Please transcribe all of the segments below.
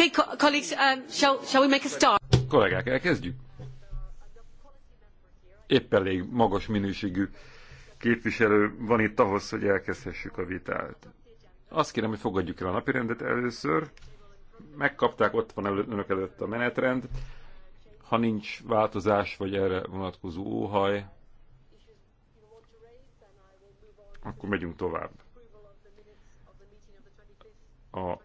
Okay, colleagues, um, shall, shall we make a start? Kollégák, elkezdjük? Épp elég magas minőségű képviselő van itt ahhoz, hogy elkezdhessük a vitát. Azt kérem, hogy fogadjuk el a napirendet először. Megkapták, ott van elő, önök előtt a menetrend. Ha nincs változás, vagy erre vonatkozó óhaj, akkor megyünk tovább. A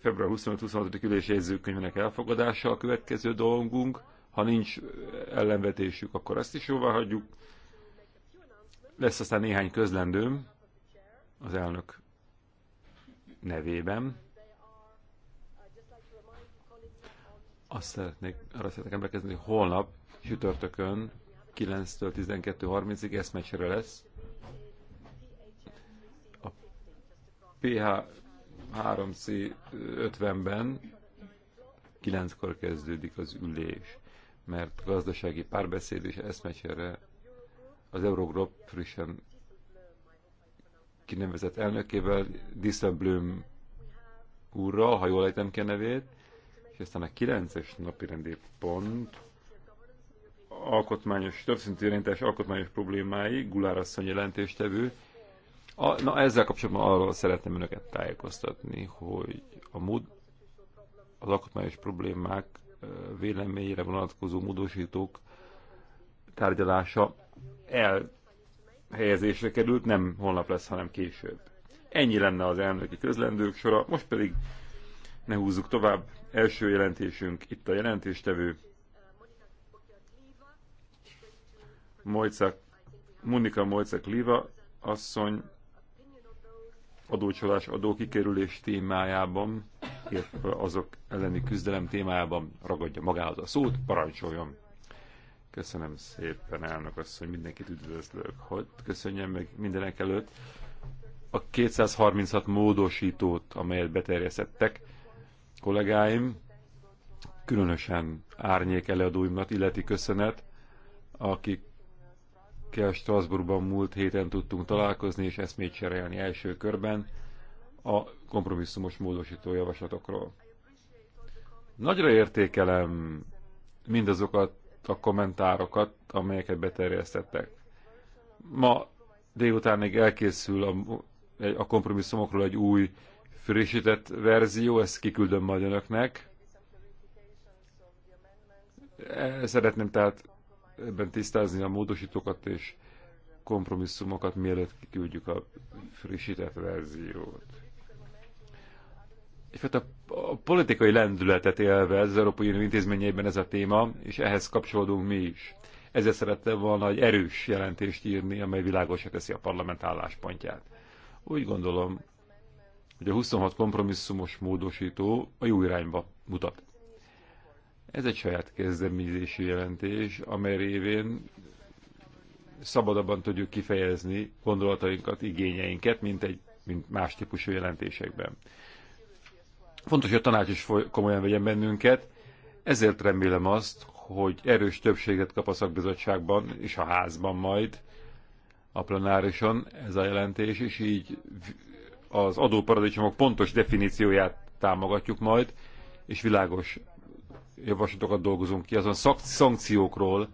február 25-26. ülés jegyzőkönyvének elfogadása a következő dolgunk. Ha nincs ellenvetésük, akkor azt is jóvá hagyjuk. Lesz aztán néhány közlendőm az elnök nevében. Azt szeretnék, arra szeretnék emlékezni, hogy holnap sütörtökön, 9-től 12.30-ig eszmecsere lesz. A PH 3C50-ben ben kilenckor kezdődik az ülés, mert gazdasági párbeszéd és eszmecsere az Eurogrop frissen kinevezett elnökével, Disselblöm úrral, ha jól ejtem ki a nevét, és aztán a 9-es napi rendi pont alkotmányos, többszintű irányítás alkotmányos problémái, Gulár asszony jelentéstevő, a, na, ezzel kapcsolatban arról szeretném önöket tájékoztatni, hogy a mód, az alkotmányos problémák véleményére vonatkozó módosítók tárgyalása elhelyezésre került, nem holnap lesz, hanem később. Ennyi lenne az elnöki közlendők sora, most pedig ne húzzuk tovább. Első jelentésünk itt a jelentéstevő. Mojcak, Monika Mojcak Liva asszony adócsalás, adókikerülés témájában, illetve azok elleni küzdelem témájában ragadja magához a szót, parancsoljon. Köszönöm szépen, elnök asszony, mindenkit üdvözlök. Hogy köszönjem meg mindenek előtt a 236 módosítót, amelyet beterjesztettek kollégáim, különösen árnyék eladóimnak illeti köszönet, akik akikkel Strasbourgban múlt héten tudtunk találkozni és eszmét cserélni első körben a kompromisszumos módosító javaslatokról. Nagyra értékelem mindazokat a kommentárokat, amelyeket beterjesztettek. Ma délután még elkészül a, a kompromisszumokról egy új frissített verzió, ezt kiküldöm majd önöknek. Szeretném tehát ebben tisztázni a módosítókat és kompromisszumokat, mielőtt kiküldjük a frissített verziót. Egyfajta a politikai lendületet élve az Európai Unió intézményeiben ez a téma, és ehhez kapcsolódunk mi is. Ezzel szerettem volna egy erős jelentést írni, amely világosra teszi a parlament álláspontját. Úgy gondolom, hogy a 26 kompromisszumos módosító a jó irányba mutat. Ez egy saját kezdeményezési jelentés, amely révén szabadabban tudjuk kifejezni gondolatainkat, igényeinket, mint, egy, mint más típusú jelentésekben. Fontos, hogy a tanács is komolyan vegyen bennünket, ezért remélem azt, hogy erős többséget kap a szakbizottságban és a házban majd a plenárison ez a jelentés, és így az adóparadicsomok pontos definícióját támogatjuk majd, és világos javaslatokat dolgozunk ki, azon szak, szankciókról,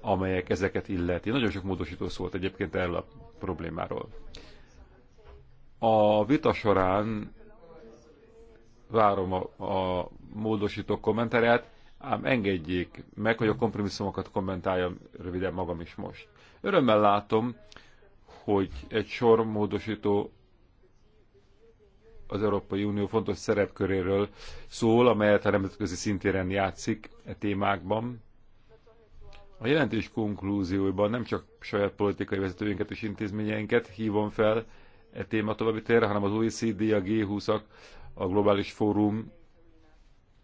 amelyek ezeket illeti. Nagyon sok módosító szólt egyébként erről a problémáról. A vita során várom a, a módosítók kommentárját, ám engedjék meg, hogy a kompromisszumokat kommentáljam röviden magam is most. Örömmel látom, hogy egy sor módosító az Európai Unió fontos szerepköréről szól, amelyet a nemzetközi szintéren játszik e témákban. A jelentés konklúzióiban nem csak saját politikai vezetőinket és intézményeinket hívom fel e téma további térre, hanem az OECD, a G20-ak, a Globális Fórum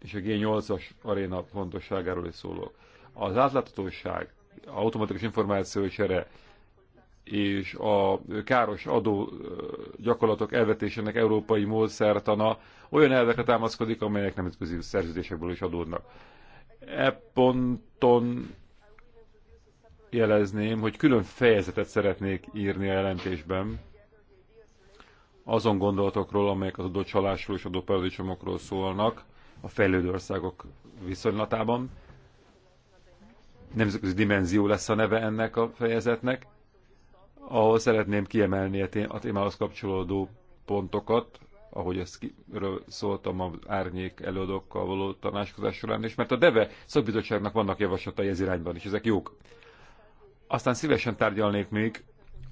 és a G8-as aréna fontosságáról is szólok. Az átláthatóság, automatikus információ erre és a káros adó gyakorlatok elvetésének európai módszertana olyan elvekre támaszkodik, amelyek nemzetközi szerződésekből is adódnak. E ponton jelezném, hogy külön fejezetet szeretnék írni a jelentésben azon gondolatokról, amelyek az adócsalásról és adóparadicsomokról szólnak a fejlődő országok viszonylatában. Nemzetközi dimenzió lesz a neve ennek a fejezetnek ahol szeretném kiemelni a témához kapcsolódó pontokat, ahogy ezt szóltam az árnyék előadókkal való tanácskozás során, és mert a DEVE szakbizottságnak vannak javaslatai ez irányban is, ezek jók. Aztán szívesen tárgyalnék még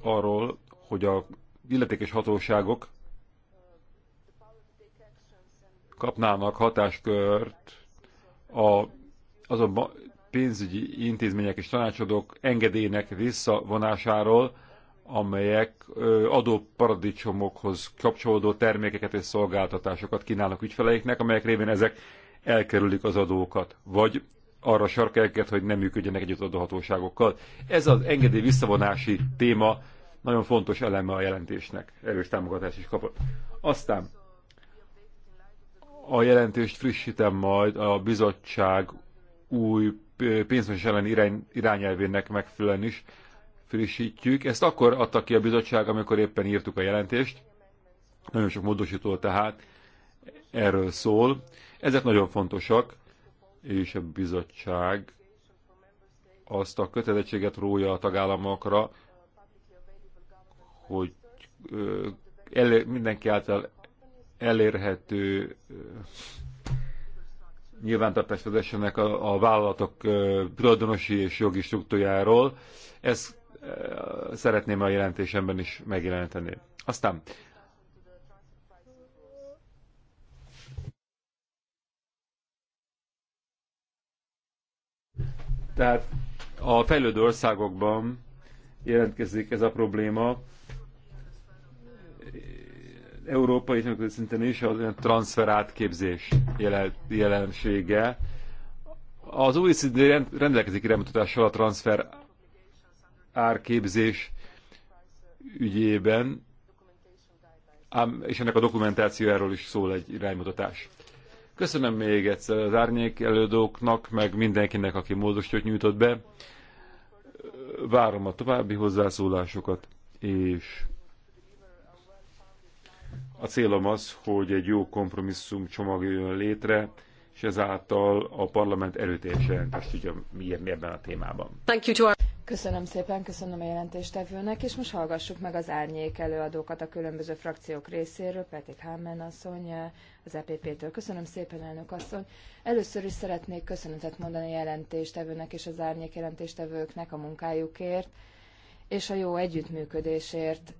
arról, hogy a illetékes hatóságok kapnának hatáskört a, azon pénzügyi intézmények és tanácsadók engedélynek visszavonásáról, amelyek adóparadicsomokhoz kapcsolódó termékeket és szolgáltatásokat kínálnak ügyfeleiknek, amelyek révén ezek elkerülik az adókat, vagy arra sarkelket, hogy nem működjenek együtt adóhatóságokkal. Ez az engedély visszavonási téma nagyon fontos eleme a jelentésnek. Erős támogatást is kapott. Aztán a jelentést frissítem majd a bizottság új pénzmosás ellen irány, irányelvének megfelelően is, frissítjük. Ezt akkor adta ki a bizottság, amikor éppen írtuk a jelentést. Nagyon sok módosító tehát erről szól. Ezek nagyon fontosak, és a bizottság azt a kötelezettséget rója a tagállamokra, hogy elér, mindenki által elérhető nyilvántartást vezessenek a, a vállalatok tulajdonosi és jogi struktúrájáról. Ez szeretném a jelentésemben is megjelenteni. Aztán Tehát a fejlődő országokban jelentkezik ez a probléma. Európai szinten is az olyan transfer átképzés jelensége. Az OECD rendelkezik iránymutatással a transfer árképzés ügyében, ám, és ennek a dokumentációjáról is szól egy iránymutatás. Köszönöm még egyszer az árnyék elődóknak, meg mindenkinek, aki módosítót nyújtott be. Várom a további hozzászólásokat, és a célom az, hogy egy jó kompromisszum csomag jön létre, és ezáltal a parlament erőteljesen jelentést tudja írni ebben a témában. Köszönöm szépen, köszönöm a jelentéstevőnek, és most hallgassuk meg az árnyék előadókat a különböző frakciók részéről, Petik Hámen asszony az EPP-től. Köszönöm szépen, elnök asszony. Először is szeretnék köszönetet mondani a jelentéstevőnek és az árnyék jelentéstevőknek a munkájukért, és a jó együttműködésért.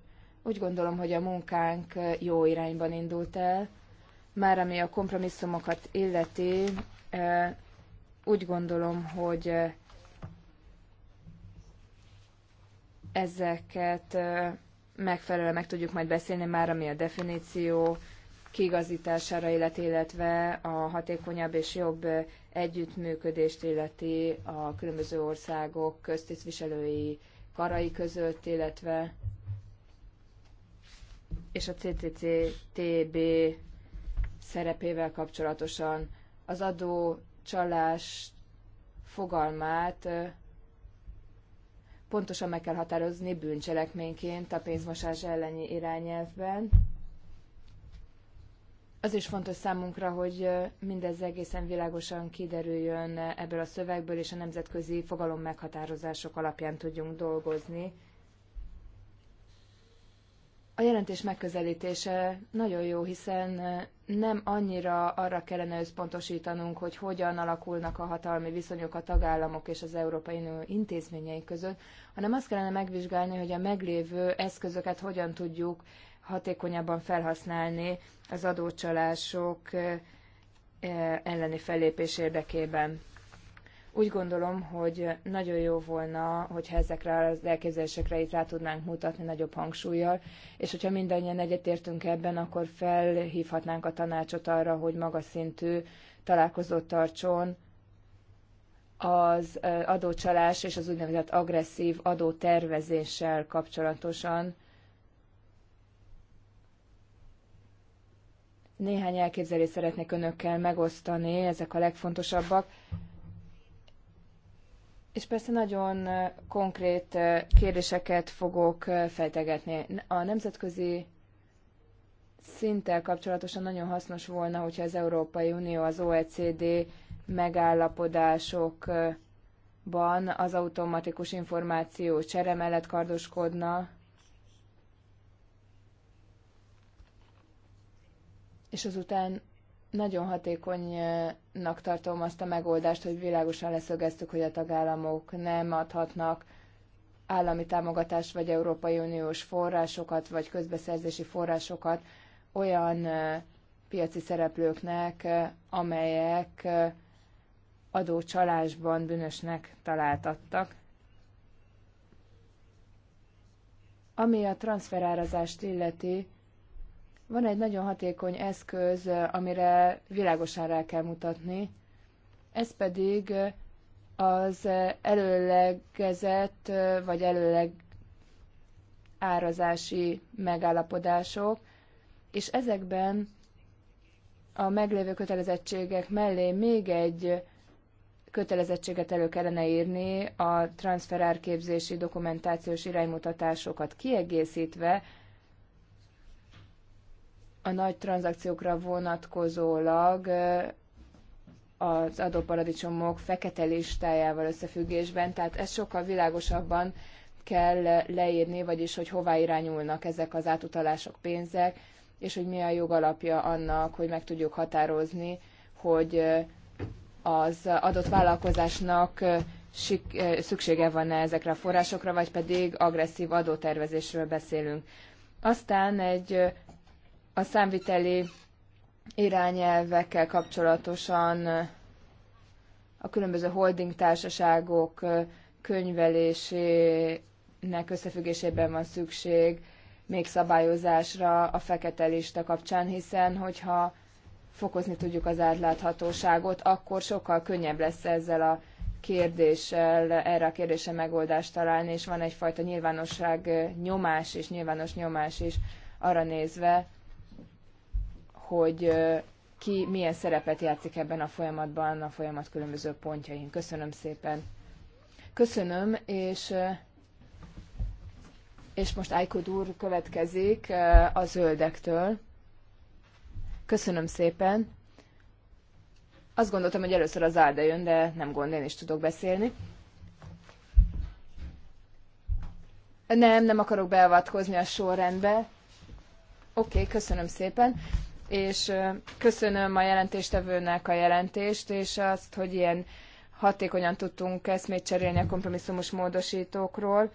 Úgy gondolom, hogy a munkánk jó irányban indult el, már ami a kompromisszumokat illeti, eh, úgy gondolom, hogy eh, Ezeket megfelelően meg tudjuk majd beszélni már, ami a definíció kigazítására illeti, illetve a hatékonyabb és jobb együttműködést illeti a különböző országok köztisztviselői karai között, illetve és a CCCTB szerepével kapcsolatosan az adó csalás fogalmát pontosan meg kell határozni bűncselekményként a pénzmosás elleni irányelvben. Az is fontos számunkra, hogy mindez egészen világosan kiderüljön ebből a szövegből, és a nemzetközi fogalom meghatározások alapján tudjunk dolgozni a jelentés megközelítése nagyon jó, hiszen nem annyira arra kellene összpontosítanunk, hogy hogyan alakulnak a hatalmi viszonyok a tagállamok és az Európai Unió intézményei között, hanem azt kellene megvizsgálni, hogy a meglévő eszközöket hogyan tudjuk hatékonyabban felhasználni az adócsalások elleni fellépés érdekében. Úgy gondolom, hogy nagyon jó volna, hogyha ezekre az elképzelésekre itt rá tudnánk mutatni nagyobb hangsúlyjal, és hogyha mindannyian egyetértünk ebben, akkor felhívhatnánk a tanácsot arra, hogy magas szintű találkozót tartson az adócsalás és az úgynevezett agresszív adótervezéssel kapcsolatosan, néhány elképzelést szeretnék önökkel megosztani, ezek a legfontosabbak. És persze nagyon konkrét kérdéseket fogok fejtegetni. A nemzetközi szinttel kapcsolatosan nagyon hasznos volna, hogyha az Európai Unió, az OECD megállapodásokban az automatikus információ csere mellett kardoskodna, és azután nagyon hatékonynak tartom azt a megoldást, hogy világosan leszögeztük, hogy a tagállamok nem adhatnak állami támogatást, vagy Európai Uniós forrásokat, vagy közbeszerzési forrásokat olyan piaci szereplőknek, amelyek adócsalásban bűnösnek találtattak. Ami a transferárazást illeti, van egy nagyon hatékony eszköz, amire világosan rá kell mutatni, ez pedig az előlegezett vagy előleg árazási megállapodások, és ezekben a meglévő kötelezettségek mellé még egy kötelezettséget elő kellene írni a transferárképzési dokumentációs iránymutatásokat kiegészítve a nagy tranzakciókra vonatkozólag az adóparadicsomok fekete listájával összefüggésben, tehát ezt sokkal világosabban kell leírni, vagyis hogy hová irányulnak ezek az átutalások pénzek, és hogy mi a jogalapja annak, hogy meg tudjuk határozni, hogy az adott vállalkozásnak szüksége van -e ezekre a forrásokra, vagy pedig agresszív adótervezésről beszélünk. Aztán egy a számviteli irányelvekkel kapcsolatosan a különböző holding társaságok könyvelésének összefüggésében van szükség még szabályozásra a fekete lista kapcsán, hiszen hogyha fokozni tudjuk az átláthatóságot, akkor sokkal könnyebb lesz ezzel a kérdéssel, erre a kérdésre megoldást találni, és van egyfajta nyilvánosság nyomás és nyilvános nyomás is arra nézve, hogy ki milyen szerepet játszik ebben a folyamatban, a folyamat különböző pontjain. Köszönöm szépen. Köszönöm, és, és most Ájkod úr következik a zöldektől. Köszönöm szépen. Azt gondoltam, hogy először az Álda jön, de nem gond, én is tudok beszélni. Nem, nem akarok beavatkozni a sorrendbe. Oké, okay, köszönöm szépen és köszönöm a jelentéstevőnek a jelentést, és azt, hogy ilyen hatékonyan tudtunk eszmét cserélni a kompromisszumos módosítókról.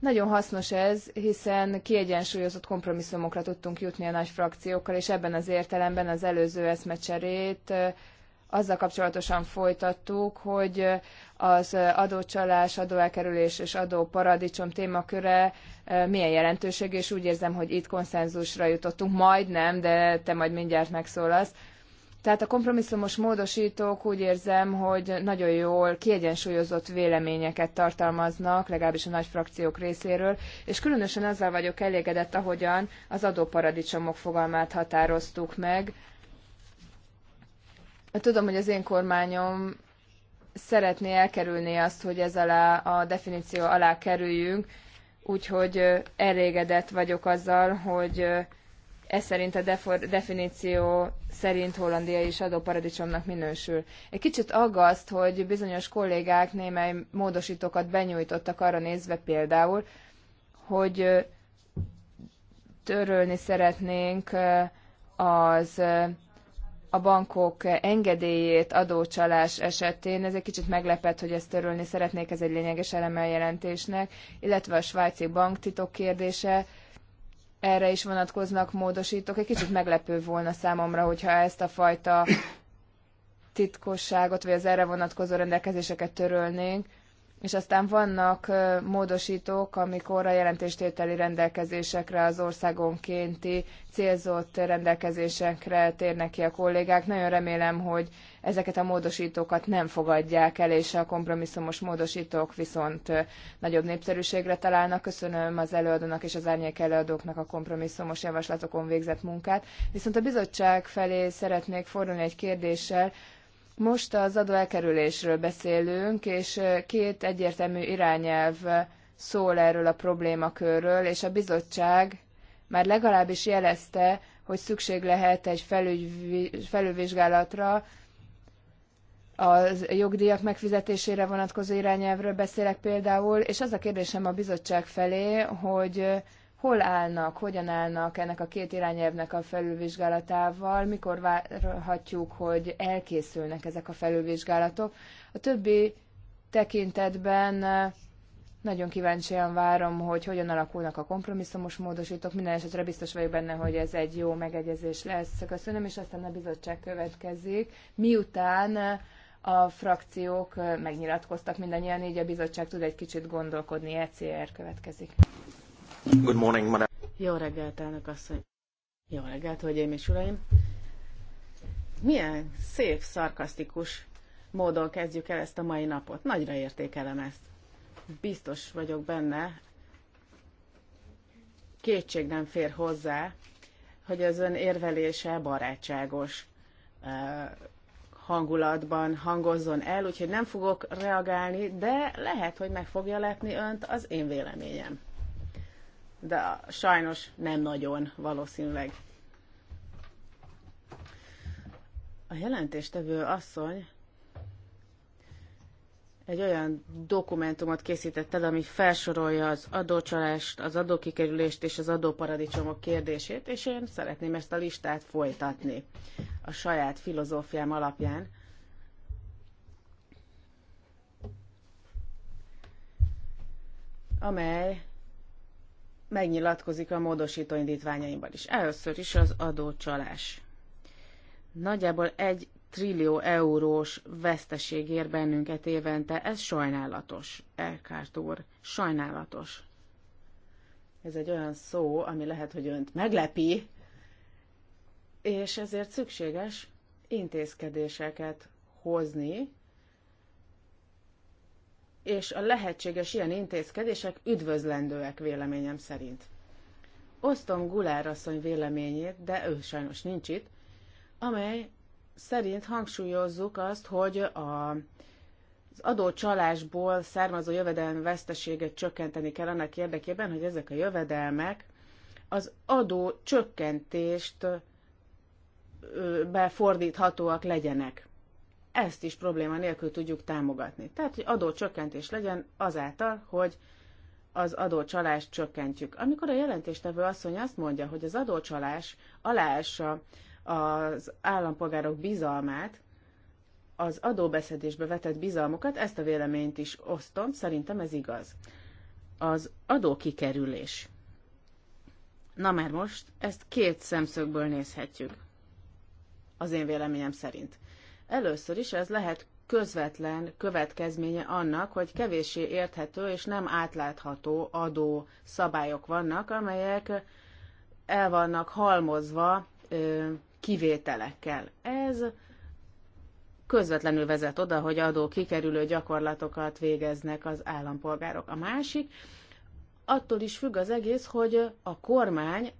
Nagyon hasznos ez, hiszen kiegyensúlyozott kompromisszumokra tudtunk jutni a nagy frakciókkal, és ebben az értelemben az előző eszmecserét azzal kapcsolatosan folytattuk, hogy az adócsalás, adóelkerülés és adóparadicsom témaköre e, milyen jelentőség, és úgy érzem, hogy itt konszenzusra jutottunk, majdnem, de te majd mindjárt megszólasz. Tehát a kompromisszumos módosítók úgy érzem, hogy nagyon jól kiegyensúlyozott véleményeket tartalmaznak, legalábbis a nagy frakciók részéről, és különösen azzal vagyok elégedett, ahogyan az adóparadicsomok fogalmát határoztuk meg, Tudom, hogy az én kormányom szeretné elkerülni azt, hogy ez alá a definíció alá kerüljünk, úgyhogy elégedett vagyok azzal, hogy ez szerint a definíció szerint Hollandia is adóparadicsomnak minősül. Egy kicsit aggaszt, hogy bizonyos kollégák némely módosítókat benyújtottak arra nézve például, hogy törölni szeretnénk az a bankok engedélyét adócsalás esetén. Ez egy kicsit meglepett, hogy ezt törölni szeretnék, ez egy lényeges eleme a jelentésnek, illetve a svájci banktitok kérdése, erre is vonatkoznak módosítók. Egy kicsit meglepő volna számomra, hogyha ezt a fajta titkosságot, vagy az erre vonatkozó rendelkezéseket törölnénk, és aztán vannak módosítók, amikor a jelentéstételi rendelkezésekre, az országonkénti célzott rendelkezésekre térnek ki a kollégák. Nagyon remélem, hogy ezeket a módosítókat nem fogadják el, és a kompromisszumos módosítók viszont nagyobb népszerűségre találnak. Köszönöm az előadónak és az árnyék előadóknak a kompromisszumos javaslatokon végzett munkát. Viszont a bizottság felé szeretnék fordulni egy kérdéssel, most az adóelkerülésről beszélünk, és két egyértelmű irányelv szól erről a problémakörről, és a bizottság már legalábbis jelezte, hogy szükség lehet egy felülvizsgálatra, a jogdíjak megfizetésére vonatkozó irányelvről beszélek például, és az a kérdésem a bizottság felé, hogy hol állnak, hogyan állnak ennek a két irányelvnek a felülvizsgálatával, mikor várhatjuk, hogy elkészülnek ezek a felülvizsgálatok. A többi tekintetben eh, nagyon kíváncsian várom, hogy hogyan alakulnak a kompromisszumos módosítók. Minden esetre biztos vagyok benne, hogy ez egy jó megegyezés lesz. Köszönöm, és aztán a bizottság következik. Miután eh, a frakciók eh, megnyilatkoztak mindannyian, így a bizottság tud egy kicsit gondolkodni. ECR következik. Good morning, madam. Jó reggelt, elnök asszony. Jó reggelt, hölgyeim és uraim. Milyen szép, szarkasztikus módon kezdjük el ezt a mai napot. Nagyra értékelem ezt. Biztos vagyok benne, kétség nem fér hozzá, hogy az ön érvelése barátságos eh, hangulatban hangozzon el, úgyhogy nem fogok reagálni, de lehet, hogy meg fogja lepni önt az én véleményem de sajnos nem nagyon valószínűleg. A jelentéstevő asszony egy olyan dokumentumot készített el, ami felsorolja az adócsalást, az adókikerülést és az adóparadicsomok kérdését, és én szeretném ezt a listát folytatni a saját filozófiám alapján. amely megnyilatkozik a módosító indítványaimban is. Először is az adócsalás. Nagyjából egy trillió eurós veszteség ér bennünket évente, ez sajnálatos, Elkárt úr, sajnálatos. Ez egy olyan szó, ami lehet, hogy önt meglepi, és ezért szükséges intézkedéseket hozni és a lehetséges ilyen intézkedések üdvözlendőek véleményem szerint. Osztom Gulár asszony véleményét, de ő sajnos nincs itt, amely szerint hangsúlyozzuk azt, hogy a, az adócsalásból származó jövedelem veszteséget csökkenteni kell annak érdekében, hogy ezek a jövedelmek az adó csökkentést befordíthatóak legyenek ezt is probléma nélkül tudjuk támogatni. Tehát, hogy adócsökkentés legyen azáltal, hogy az adócsalást csökkentjük. Amikor a jelentéstevő asszony azt mondja, hogy az adócsalás aláássa az állampolgárok bizalmát, az adóbeszedésbe vetett bizalmukat, ezt a véleményt is osztom, szerintem ez igaz. Az adókikerülés. Na már most, ezt két szemszögből nézhetjük. Az én véleményem szerint. Először is ez lehet közvetlen következménye annak, hogy kevéssé érthető és nem átlátható adó szabályok vannak, amelyek el vannak halmozva kivételekkel. Ez közvetlenül vezet oda, hogy adó kikerülő gyakorlatokat végeznek az állampolgárok. A másik, attól is függ az egész, hogy a kormány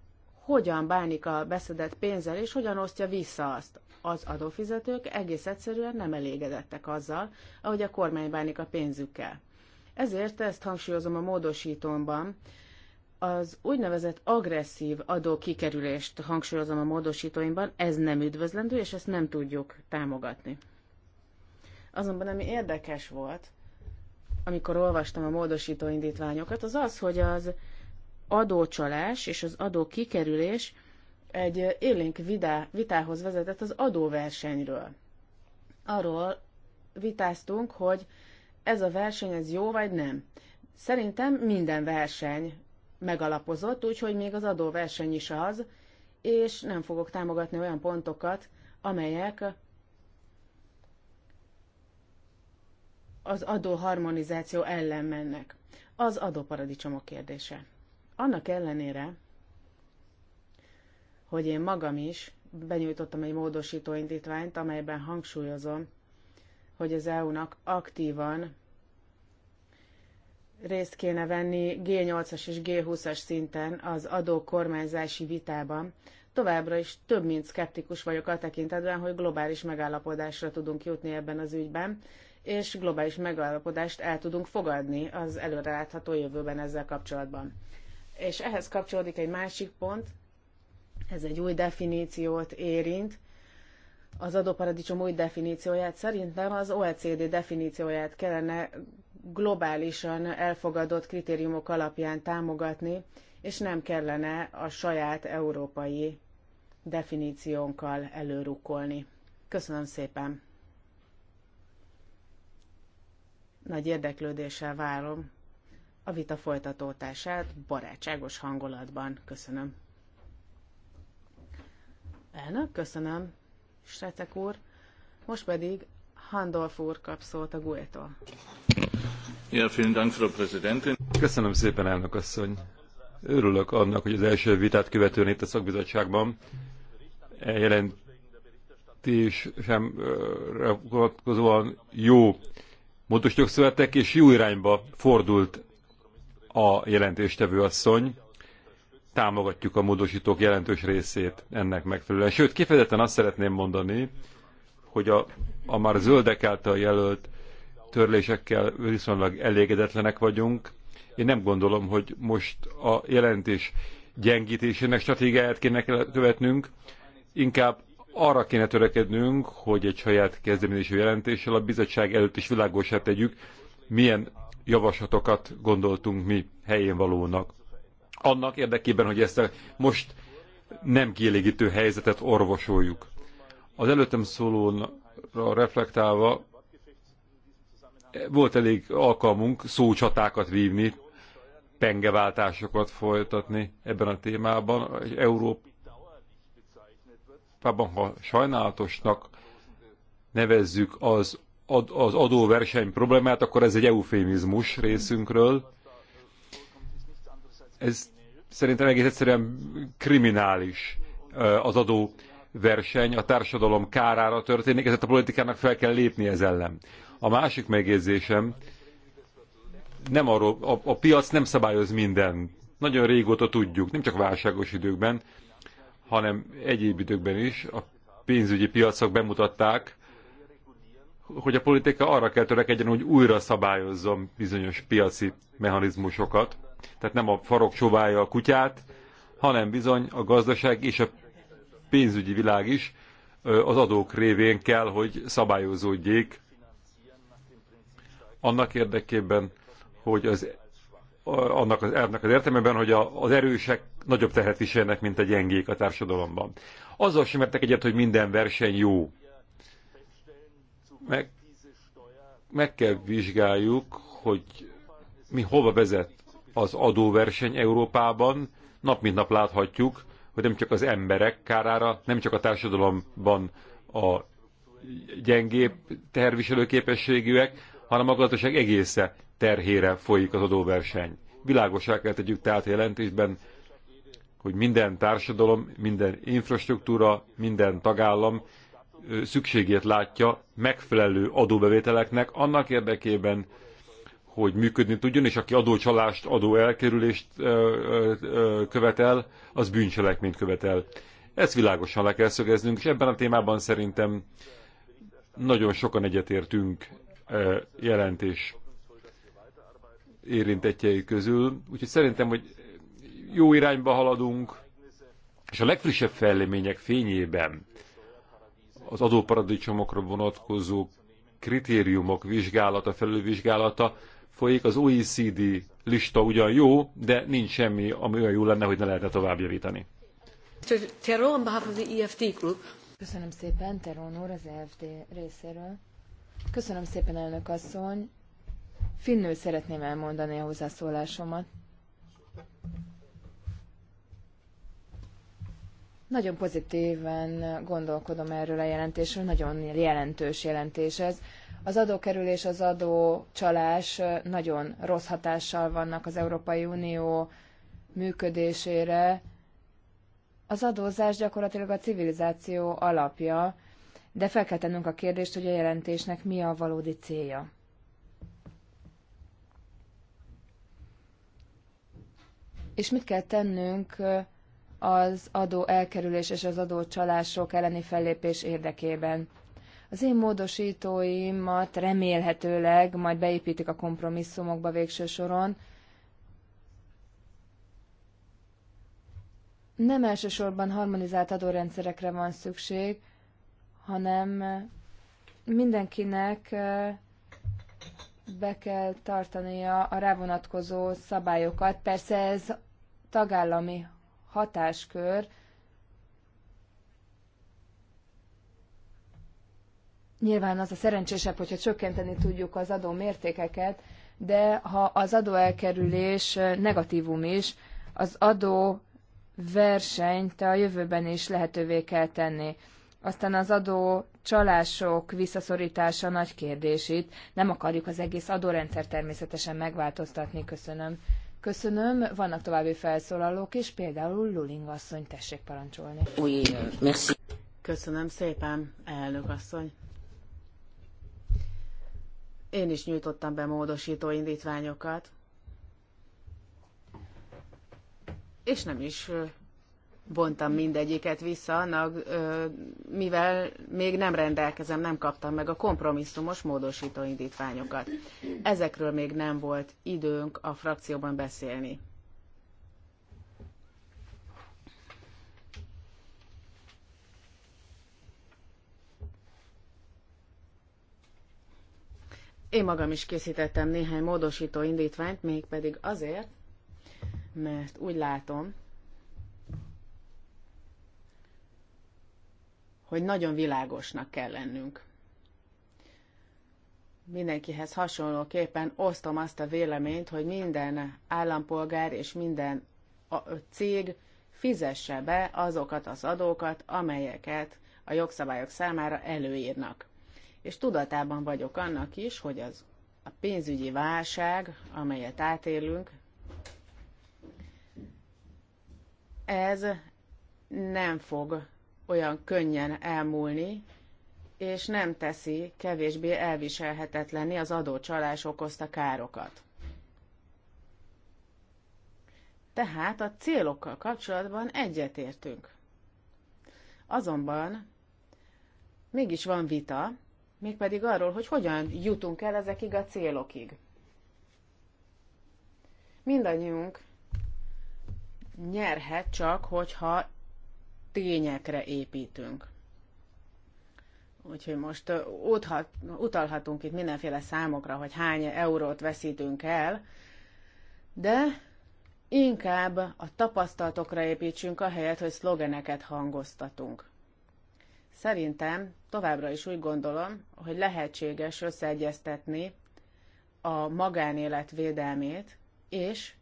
hogyan bánik a beszedett pénzzel, és hogyan osztja vissza azt. Az adófizetők egész egyszerűen nem elégedettek azzal, ahogy a kormány bánik a pénzükkel. Ezért ezt hangsúlyozom a módosítómban, az úgynevezett agresszív kikerülést hangsúlyozom a módosítóimban, ez nem üdvözlendő, és ezt nem tudjuk támogatni. Azonban ami érdekes volt, amikor olvastam a módosító indítványokat, az az, hogy az adócsalás és az adó kikerülés egy élénk vitához vezetett az adóversenyről. Arról vitáztunk, hogy ez a verseny ez jó vagy nem. Szerintem minden verseny megalapozott, úgyhogy még az adóverseny is az, és nem fogok támogatni olyan pontokat, amelyek az adóharmonizáció ellen mennek. Az adóparadicsomok kérdése. Annak ellenére, hogy én magam is benyújtottam egy módosító indítványt, amelyben hangsúlyozom, hogy az EU-nak aktívan részt kéne venni G8-as és G20-as szinten az adókormányzási vitában. Továbbra is több mint szkeptikus vagyok a tekintetben, hogy globális megállapodásra tudunk jutni ebben az ügyben, és globális megállapodást el tudunk fogadni az előrelátható jövőben ezzel kapcsolatban. És ehhez kapcsolódik egy másik pont, ez egy új definíciót érint, az adóparadicsom új definícióját szerintem az OECD definícióját kellene globálisan elfogadott kritériumok alapján támogatni, és nem kellene a saját európai definíciónkkal előrukkolni. Köszönöm szépen! Nagy érdeklődéssel várom a vita folytatótását barátságos hangulatban. Köszönöm. Elnök, köszönöm, Strecek úr. Most pedig Handolf úr kap szót a GUE-tól. Ja, vielen Dank, Frau Präsidentin. Köszönöm szépen, elnök asszony. Örülök annak, hogy az első vitát követően itt a szakbizottságban sem, vonatkozóan jó módosítók születtek, és jó irányba fordult a jelentéstevő asszony, támogatjuk a módosítók jelentős részét ennek megfelelően. Sőt, kifejezetten azt szeretném mondani, hogy a, a már zöldek által jelölt törlésekkel viszonylag elégedetlenek vagyunk. Én nem gondolom, hogy most a jelentés gyengítésének stratégiáját kéne követnünk, inkább arra kéne törekednünk, hogy egy saját kezdeményező jelentéssel a bizottság előtt is világosát tegyük, milyen javaslatokat gondoltunk mi helyén valónak. Annak érdekében, hogy ezt a most nem kielégítő helyzetet orvosoljuk. Az előttem szólóra reflektálva volt elég alkalmunk szócsatákat vívni, pengeváltásokat folytatni ebben a témában. Európában, ha sajnálatosnak nevezzük az ad, az adóverseny problémát, akkor ez egy eufémizmus részünkről. Ez szerintem egész egyszerűen kriminális eh, az adó verseny a társadalom kárára történik, ezért a politikának fel kell lépni ez ellen. A másik megjegyzésem, nem arról, a, a piac nem szabályoz minden. Nagyon régóta tudjuk, nem csak válságos időkben, hanem egyéb időkben is a pénzügyi piacok bemutatták, hogy a politika arra kell törekedjen, hogy újra szabályozzon bizonyos piaci mechanizmusokat. Tehát nem a farok csóválja a kutyát, hanem bizony a gazdaság és a pénzügyi világ is az adók révén kell, hogy szabályozódjék annak érdekében, hogy az, annak az annak az értelmében, hogy a, az erősek nagyobb terhet viselnek, mint a gyengék a társadalomban. Azzal sem értek egyet, hogy minden verseny jó meg, meg kell vizsgáljuk, hogy mi hova vezet az adóverseny Európában. Nap mint nap láthatjuk, hogy nem csak az emberek kárára, nem csak a társadalomban a gyengébb képességűek, hanem a gazdaság egésze terhére folyik az adóverseny. Világosá kell tegyük tehát a jelentésben, hogy minden társadalom, minden infrastruktúra, minden tagállam szükségét látja megfelelő adóbevételeknek annak érdekében, hogy működni tudjon, és aki adócsalást, adóelkerülést követel, az bűncselekményt követel. Ezt világosan le kell szögeznünk, és ebben a témában szerintem nagyon sokan egyetértünk jelentés érintettjei közül, úgyhogy szerintem, hogy jó irányba haladunk, és a legfrissebb fejlemények fényében az adóparadicsomokra vonatkozó kritériumok vizsgálata, felülvizsgálata folyik. Az OECD lista ugyan jó, de nincs semmi, ami olyan jó lenne, hogy ne lehetne tovább javítani. E Köszönöm szépen, Teron úr, az EFD részéről. Köszönöm szépen, elnök asszony. Finnő szeretném elmondani a hozzászólásomat. Nagyon pozitíven gondolkodom erről a jelentésről, nagyon jelentős jelentés ez. Az adókerülés, az adócsalás nagyon rossz hatással vannak az Európai Unió működésére. Az adózás gyakorlatilag a civilizáció alapja, de fel kell tennünk a kérdést, hogy a jelentésnek mi a valódi célja. És mit kell tennünk az adó elkerülés és az adócsalások elleni fellépés érdekében. Az én módosítóimat remélhetőleg majd beépítik a kompromisszumokba végső soron. Nem elsősorban harmonizált adórendszerekre van szükség, hanem mindenkinek eh, be kell tartania a rávonatkozó szabályokat. Persze ez tagállami hatáskör nyilván az a szerencsésebb, hogyha csökkenteni tudjuk az adó mértékeket, de ha az adóelkerülés negatívum is, az adó versenyt a jövőben is lehetővé kell tenni. Aztán az adó csalások visszaszorítása nagy kérdés itt. Nem akarjuk az egész adórendszer természetesen megváltoztatni. Köszönöm. Köszönöm. Vannak további felszólalók is, például Luling asszony, tessék parancsolni. Oui, merci. Köszönöm szépen, elnök asszony. Én is nyújtottam be módosító indítványokat, és nem is vontam mindegyiket vissza, annak, mivel még nem rendelkezem, nem kaptam meg a kompromisszumos módosító indítványokat. Ezekről még nem volt időnk a frakcióban beszélni. Én magam is készítettem néhány módosító indítványt, mégpedig azért, mert úgy látom, hogy nagyon világosnak kell lennünk. Mindenkihez hasonlóképpen osztom azt a véleményt, hogy minden állampolgár és minden cég fizesse be azokat az adókat, amelyeket a jogszabályok számára előírnak. És tudatában vagyok annak is, hogy az a pénzügyi válság, amelyet átélünk, ez nem fog olyan könnyen elmúlni, és nem teszi kevésbé elviselhetetlenni az adócsalás okozta károkat. Tehát a célokkal kapcsolatban egyetértünk. Azonban mégis van vita, mégpedig arról, hogy hogyan jutunk el ezekig a célokig. Mindannyiunk nyerhet csak, hogyha tényekre építünk. Úgyhogy most uthat, utalhatunk itt mindenféle számokra, hogy hány eurót veszítünk el, de inkább a tapasztalatokra építsünk, ahelyett, hogy szlogeneket hangoztatunk. Szerintem továbbra is úgy gondolom, hogy lehetséges összeegyeztetni a magánélet védelmét és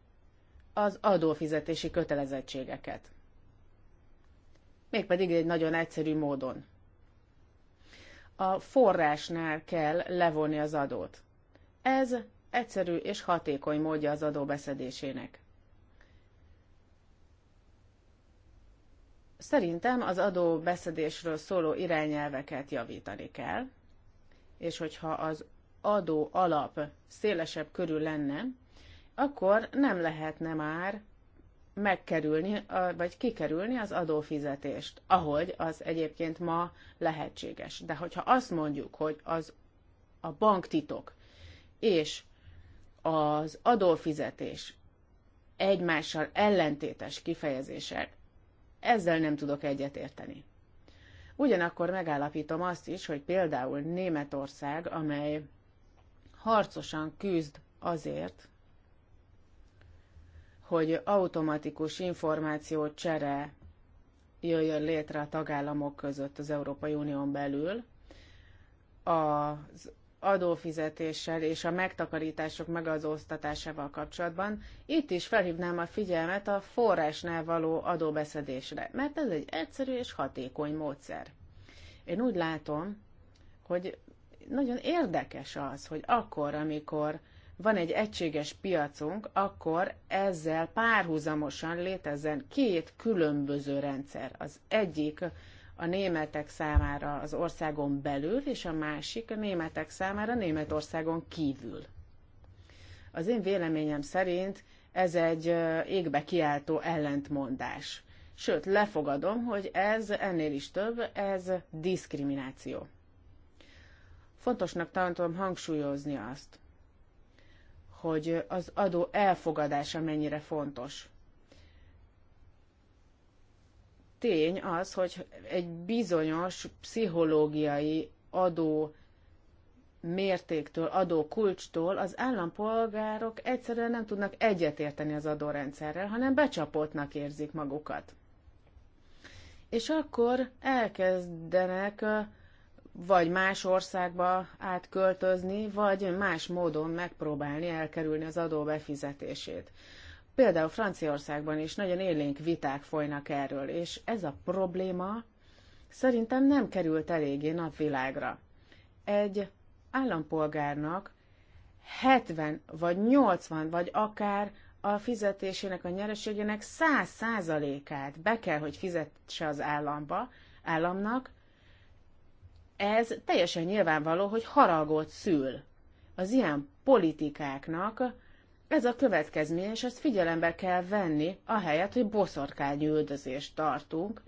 az adófizetési kötelezettségeket mégpedig egy nagyon egyszerű módon. A forrásnál kell levonni az adót. Ez egyszerű és hatékony módja az adó beszedésének. Szerintem az adó beszedésről szóló irányelveket javítani kell, és hogyha az adó alap szélesebb körül lenne, akkor nem lehetne már megkerülni, vagy kikerülni az adófizetést, ahogy az egyébként ma lehetséges. De hogyha azt mondjuk, hogy az a banktitok és az adófizetés egymással ellentétes kifejezések, ezzel nem tudok egyetérteni. Ugyanakkor megállapítom azt is, hogy például Németország, amely harcosan küzd azért, hogy automatikus információ csere jöjjön létre a tagállamok között az Európai Unión belül, az adófizetéssel és a megtakarítások megazóztatásával kapcsolatban, itt is felhívnám a figyelmet a forrásnál való adóbeszedésre, mert ez egy egyszerű és hatékony módszer. Én úgy látom, hogy nagyon érdekes az, hogy akkor, amikor van egy egységes piacunk, akkor ezzel párhuzamosan létezzen két különböző rendszer. Az egyik a németek számára az országon belül, és a másik a németek számára Németországon kívül. Az én véleményem szerint ez egy égbe kiáltó ellentmondás. Sőt, lefogadom, hogy ez ennél is több, ez diszkrimináció. Fontosnak tartom hangsúlyozni azt, hogy az adó elfogadása mennyire fontos. Tény az, hogy egy bizonyos pszichológiai adó mértéktől, kulcstól az állampolgárok egyszerűen nem tudnak egyetérteni az adórendszerrel, hanem becsapottnak érzik magukat. És akkor elkezdenek vagy más országba átköltözni, vagy más módon megpróbálni elkerülni az adó befizetését. Például Franciaországban is nagyon élénk viták folynak erről, és ez a probléma szerintem nem került eléggé napvilágra. Egy állampolgárnak 70 vagy 80 vagy akár a fizetésének, a nyereségének 100 százalékát be kell, hogy fizetse az államba, államnak, ez teljesen nyilvánvaló, hogy haragot szül. Az ilyen politikáknak ez a következménye, és ezt figyelembe kell venni, ahelyett, hogy üldözést tartunk,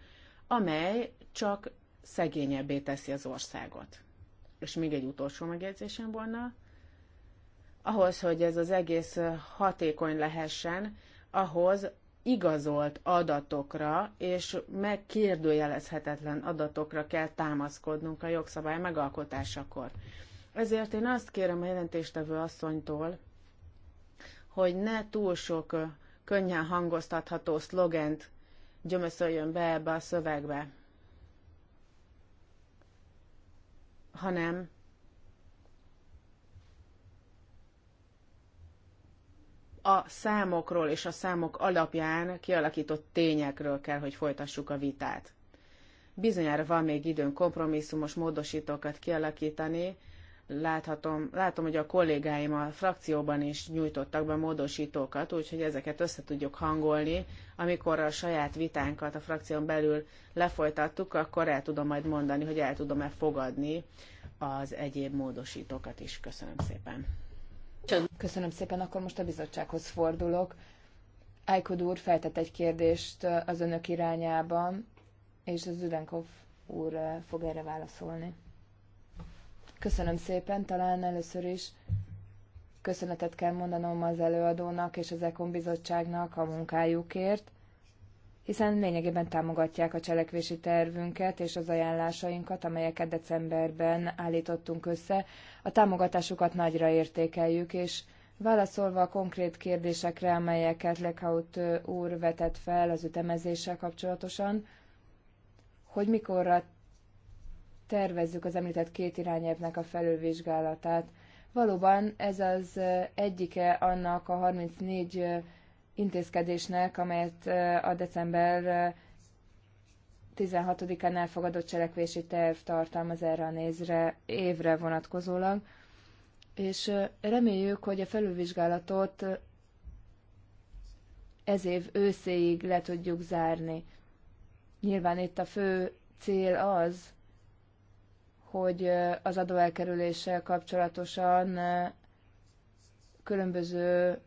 amely csak szegényebbé teszi az országot. És még egy utolsó megjegyzésem volna, ahhoz, hogy ez az egész hatékony lehessen, ahhoz igazolt adatokra és megkérdőjelezhetetlen adatokra kell támaszkodnunk a jogszabály megalkotásakor. Ezért én azt kérem a jelentéstevő asszonytól, hogy ne túl sok könnyen hangoztatható szlogent gyömöszöljön be ebbe a szövegbe, hanem a számokról és a számok alapján kialakított tényekről kell, hogy folytassuk a vitát. Bizonyára van még időn kompromisszumos módosítókat kialakítani, láthatom, látom, hogy a kollégáim a frakcióban is nyújtottak be módosítókat, úgyhogy ezeket össze tudjuk hangolni. Amikor a saját vitánkat a frakción belül lefolytattuk, akkor el tudom majd mondani, hogy el tudom-e fogadni az egyéb módosítókat is. Köszönöm szépen. Köszönöm szépen, akkor most a bizottsághoz fordulok. Ájkod úr feltett egy kérdést az önök irányában, és az Zudenkov úr eh, fog erre válaszolni. Köszönöm szépen, talán először is köszönetet kell mondanom az előadónak és az Ekon bizottságnak a munkájukért hiszen lényegében támogatják a cselekvési tervünket és az ajánlásainkat, amelyeket decemberben állítottunk össze. A támogatásukat nagyra értékeljük, és válaszolva a konkrét kérdésekre, amelyeket Lekaut úr vetett fel az ütemezéssel kapcsolatosan, hogy mikorra tervezzük az említett két irányelvnek a felülvizsgálatát. Valóban ez az egyike annak a 34 intézkedésnek, amelyet a december 16-án elfogadott cselekvési terv tartalmaz erre a nézre, évre vonatkozólag, és reméljük, hogy a felülvizsgálatot ez év őszéig le tudjuk zárni. Nyilván itt a fő cél az, hogy az adóelkerüléssel kapcsolatosan különböző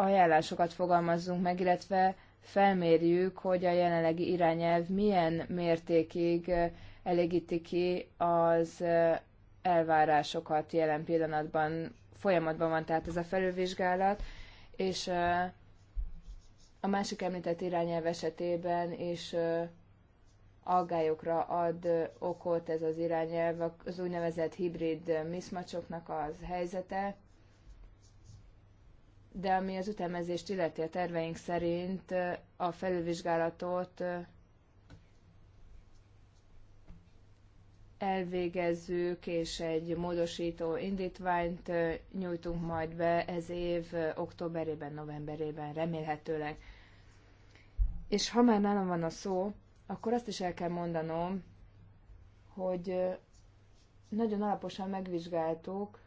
ajánlásokat fogalmazzunk meg, illetve felmérjük, hogy a jelenlegi irányelv milyen mértékig elégíti ki az elvárásokat jelen pillanatban. Folyamatban van tehát ez a felülvizsgálat, és a másik említett irányelv esetében is aggályokra ad okot ez az irányelv, az úgynevezett hibrid miszmacsoknak az helyzete, de ami az ütemezést illeti a terveink szerint a felülvizsgálatot elvégezzük, és egy módosító indítványt nyújtunk majd be ez év októberében, novemberében remélhetőleg. És ha már nálam van a szó, akkor azt is el kell mondanom, hogy nagyon alaposan megvizsgáltuk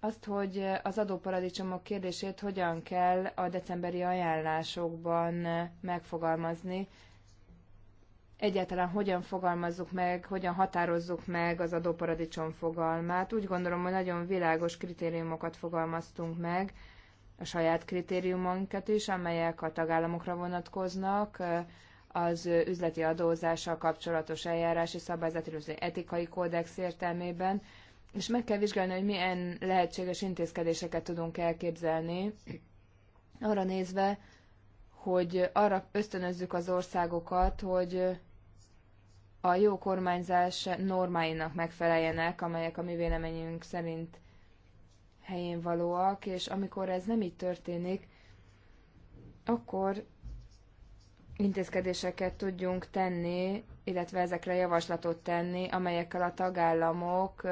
azt, hogy az adóparadicsomok kérdését hogyan kell a decemberi ajánlásokban megfogalmazni, egyáltalán hogyan fogalmazzuk meg, hogyan határozzuk meg az adóparadicsom fogalmát. Úgy gondolom, hogy nagyon világos kritériumokat fogalmaztunk meg, a saját kritériumunkat is, amelyek a tagállamokra vonatkoznak, az üzleti adózással kapcsolatos eljárási szabályzat, illetve etikai kódex értelmében, és meg kell vizsgálni, hogy milyen lehetséges intézkedéseket tudunk elképzelni, arra nézve, hogy arra ösztönözzük az országokat, hogy a jó kormányzás normáinak megfeleljenek, amelyek a mi véleményünk szerint helyén valóak, és amikor ez nem így történik, akkor intézkedéseket tudjunk tenni illetve ezekre javaslatot tenni, amelyekkel a tagállamok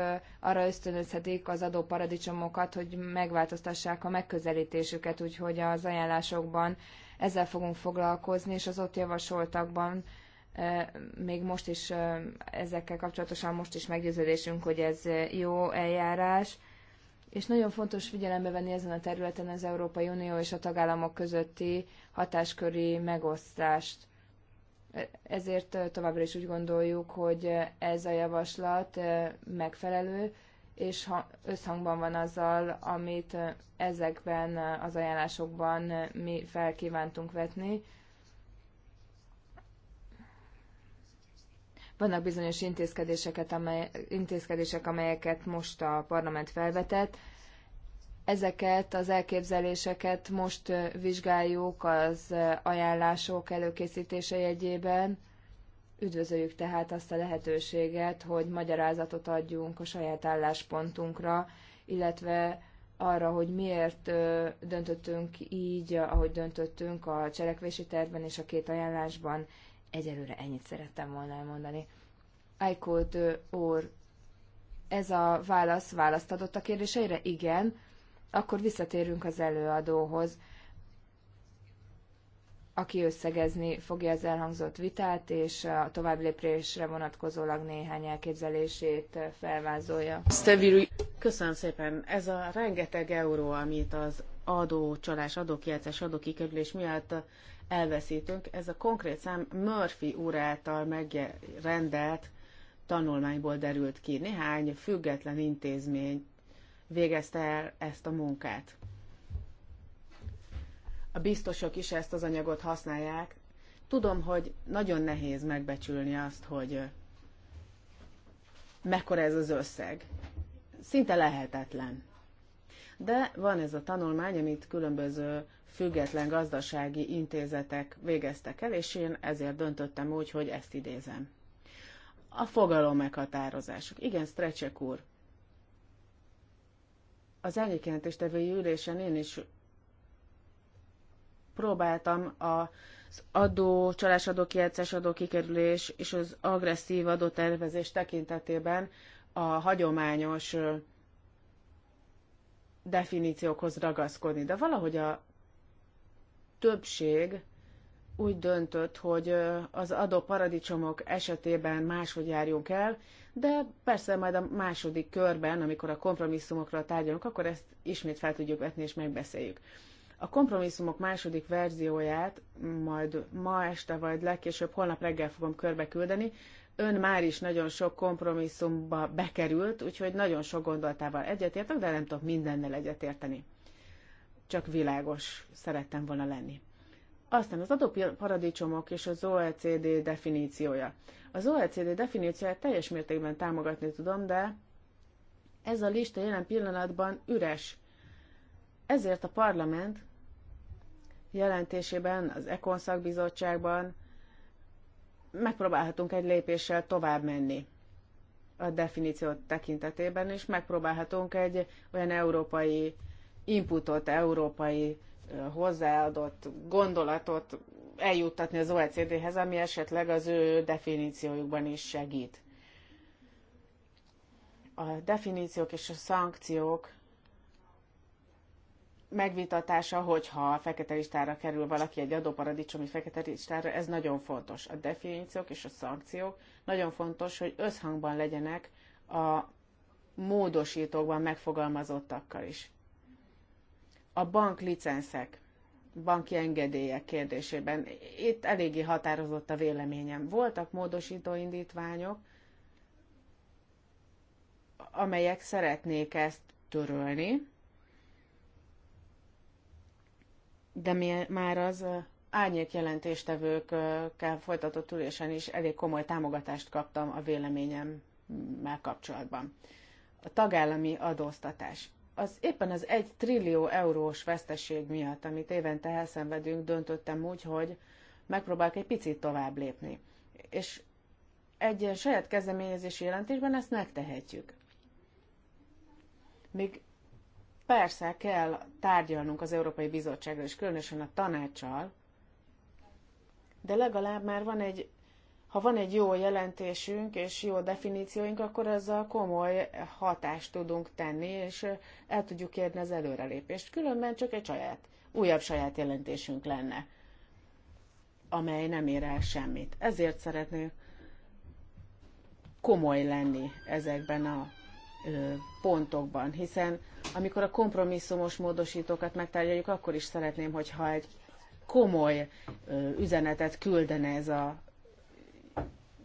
arra ösztönözhetik az adóparadicsomokat, hogy megváltoztassák a megközelítésüket, úgyhogy az ajánlásokban ezzel fogunk foglalkozni, és az ott javasoltakban még most is ezekkel kapcsolatosan most is meggyőződésünk, hogy ez jó eljárás. És nagyon fontos figyelembe venni ezen a területen az Európai Unió és a tagállamok közötti hatásköri megosztást ezért továbbra is úgy gondoljuk, hogy ez a javaslat megfelelő, és összhangban van azzal, amit ezekben az ajánlásokban mi felkívántunk vetni. Vannak bizonyos intézkedéseket, amely, intézkedések, amelyeket most a parlament felvetett, Ezeket az elképzeléseket most vizsgáljuk az ajánlások előkészítése jegyében. Üdvözöljük tehát azt a lehetőséget, hogy magyarázatot adjunk a saját álláspontunkra, illetve arra, hogy miért döntöttünk így, ahogy döntöttünk a cselekvési tervben és a két ajánlásban. Egyelőre ennyit szerettem volna elmondani. Aykód úr, ez a válasz választ adott a kérdéseire? Igen akkor visszatérünk az előadóhoz, aki összegezni fogja az elhangzott vitát, és a lépésre vonatkozólag néhány elképzelését felvázolja. Köszönöm szépen. Ez a rengeteg euró, amit az adócsalás, adókijátszás, adókikerülés miatt elveszítünk, ez a konkrét szám Murphy úr által megrendelt tanulmányból derült ki. Néhány független intézmény végezte el ezt a munkát. A biztosok is ezt az anyagot használják. Tudom, hogy nagyon nehéz megbecsülni azt, hogy mekkora ez az összeg. Szinte lehetetlen. De van ez a tanulmány, amit különböző független gazdasági intézetek végeztek el, és én ezért döntöttem úgy, hogy ezt idézem. A fogalom meghatározások. Igen, Strecsek úr, az elnyékjelentéstevői ülésen én is próbáltam az adó, csalás adó kikerülés és az agresszív adótervezés tekintetében a hagyományos definíciókhoz ragaszkodni. De valahogy a többség úgy döntött, hogy az adó paradicsomok esetében máshogy járjunk el, de persze majd a második körben, amikor a kompromisszumokra tárgyalunk, akkor ezt ismét fel tudjuk vetni és megbeszéljük. A kompromisszumok második verzióját majd ma este vagy legkésőbb holnap reggel fogom körbe küldeni. Ön már is nagyon sok kompromisszumba bekerült, úgyhogy nagyon sok gondolatával egyetértek, de nem tudok mindennel egyetérteni. Csak világos szerettem volna lenni. Aztán az adóparadicsomok és az OECD definíciója. Az OECD definícióját teljes mértékben támogatni tudom, de ez a lista jelen pillanatban üres. Ezért a parlament jelentésében, az ECON szakbizottságban megpróbálhatunk egy lépéssel tovább menni a definíció tekintetében, és megpróbálhatunk egy olyan európai inputot, európai hozzáadott gondolatot eljuttatni az OECD-hez, ami esetleg az ő definíciójukban is segít. A definíciók és a szankciók megvitatása, hogyha a fekete listára kerül valaki egy adóparadicsomi fekete listára, ez nagyon fontos. A definíciók és a szankciók nagyon fontos, hogy összhangban legyenek a módosítókban megfogalmazottakkal is a bank licenszek, banki engedélyek kérdésében. Itt eléggé határozott a véleményem. Voltak módosító indítványok, amelyek szeretnék ezt törölni, de mi már az árnyék jelentéstevőkkel folytatott ülésen is elég komoly támogatást kaptam a véleményemmel kapcsolatban. A tagállami adóztatás az éppen az egy trillió eurós veszteség miatt, amit évente elszenvedünk, döntöttem úgy, hogy megpróbálok egy picit tovább lépni. És egy ilyen saját kezdeményezési jelentésben ezt megtehetjük. Még persze kell tárgyalnunk az Európai Bizottsággal, és különösen a tanácsal, de legalább már van egy ha van egy jó jelentésünk és jó definícióink, akkor ezzel komoly hatást tudunk tenni, és el tudjuk érni az előrelépést. Különben csak egy saját, újabb saját jelentésünk lenne, amely nem ér el semmit. Ezért szeretnék komoly lenni ezekben a pontokban, hiszen amikor a kompromisszumos módosítókat megtárgyaljuk, akkor is szeretném, hogyha egy komoly üzenetet küldene ez a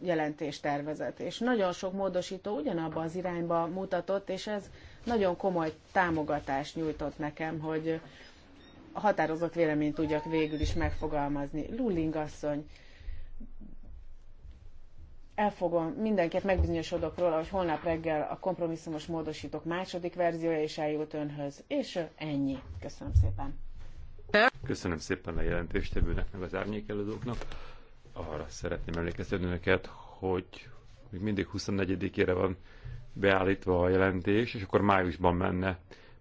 jelentéstervezet, és nagyon sok módosító ugyanabba az irányba mutatott, és ez nagyon komoly támogatást nyújtott nekem, hogy határozott véleményt tudjak végül is megfogalmazni. Lulling asszony, elfogom, fogom mindenkit megbizonyosodok róla, hogy holnap reggel a kompromisszumos módosítók második verziója is eljut önhöz, és ennyi. Köszönöm szépen. Köszönöm szépen a jelentéstevőnek, meg az árnyékelőzőknek arra szeretném emlékeztetni önöket, hogy még mindig 24-ére van beállítva a jelentés, és akkor májusban menne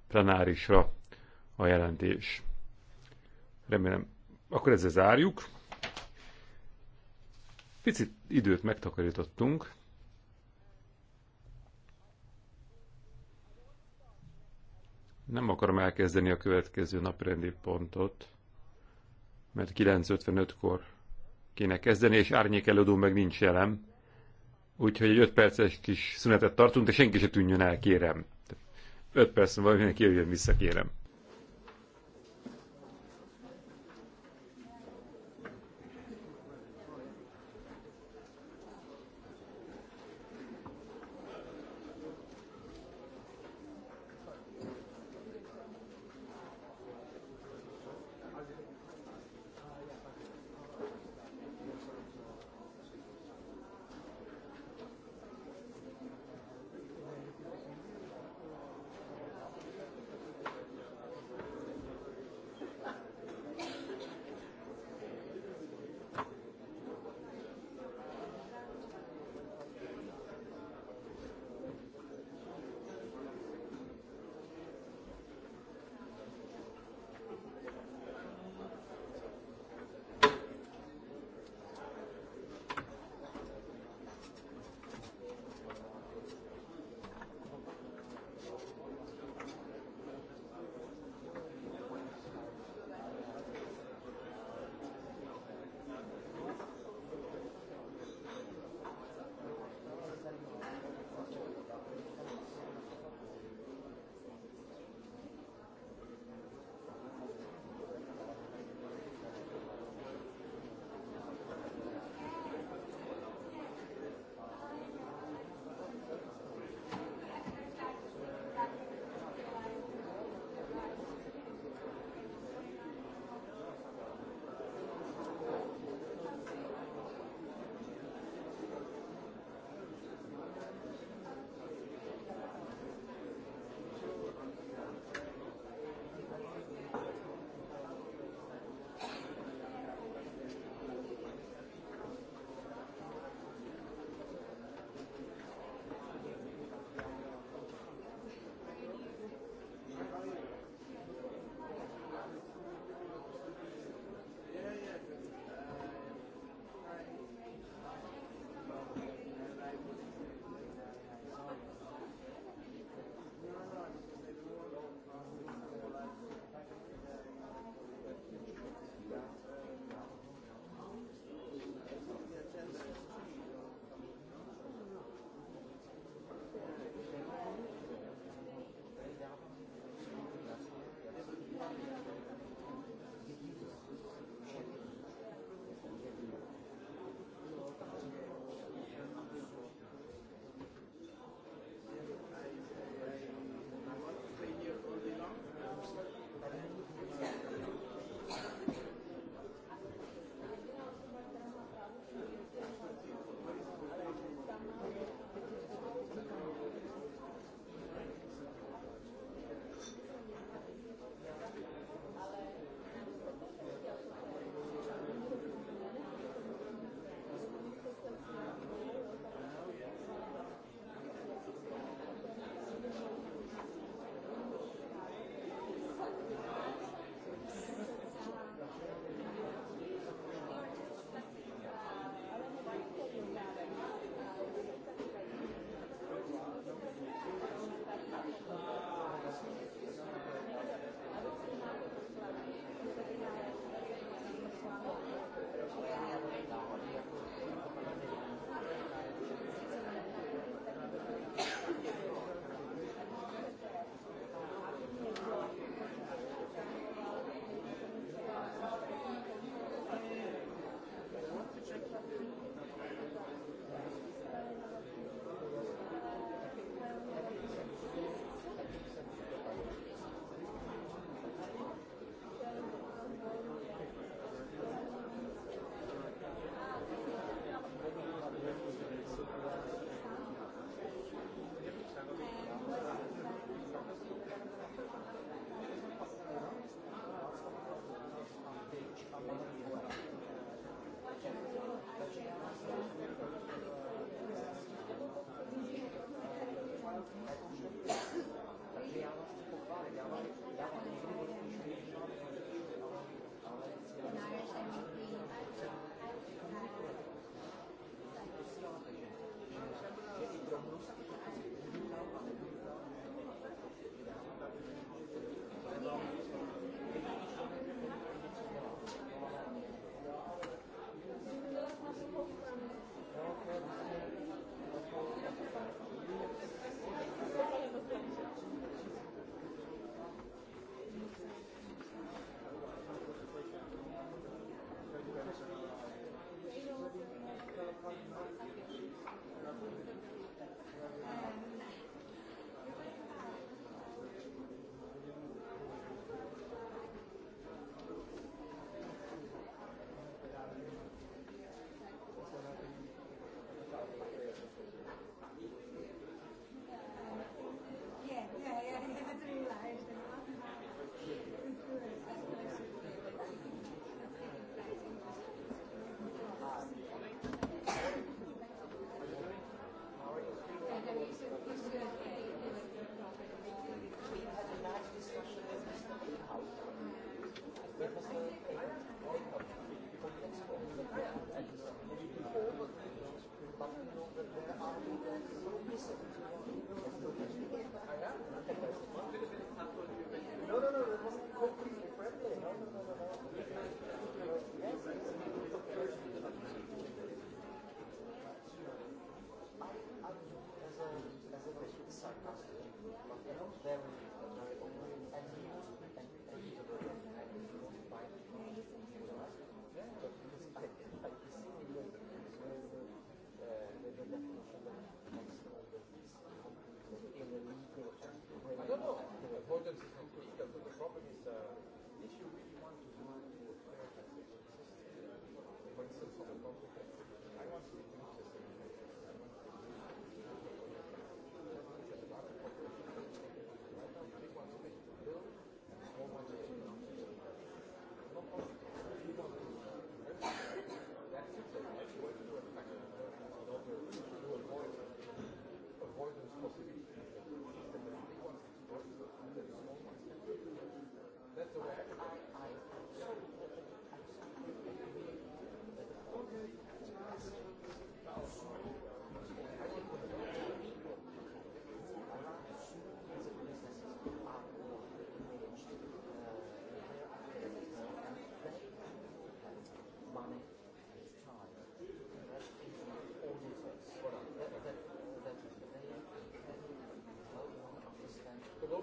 plenárisra a jelentés. Remélem, akkor ezzel zárjuk. Picit időt megtakarítottunk. Nem akarom elkezdeni a következő naprendi pontot, mert 9.55-kor kéne kezdeni, és árnyék előadó meg nincs jelen. Úgyhogy egy 5 perces kis szünetet tartunk, de senki se tűnjön el, kérem. 5 perc múlva mindenki jöjjön vissza, kérem. Ja,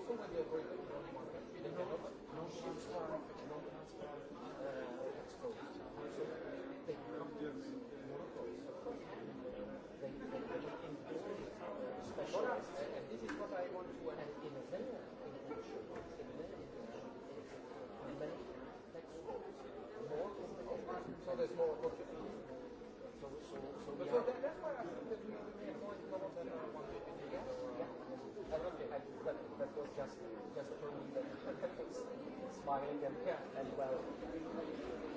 So there's more opportunity. So, so, so but yeah. so that, that's why I by Indian parents as well.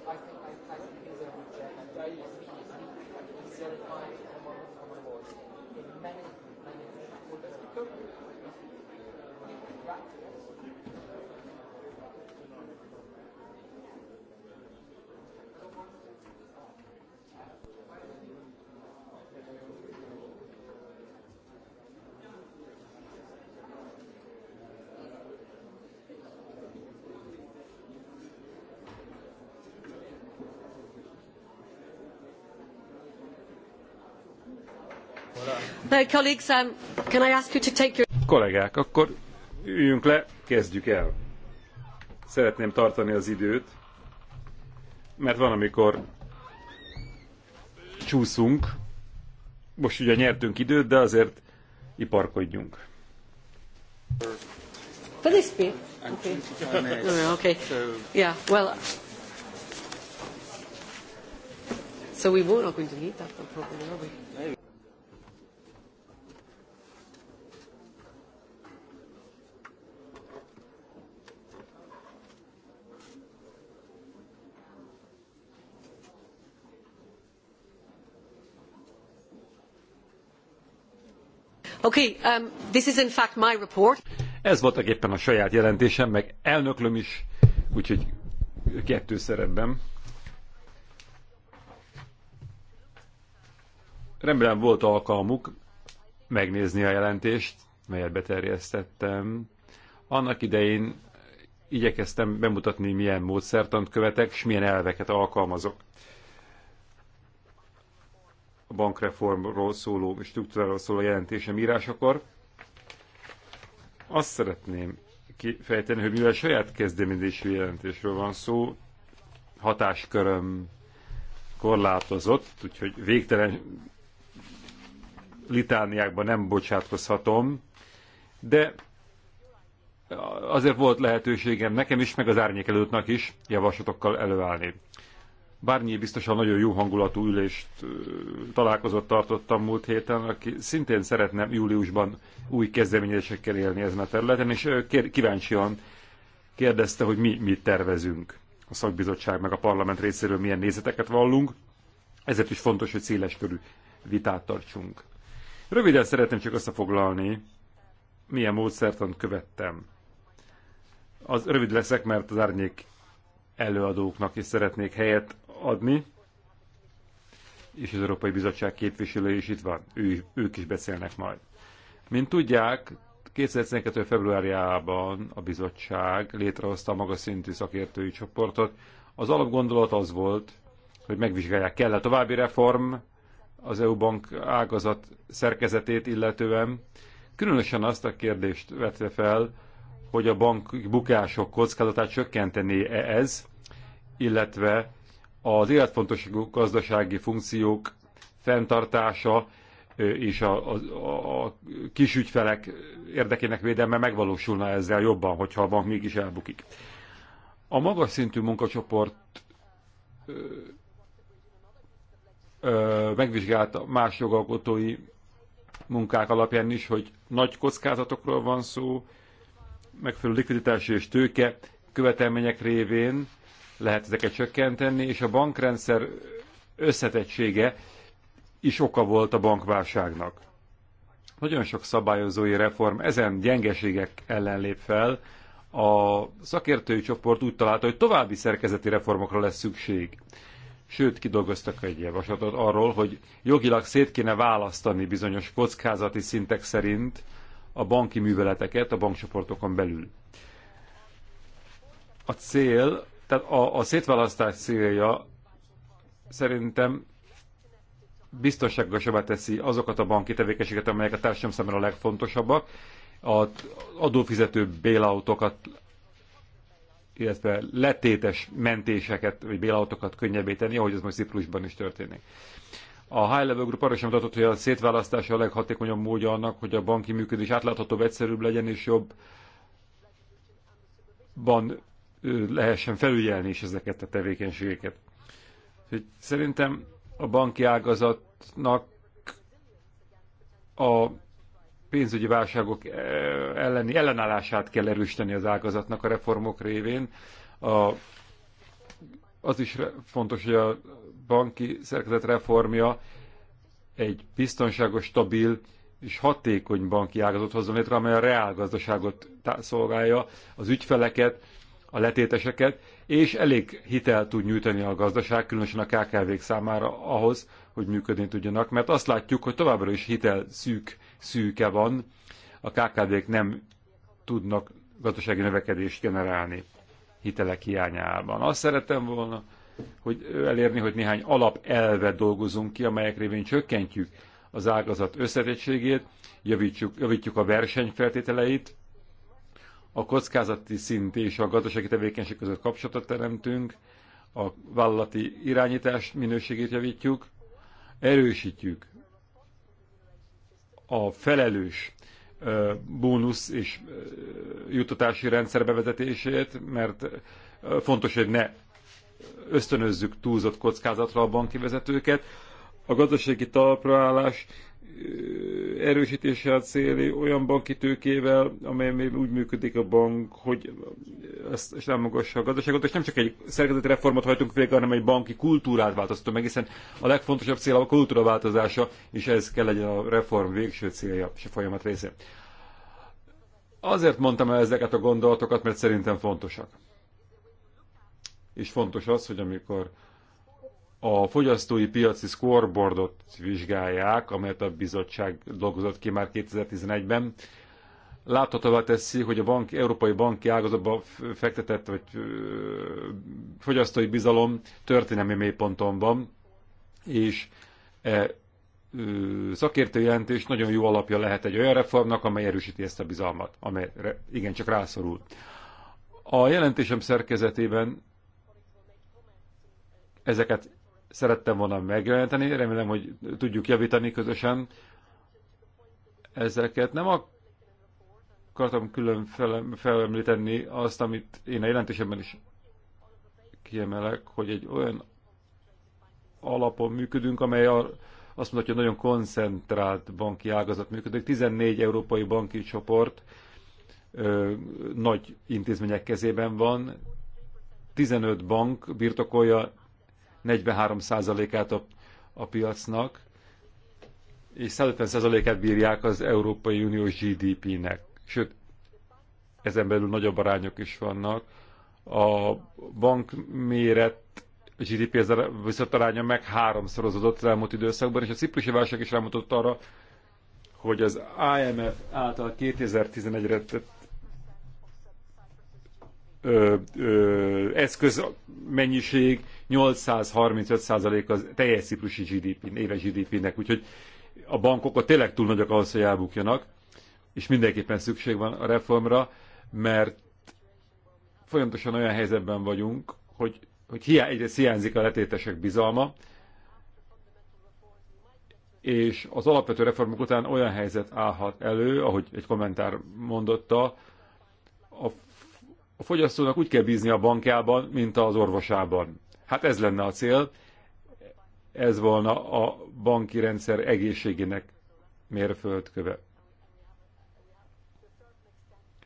I think I, I think he's a reject. I don't think he's certified someone someone was in many Uh, colleagues, um, Kollégák, akkor üljünk le, kezdjük el. Szeretném tartani az időt, mert van, amikor csúszunk. Most ugye nyertünk időt, de azért iparkodjunk. For this be? Okay. okay. Yeah, well... So we were not going to meet after probably, are we? Okay, um, this is in fact my report. Ez voltak éppen a saját jelentésem, meg elnöklöm is, úgyhogy kettő szerepben. Remélem volt alkalmuk megnézni a jelentést, melyet beterjesztettem. Annak idején igyekeztem bemutatni, milyen módszertant követek, és milyen elveket alkalmazok a bankreformról szóló és struktúráról szóló jelentésem írásakor. Azt szeretném kifejteni, hogy mivel saját kezdeményezésű jelentésről van szó, hatásköröm korlátozott, úgyhogy végtelen litániákban nem bocsátkozhatom, de azért volt lehetőségem nekem is, meg az árnyék előttnek is javaslatokkal előállni. Bárnyi biztosan nagyon jó hangulatú ülést, találkozott tartottam múlt héten, aki szintén szeretne júliusban új kezdeményezésekkel élni ezen a területen, és kíváncsian kérdezte, hogy mi mit tervezünk. A szakbizottság meg a parlament részéről milyen nézeteket vallunk, ezért is fontos, hogy széles körű vitát tartsunk. Röviden szeretném csak összefoglalni, milyen módszertant követtem. Az rövid leszek, mert az árnyék előadóknak is szeretnék helyet adni, és az Európai Bizottság képviselői is itt van, ő, ők is beszélnek majd. Mint tudják, 2012. februárjában a bizottság létrehozta a magas szintű szakértői csoportot. Az alapgondolat az volt, hogy megvizsgálják, kell -e további reform az EU bank ágazat szerkezetét illetően. Különösen azt a kérdést vetve fel, hogy a bank bukások kockázatát csökkenteni -e ez, illetve az életfontosságú gazdasági funkciók fenntartása és a, a, a kisügyfelek érdekének védelme megvalósulna ezzel jobban, hogyha a bank mégis elbukik. A magas szintű munkacsoport ö, ö, megvizsgálta más jogalkotói munkák alapján is, hogy nagy kockázatokról van szó, megfelelő likviditási és tőke követelmények révén lehet ezeket csökkenteni, és a bankrendszer összetettsége is oka volt a bankválságnak. Nagyon sok szabályozói reform ezen gyengeségek ellen lép fel, a szakértői csoport úgy találta, hogy további szerkezeti reformokra lesz szükség. Sőt, kidolgoztak egy javaslatot arról, hogy jogilag szét kéne választani bizonyos kockázati szintek szerint a banki műveleteket a bankcsoportokon belül. A cél tehát a, a szétválasztás célja szerintem biztonságosabbá teszi azokat a banki tevékenységet, amelyek a társadalom számára a legfontosabbak, az adófizető bélautokat, illetve letétes mentéseket, vagy bélautokat könnyebbé tenni, ahogy ez most Ciprusban is történik. A High Level Group arra sem mutatott, hogy a szétválasztás a leghatékonyabb módja annak, hogy a banki működés átláthatóbb, egyszerűbb legyen és jobb lehessen felügyelni is ezeket a tevékenységeket. Úgyhogy szerintem a banki ágazatnak a pénzügyi válságok e, elleni ellenállását kell erősíteni az ágazatnak a reformok révén. A, az is fontos, hogy a banki szerkezet reformja egy biztonságos, stabil és hatékony banki ágazat hozzon létre, amely a reálgazdaságot szolgálja, az ügyfeleket, a letéteseket, és elég hitelt tud nyújtani a gazdaság, különösen a KKV-k számára ahhoz, hogy működni tudjanak, mert azt látjuk, hogy továbbra is hitel szűk, szűke van, a KKV-k nem tudnak gazdasági növekedést generálni hitelek hiányában. Azt szerettem volna, hogy elérni, hogy néhány alapelvet dolgozunk ki, amelyek révén csökkentjük az ágazat összetettségét, javítjuk, javítjuk a versenyfeltételeit, a kockázati szint és a gazdasági tevékenység között kapcsolatot teremtünk, a vállalati irányítás minőségét javítjuk, erősítjük a felelős bónusz és juttatási rendszer bevezetését, mert fontos, hogy ne ösztönözzük túlzott kockázatra a banki vezetőket. A gazdasági talpraállás erősítése a cél olyan banki tőkével, amely még úgy működik a bank, hogy ezt támogassa a gazdaságot, és nem csak egy szerkezeti reformot hajtunk végre, hanem egy banki kultúrát változtatunk meg, hiszen a legfontosabb cél a kultúra változása, és ez kell legyen a reform végső célja és a folyamat része. Azért mondtam el ezeket a gondolatokat, mert szerintem fontosak. És fontos az, hogy amikor a fogyasztói piaci scoreboardot vizsgálják, amelyet a bizottság dolgozott ki már 2011-ben. Láthatóvá teszi, hogy a bank, európai banki ágazatban fektetett vagy fogyasztói bizalom történelmi mélyponton van, és e, szakértő jelentés nagyon jó alapja lehet egy olyan reformnak, amely erősíti ezt a bizalmat, amely igencsak rászorul. A jelentésem szerkezetében ezeket szerettem volna megjelenteni, remélem, hogy tudjuk javítani közösen ezeket. Nem akartam külön felemlíteni azt, amit én a jelentésemben is kiemelek, hogy egy olyan alapon működünk, amely a, azt mondhatja, hogy nagyon koncentrált banki ágazat működik. 14 európai banki csoport ö, nagy intézmények kezében van, 15 bank birtokolja 43%-át a, a piacnak, és 150%-át bírják az Európai Unió GDP-nek. Sőt, ezen belül nagyobb arányok is vannak. A bank méret a GDP ez viszont aránya meg háromszorozódott az elmúlt időszakban, és a ciprusi válság is rámutott arra, hogy az IMF által 2011-re tett ö, ö, eszközmennyiség 835% az teljes ciprusi GDP, éves GDP-nek, úgyhogy a bankok a tényleg túl nagyok ahhoz, hogy elbukjanak, és mindenképpen szükség van a reformra, mert folyamatosan olyan helyzetben vagyunk, hogy, hogy hiá, egyrészt hiányzik a letétesek bizalma, és az alapvető reformok után olyan helyzet állhat elő, ahogy egy kommentár mondotta, a, a fogyasztónak úgy kell bízni a bankjában, mint az orvosában. Hát ez lenne a cél, ez volna a banki rendszer egészségének mérföldköve.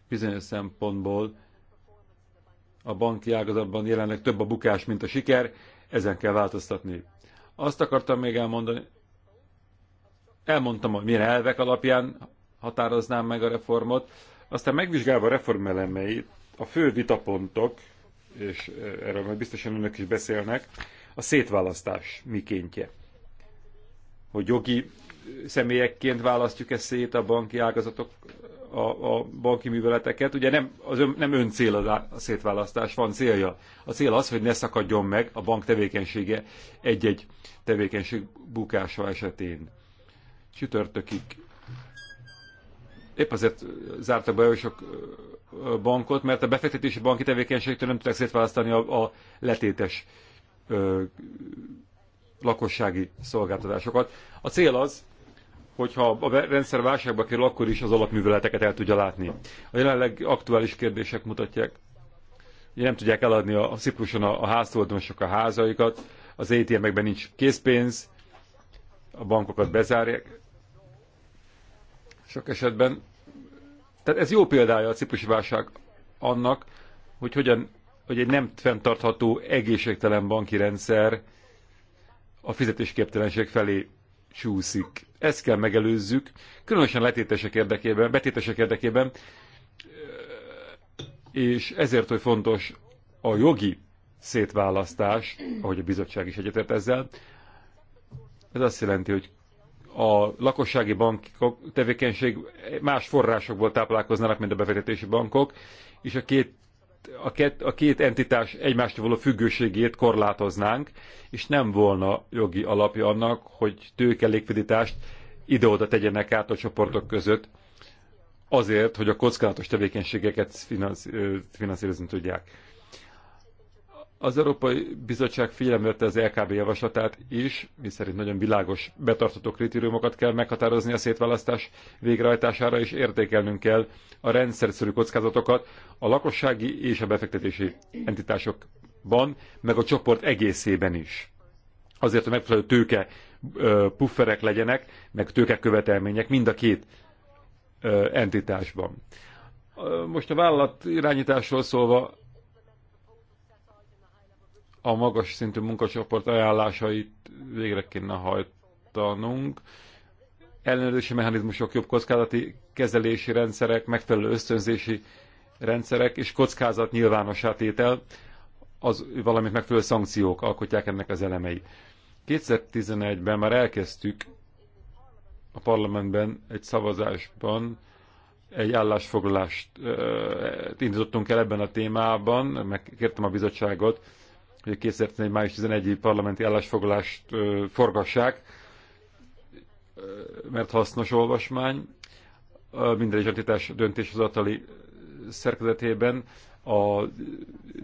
Bizonyos szempontból a banki ágazatban jelenleg több a bukás, mint a siker, ezen kell változtatni. Azt akartam még elmondani, elmondtam, hogy milyen elvek alapján határoznám meg a reformot, aztán megvizsgálva a reform elemeit, a fő vitapontok, és erről majd biztosan önök is beszélnek, a szétválasztás mikéntje. Hogy jogi személyekként választjuk ezt szét a banki ágazatok, a, a banki műveleteket. Ugye nem, az ön, nem ön cél a, a szétválasztás, van célja. A cél az, hogy ne szakadjon meg a bank tevékenysége egy-egy tevékenység bukása esetén. Csütörtökig épp azért zártak be sok bankot, mert a befektetési banki tevékenységtől nem tudták szétválasztani a, a letétes ö, lakossági szolgáltatásokat. A cél az, hogyha a rendszer válságba kerül, akkor is az alapműveleteket el tudja látni. A jelenleg aktuális kérdések mutatják, hogy nem tudják eladni a, a Cipruson a, a háztulajdonosok a házaikat, az ATM-ekben nincs készpénz, a bankokat bezárják, sok esetben, tehát ez jó példája a ciprusi válság annak, hogy hogyan, hogy egy nem fenntartható, egészségtelen banki rendszer a fizetésképtelenség felé csúszik. Ezt kell megelőzzük, különösen letétesek érdekében, betétesek érdekében, és ezért, hogy fontos a jogi szétválasztás, ahogy a bizottság is egyetért ezzel, ez azt jelenti, hogy a lakossági bankok tevékenység más forrásokból táplálkoznának, mint a befektetési bankok, és a két, a két, a két entitás egymástól való függőségét korlátoznánk, és nem volna jogi alapja annak, hogy likviditást ide-oda tegyenek át a csoportok között, azért, hogy a kockázatos tevékenységeket finanszírozni tudják. Az Európai Bizottság figyelemvette az LKB javaslatát is, miszerint nagyon világos betartató kritériumokat kell meghatározni a szétválasztás végrehajtására, és értékelnünk kell a rendszerszerű kockázatokat a lakossági és a befektetési entitásokban, meg a csoport egészében is. Azért, hogy megfelelő tőke pufferek legyenek, meg tőkekövetelmények mind a két entitásban. Most a vállalat irányításról szólva a magas szintű munkacsoport ajánlásait végre kéne hajtanunk. Ellenőrzési mechanizmusok, jobb kockázati kezelési rendszerek, megfelelő ösztönzési rendszerek és kockázat nyilvános tétel, az, valamint megfelelő szankciók alkotják ennek az elemei. 2011-ben már elkezdtük a parlamentben egy szavazásban egy állásfoglalást indítottunk el ebben a témában, megkértem a bizottságot, hogy a egy május 11-i parlamenti állásfoglalást ö, forgassák, ö, mert hasznos olvasmány. Ö, minden egyatítás döntéshozatali szerkezetében a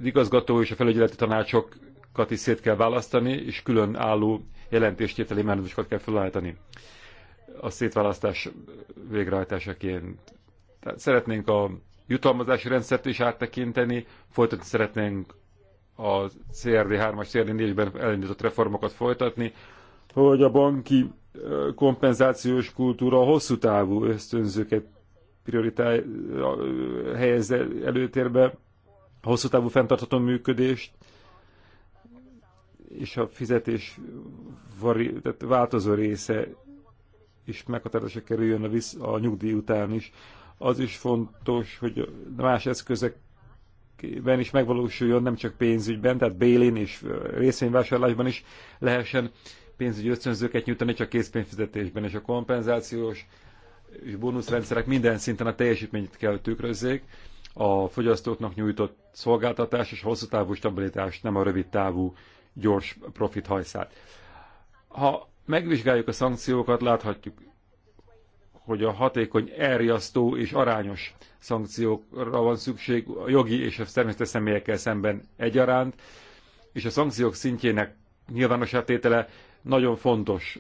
igazgató és a felügyeleti tanácsokat is szét kell választani, és külön álló jelentéstételi mechanizmusokat kell felállítani a szétválasztás végrehajtásaként. Tehát szeretnénk a jutalmazási rendszert is áttekinteni, folytatni szeretnénk a CRD 3-as, CRD 4-ben elindított reformokat folytatni, hogy a banki kompenzációs kultúra hosszú távú ösztönzőket prioritá- helyez előtérbe, hosszú távú fenntartható működést, és a fizetés vari, tehát változó része is meghatározásra kerüljön a, visz, a nyugdíj után is. Az is fontos, hogy más eszközek ben is megvalósuljon, nem csak pénzügyben, tehát bélin és részvényvásárlásban is lehessen pénzügyi ösztönzőket nyújtani, csak készpénzfizetésben, és a kompenzációs és bónuszrendszerek minden szinten a teljesítményt kell tükrözzék, a fogyasztóknak nyújtott szolgáltatás és a hosszú távú stabilitás, nem a rövid távú gyors profit hajszát. Ha megvizsgáljuk a szankciókat, láthatjuk hogy a hatékony, elriasztó és arányos szankciókra van szükség a jogi és a természetes személyekkel szemben egyaránt, és a szankciók szintjének nyilvános tétele nagyon fontos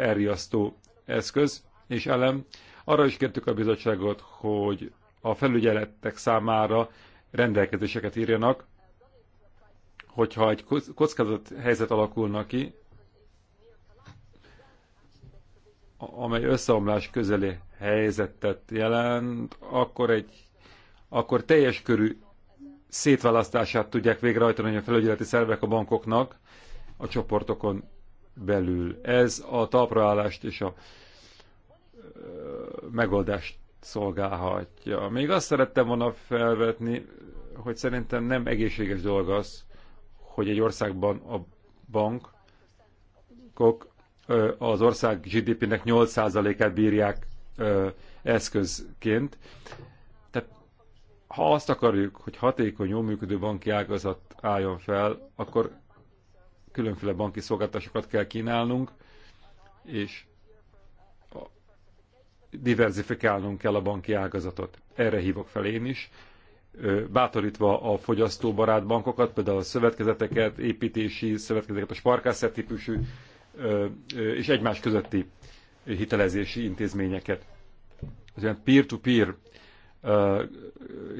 elriasztó eszköz és elem. Arra is kértük a bizottságot, hogy a felügyeletek számára rendelkezéseket írjanak, hogyha egy kockázat helyzet alakulna ki, amely összeomlás közeli helyzetet jelent, akkor egy akkor teljes körű szétválasztását tudják végrehajtani a felügyeleti szervek a bankoknak a csoportokon belül. Ez a talpraállást és a ö, megoldást szolgálhatja. Még azt szerettem volna felvetni, hogy szerintem nem egészséges dolog az, hogy egy országban a bankok az ország GDP-nek 8%-át bírják eszközként. Tehát ha azt akarjuk, hogy hatékony, jól működő banki ágazat álljon fel, akkor különféle banki szolgáltatásokat kell kínálnunk, és diverzifikálnunk kell a banki ágazatot. Erre hívok fel én is, bátorítva a fogyasztóbarát bankokat, például a szövetkezeteket, építési szövetkezeteket, a sparkászer típusú és egymás közötti hitelezési intézményeket. Az ilyen peer-to-peer -peer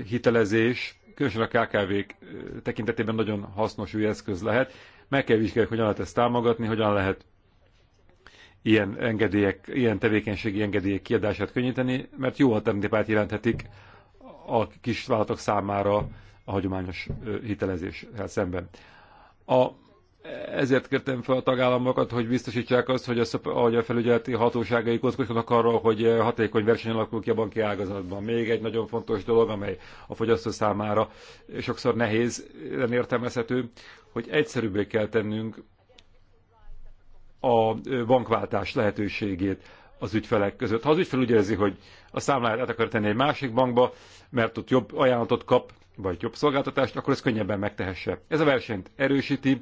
hitelezés, különösen a KKV-k tekintetében nagyon hasznos új eszköz lehet. Meg kell vizsgálni, hogyan lehet ezt támogatni, hogyan lehet ilyen, engedélyek, ilyen tevékenységi engedélyek kiadását könnyíteni, mert jó alternatívát jelenthetik a kis vállalatok számára a hagyományos hitelezéshez szemben. A ezért kértem fel a tagállamokat, hogy biztosítsák azt, hogy a, hogy a felügyeleti hatóságai kockoskodnak arról, hogy eh, hatékony verseny alakul ki a banki ágazatban. Még egy nagyon fontos dolog, amely a fogyasztó számára sokszor nehéz, nem értelmezhető, hogy egyszerűbbé kell tennünk a eh, bankváltás lehetőségét az ügyfelek között. Ha az ügyfel úgy érzi, hogy a számláját át akar tenni egy másik bankba, mert ott jobb ajánlatot kap, vagy jobb szolgáltatást, akkor ez könnyebben megtehesse. Ez a versenyt erősíti,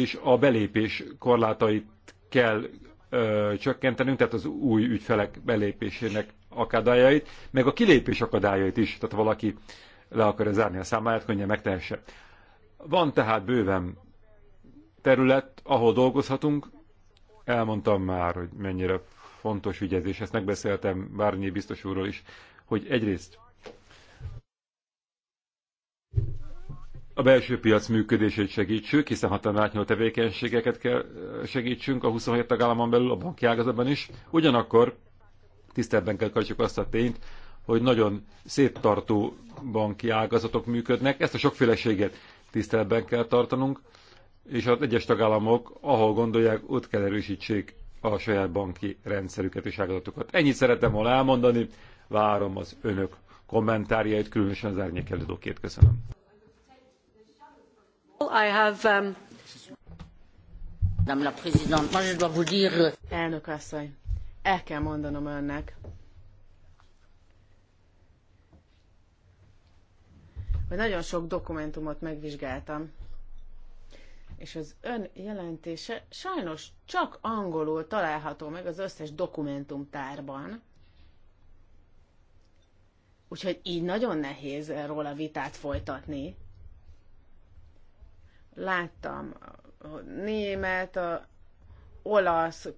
és a belépés korlátait kell ö, csökkentenünk, tehát az új ügyfelek belépésének akadályait, meg a kilépés akadályait is, tehát valaki le akarja zárni a számláját, könnyen megtehesse. Van tehát bőven terület, ahol dolgozhatunk. Elmondtam már, hogy mennyire fontos ügyezés, ezt megbeszéltem Bárnyi biztos úrról is, hogy egyrészt a belső piac működését segítsük, hiszen határon átnyúló tevékenységeket kell segítsünk a 27 tagállamon belül, a banki ágazatban is. Ugyanakkor tisztelben kell tartsuk azt a tényt, hogy nagyon széttartó banki ágazatok működnek. Ezt a sokféleséget tisztelben kell tartanunk, és az egyes tagállamok, ahol gondolják, ott kell erősítsék a saját banki rendszerüket és ágazatokat. Ennyit szeretem volna elmondani, várom az önök kommentárjait, különösen az árnyékelődőkét. Köszönöm. Um, euh, Elnök asszony, el kell mondanom önnek, hogy nagyon sok dokumentumot megvizsgáltam, és az ön jelentése sajnos csak angolul található meg az összes dokumentumtárban. Úgyhogy így nagyon nehéz róla vitát folytatni láttam a német, a olasz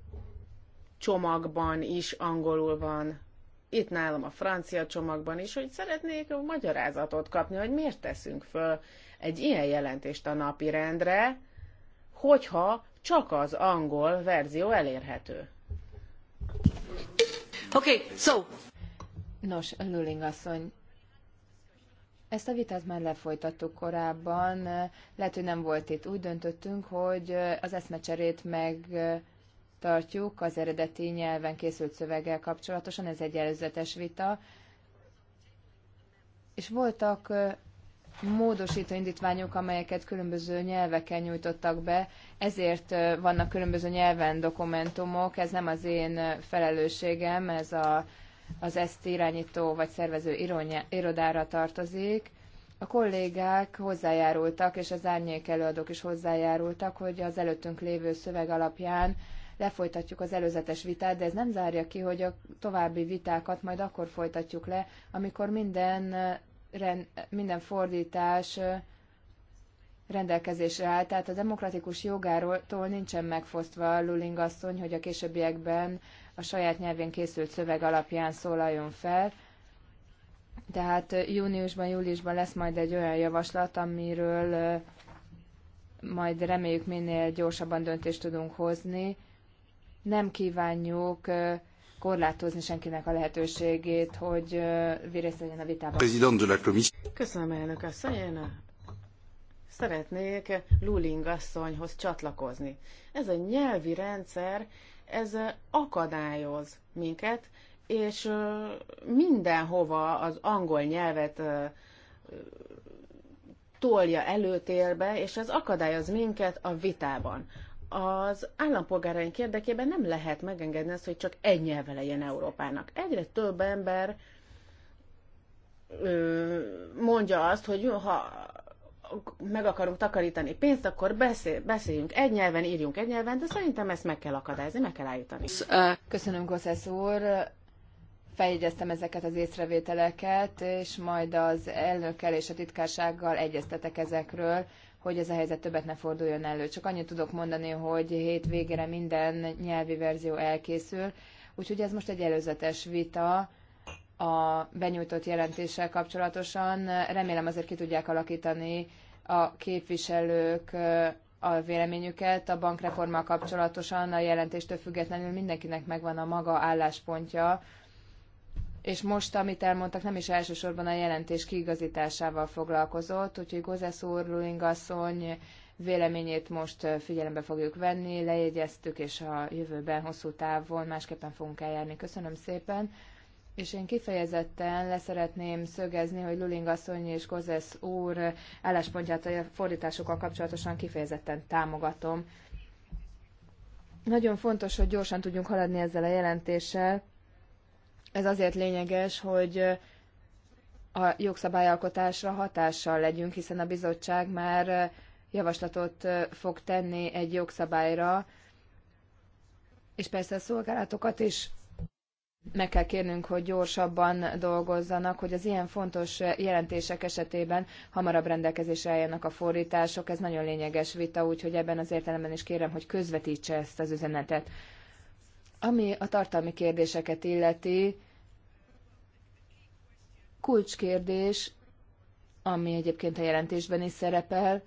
csomagban is angolul van, itt nálam a francia csomagban is, hogy szeretnék magyarázatot kapni, hogy miért teszünk föl egy ilyen jelentést a napi rendre, hogyha csak az angol verzió elérhető. Oké, okay, so. Nos, Lulling asszony, ezt a vitát már lefolytattuk korábban, lehet, hogy nem volt itt. Úgy döntöttünk, hogy az eszmecserét meg tartjuk az eredeti nyelven készült szöveggel kapcsolatosan, ez egy előzetes vita. És voltak módosító indítványok, amelyeket különböző nyelveken nyújtottak be, ezért vannak különböző nyelven dokumentumok, ez nem az én felelősségem, ez a az ezt irányító vagy szervező irodára tartozik. A kollégák hozzájárultak, és az árnyék előadók is hozzájárultak, hogy az előttünk lévő szöveg alapján lefolytatjuk az előzetes vitát, de ez nem zárja ki, hogy a további vitákat majd akkor folytatjuk le, amikor minden, minden fordítás rendelkezésre áll, tehát a demokratikus jogáról nincsen megfosztva Luling asszony, hogy a későbbiekben a saját nyelvén készült szöveg alapján szólaljon fel. Tehát júniusban, júliusban lesz majd egy olyan javaslat, amiről majd reméljük minél gyorsabban döntést tudunk hozni. Nem kívánjuk korlátozni senkinek a lehetőségét, hogy vérészt legyen a vitában. Köszönöm, elnök asszony. Én szeretnék Luling asszonyhoz csatlakozni. Ez a nyelvi rendszer ez akadályoz minket, és mindenhova az angol nyelvet tolja előtérbe, és ez akadályoz minket a vitában. Az állampolgáraink érdekében nem lehet megengedni azt, hogy csak egy nyelve legyen Európának. Egyre több ember mondja azt, hogy ha meg akarunk takarítani pénzt, akkor beszél, beszéljünk egy nyelven, írjunk egy nyelven, de szerintem ezt meg kell akadályozni, meg kell állítani. Köszönöm, Gossesz úr. Feljegyeztem ezeket az észrevételeket, és majd az elnökkel és a titkársággal egyeztetek ezekről, hogy ez a helyzet többet ne forduljon elő. Csak annyit tudok mondani, hogy hét végére minden nyelvi verzió elkészül, úgyhogy ez most egy előzetes vita, a benyújtott jelentéssel kapcsolatosan. Remélem azért ki tudják alakítani a képviselők a véleményüket a bankreformmal kapcsolatosan, a jelentéstől függetlenül mindenkinek megvan a maga álláspontja, és most, amit elmondtak, nem is elsősorban a jelentés kiigazításával foglalkozott, úgyhogy Gozesz úr, Luling asszony véleményét most figyelembe fogjuk venni, lejegyeztük, és a jövőben hosszú távon másképpen fogunk eljárni. Köszönöm szépen! és én kifejezetten leszeretném szögezni, hogy Luling asszony és Kozesz úr álláspontját a fordításokkal kapcsolatosan kifejezetten támogatom. Nagyon fontos, hogy gyorsan tudjunk haladni ezzel a jelentéssel. Ez azért lényeges, hogy a jogszabályalkotásra hatással legyünk, hiszen a bizottság már javaslatot fog tenni egy jogszabályra, és persze a szolgálatokat is meg kell kérnünk, hogy gyorsabban dolgozzanak, hogy az ilyen fontos jelentések esetében hamarabb rendelkezésre álljanak a fordítások. Ez nagyon lényeges vita, úgyhogy ebben az értelemben is kérem, hogy közvetítse ezt az üzenetet. Ami a tartalmi kérdéseket illeti, kulcskérdés, ami egyébként a jelentésben is szerepel,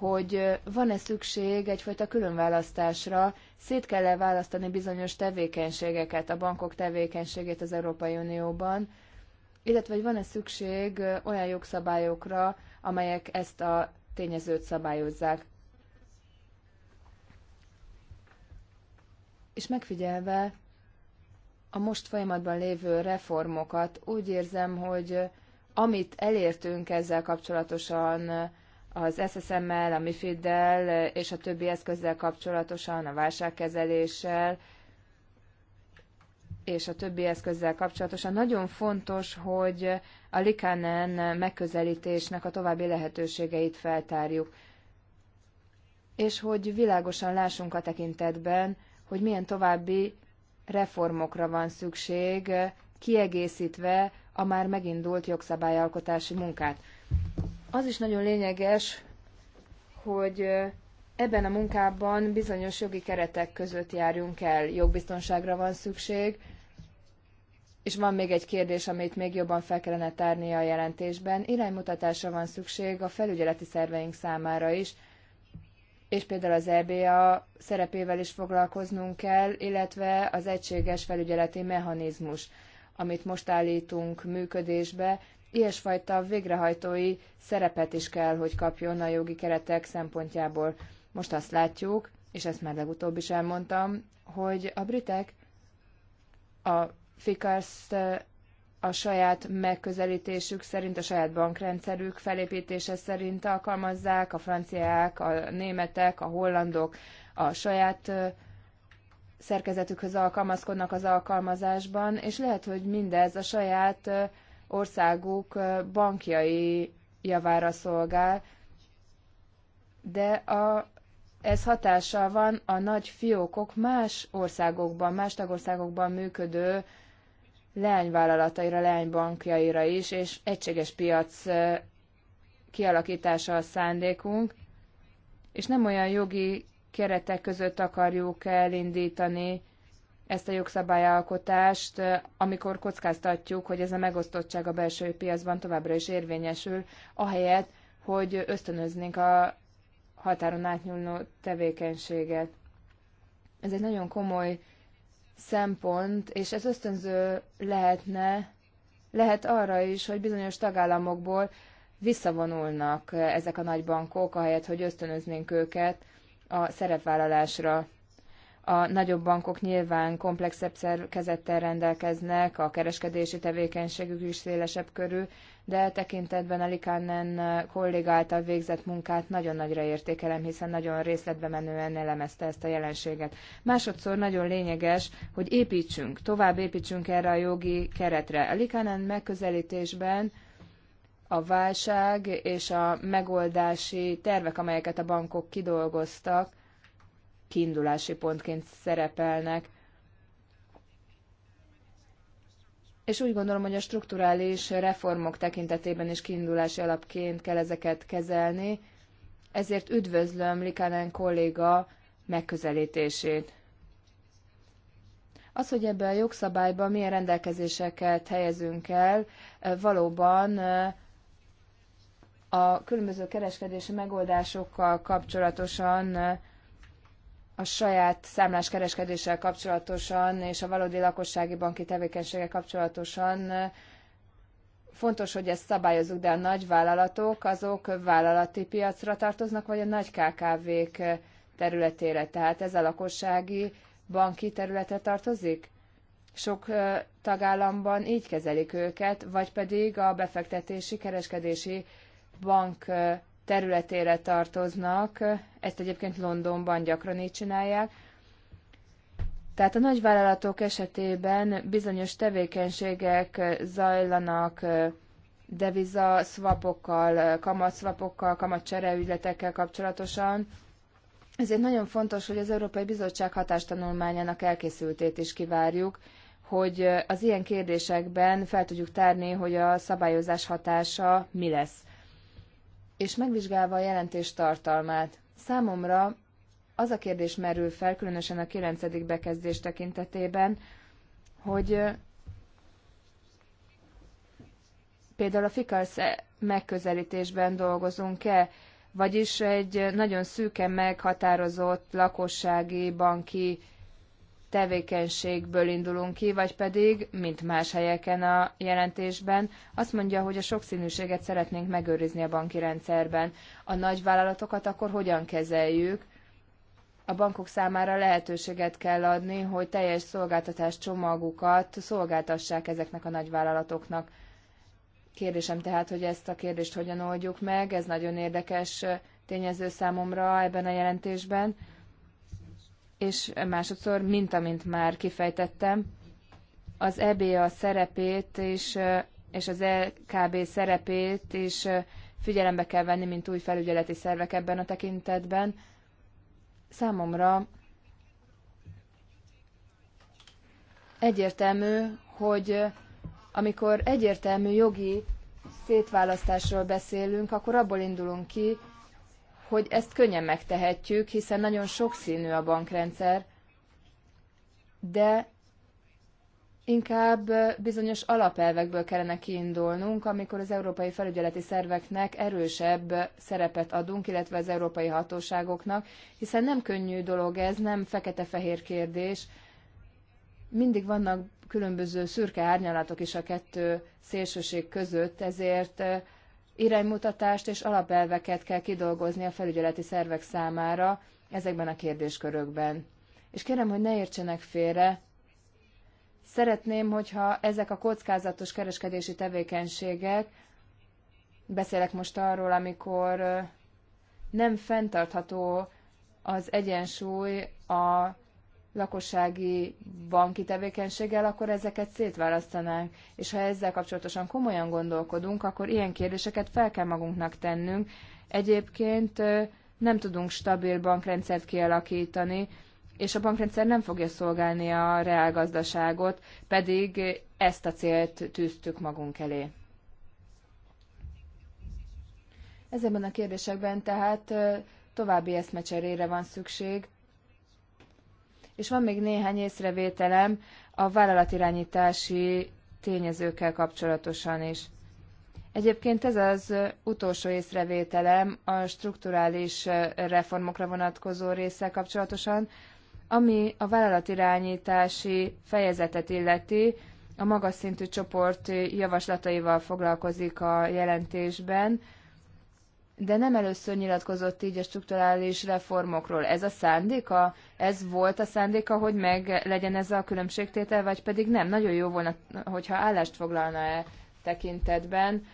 hogy van-e szükség egyfajta különválasztásra, szét kell-e választani bizonyos tevékenységeket, a bankok tevékenységét az Európai Unióban, illetve hogy van-e szükség olyan jogszabályokra, amelyek ezt a tényezőt szabályozzák. És megfigyelve a most folyamatban lévő reformokat, úgy érzem, hogy amit elértünk ezzel kapcsolatosan, az SSM-mel, a MIFID-del és a többi eszközzel kapcsolatosan, a válságkezeléssel és a többi eszközzel kapcsolatosan nagyon fontos, hogy a Likanen megközelítésnek a további lehetőségeit feltárjuk, és hogy világosan lássunk a tekintetben, hogy milyen további reformokra van szükség, kiegészítve a már megindult jogszabályalkotási munkát. Az is nagyon lényeges, hogy ebben a munkában bizonyos jogi keretek között járjunk el. Jogbiztonságra van szükség, és van még egy kérdés, amit még jobban fel kellene tárni a jelentésben. Iránymutatásra van szükség a felügyeleti szerveink számára is, és például az EBA szerepével is foglalkoznunk kell, illetve az egységes felügyeleti mechanizmus, amit most állítunk működésbe, ilyesfajta végrehajtói szerepet is kell, hogy kapjon a jogi keretek szempontjából. Most azt látjuk, és ezt már legutóbb is elmondtam, hogy a britek a fikarsz a saját megközelítésük szerint, a saját bankrendszerük felépítése szerint alkalmazzák, a franciák, a németek, a hollandok a saját szerkezetükhöz alkalmazkodnak az alkalmazásban, és lehet, hogy mindez a saját országuk bankjai javára szolgál, de a, ez hatással van a nagy fiókok más országokban, más tagországokban működő leányvállalataira, leánybankjaira is, és egységes piac kialakítása a szándékunk, és nem olyan jogi keretek között akarjuk elindítani ezt a jogszabályalkotást, amikor kockáztatjuk, hogy ez a megosztottság a belső piacban továbbra is érvényesül, ahelyett, hogy ösztönöznénk a határon átnyúló tevékenységet. Ez egy nagyon komoly szempont, és ez ösztönző lehetne, lehet arra is, hogy bizonyos tagállamokból visszavonulnak ezek a nagybankok, ahelyett, hogy ösztönöznénk őket a szerepvállalásra. A nagyobb bankok nyilván komplexebb szerkezettel rendelkeznek, a kereskedési tevékenységük is szélesebb körül, de tekintetben Likánen kolléga által végzett munkát nagyon nagyra értékelem, hiszen nagyon részletbe menően elemezte ezt a jelenséget. Másodszor nagyon lényeges, hogy építsünk, tovább építsünk erre a jogi keretre. Likánen megközelítésben a válság és a megoldási tervek, amelyeket a bankok kidolgoztak, kiindulási pontként szerepelnek. És úgy gondolom, hogy a strukturális reformok tekintetében is kiindulási alapként kell ezeket kezelni, ezért üdvözlöm Likánen kolléga megközelítését. Az, hogy ebbe a jogszabályba milyen rendelkezéseket helyezünk el, valóban a különböző kereskedési megoldásokkal kapcsolatosan a saját számlás kapcsolatosan és a valódi lakossági banki tevékenységgel kapcsolatosan fontos, hogy ezt szabályozzuk, de a nagy vállalatok azok vállalati piacra tartoznak, vagy a nagy KKV-k területére. Tehát ez a lakossági banki területre tartozik? Sok tagállamban így kezelik őket, vagy pedig a befektetési, kereskedési bank területére tartoznak, ezt egyébként Londonban gyakran így csinálják. Tehát a nagyvállalatok esetében bizonyos tevékenységek zajlanak deviza swapokkal, kamat kamatcsereügyletekkel kapcsolatosan. Ezért nagyon fontos, hogy az Európai Bizottság hatástanulmányának elkészültét is kivárjuk, hogy az ilyen kérdésekben fel tudjuk tárni, hogy a szabályozás hatása mi lesz és megvizsgálva a jelentés tartalmát. Számomra az a kérdés merül fel, különösen a 9. bekezdés tekintetében, hogy például a FICALS megközelítésben dolgozunk-e, vagyis egy nagyon szűken meghatározott lakossági banki tevékenységből indulunk ki, vagy pedig, mint más helyeken a jelentésben, azt mondja, hogy a sokszínűséget szeretnénk megőrizni a banki rendszerben. A nagyvállalatokat akkor hogyan kezeljük? A bankok számára lehetőséget kell adni, hogy teljes szolgáltatás csomagukat szolgáltassák ezeknek a nagyvállalatoknak. Kérdésem tehát, hogy ezt a kérdést hogyan oldjuk meg, ez nagyon érdekes tényező számomra ebben a jelentésben és másodszor, mint amint már kifejtettem, az EBA szerepét és, és az LKB e szerepét is figyelembe kell venni, mint új felügyeleti szervek ebben a tekintetben. Számomra egyértelmű, hogy amikor egyértelmű jogi szétválasztásról beszélünk, akkor abból indulunk ki, hogy ezt könnyen megtehetjük, hiszen nagyon sokszínű a bankrendszer, de inkább bizonyos alapelvekből kellene kiindulnunk, amikor az európai felügyeleti szerveknek erősebb szerepet adunk, illetve az európai hatóságoknak, hiszen nem könnyű dolog ez, nem fekete-fehér kérdés. Mindig vannak különböző szürke árnyalatok is a kettő szélsőség között, ezért iránymutatást és alapelveket kell kidolgozni a felügyeleti szervek számára ezekben a kérdéskörökben. És kérem, hogy ne értsenek félre, szeretném, hogyha ezek a kockázatos kereskedési tevékenységek, beszélek most arról, amikor nem fenntartható az egyensúly a lakossági banki tevékenységgel, akkor ezeket szétválasztanánk. És ha ezzel kapcsolatosan komolyan gondolkodunk, akkor ilyen kérdéseket fel kell magunknak tennünk. Egyébként nem tudunk stabil bankrendszert kialakítani, és a bankrendszer nem fogja szolgálni a reálgazdaságot, pedig ezt a célt tűztük magunk elé. Ezekben a kérdésekben tehát további eszmecserére van szükség, és van még néhány észrevételem a vállalatirányítási tényezőkkel kapcsolatosan is. Egyébként ez az utolsó észrevételem a strukturális reformokra vonatkozó része kapcsolatosan, ami a vállalatirányítási fejezetet illeti, a magas szintű csoport javaslataival foglalkozik a jelentésben, de nem először nyilatkozott így a strukturális reformokról. Ez a szándéka? Ez volt a szándéka, hogy meg legyen ez a különbségtétel, vagy pedig nem? Nagyon jó volna, hogyha állást foglalna e tekintetben.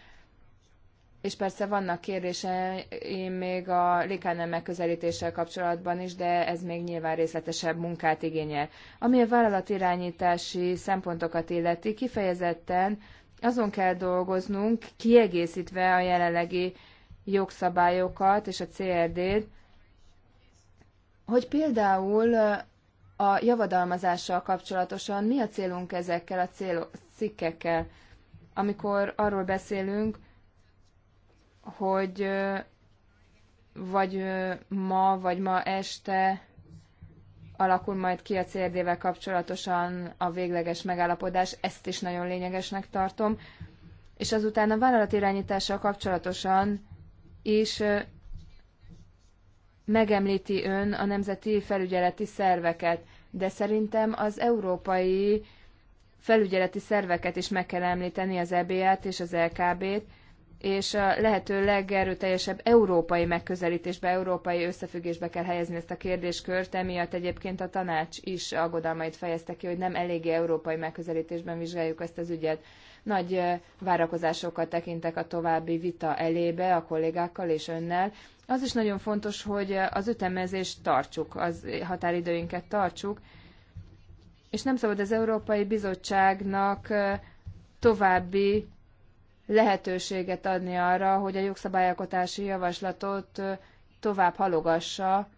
És persze vannak kérdéseim még a likánem megközelítéssel kapcsolatban is, de ez még nyilván részletesebb munkát igényel. Ami a vállalatirányítási szempontokat illeti, kifejezetten azon kell dolgoznunk, kiegészítve a jelenlegi jogszabályokat és a CRD-t, hogy például a javadalmazással kapcsolatosan mi a célunk ezekkel a cél cikkekkel, amikor arról beszélünk, hogy vagy ma, vagy ma este alakul majd ki a CRD-vel kapcsolatosan a végleges megállapodás, ezt is nagyon lényegesnek tartom, és azután a vállalatirányítással kapcsolatosan és megemlíti ön a nemzeti felügyeleti szerveket, de szerintem az európai felügyeleti szerveket is meg kell említeni, az EBA-t és az LKB-t, és a lehető legerőteljesebb európai megközelítésbe, európai összefüggésbe kell helyezni ezt a kérdéskört, emiatt egyébként a tanács is aggodalmait fejezte ki, hogy nem eléggé európai megközelítésben vizsgáljuk ezt az ügyet. Nagy várakozásokat tekintek a további vita elébe a kollégákkal és önnel. Az is nagyon fontos, hogy az ütemezést tartsuk, az határidőinket tartsuk, és nem szabad az Európai Bizottságnak további lehetőséget adni arra, hogy a jogszabályalkotási javaslatot tovább halogassa,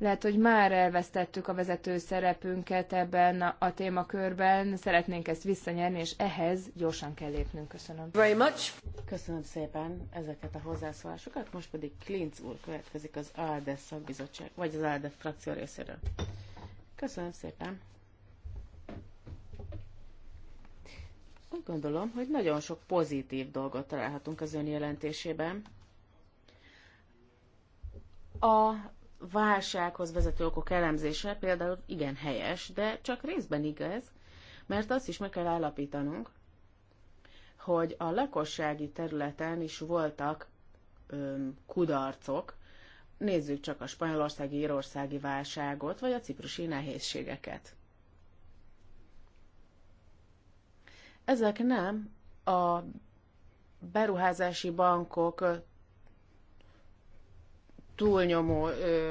Lehet, hogy már elvesztettük a vezető szerepünket ebben a témakörben, szeretnénk ezt visszanyerni, és ehhez gyorsan kell lépnünk. Köszönöm. Very much. Köszönöm szépen ezeket a hozzászólásokat, most pedig Klinc úr következik az ALDE szakbizottság, vagy az ALDE frakció részéről. Köszönöm szépen. Úgy gondolom, hogy nagyon sok pozitív dolgot találhatunk az ön jelentésében. A válsághoz vezető okok elemzése például igen helyes, de csak részben igaz, mert azt is meg kell állapítanunk, hogy a lakossági területen is voltak öm, kudarcok. Nézzük csak a spanyolországi, írországi válságot, vagy a ciprusi nehézségeket. Ezek nem a beruházási bankok túlnyomó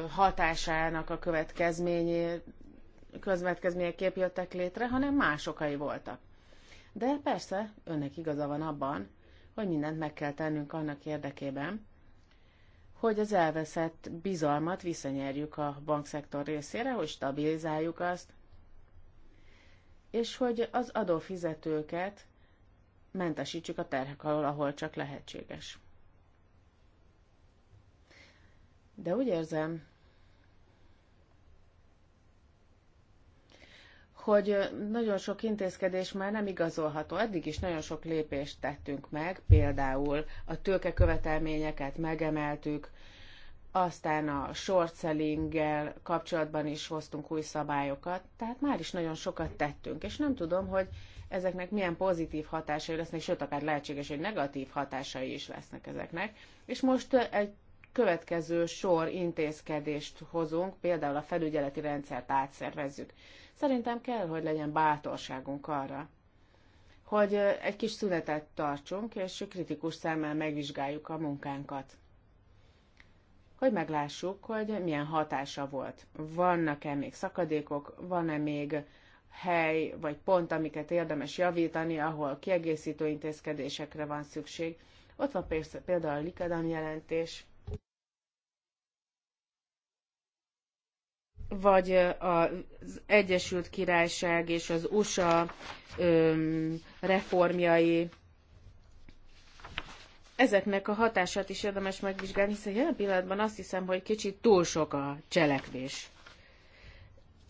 hatásának a következményét következményeképp jöttek létre, hanem más okai voltak. De persze, önnek igaza van abban, hogy mindent meg kell tennünk annak érdekében, hogy az elveszett bizalmat visszanyerjük a bankszektor részére, hogy stabilizáljuk azt, és hogy az adófizetőket mentesítsük a terhek alól, ahol csak lehetséges. De úgy érzem, hogy nagyon sok intézkedés már nem igazolható. Eddig is nagyon sok lépést tettünk meg, például a tőkekövetelményeket megemeltük, aztán a short sellinggel kapcsolatban is hoztunk új szabályokat, tehát már is nagyon sokat tettünk, és nem tudom, hogy ezeknek milyen pozitív hatásai lesznek, sőt, akár lehetséges, hogy negatív hatásai is lesznek ezeknek. És most egy következő sor intézkedést hozunk, például a felügyeleti rendszert átszervezzük. Szerintem kell, hogy legyen bátorságunk arra, hogy egy kis szünetet tartsunk, és kritikus szemmel megvizsgáljuk a munkánkat. Hogy meglássuk, hogy milyen hatása volt. Vannak-e még szakadékok, van-e még hely vagy pont, amiket érdemes javítani, ahol kiegészítő intézkedésekre van szükség. Ott van például a Likadam jelentés, vagy az Egyesült Királyság és az USA reformjai, ezeknek a hatását is érdemes megvizsgálni, hiszen jelen pillanatban azt hiszem, hogy kicsit túl sok a cselekvés.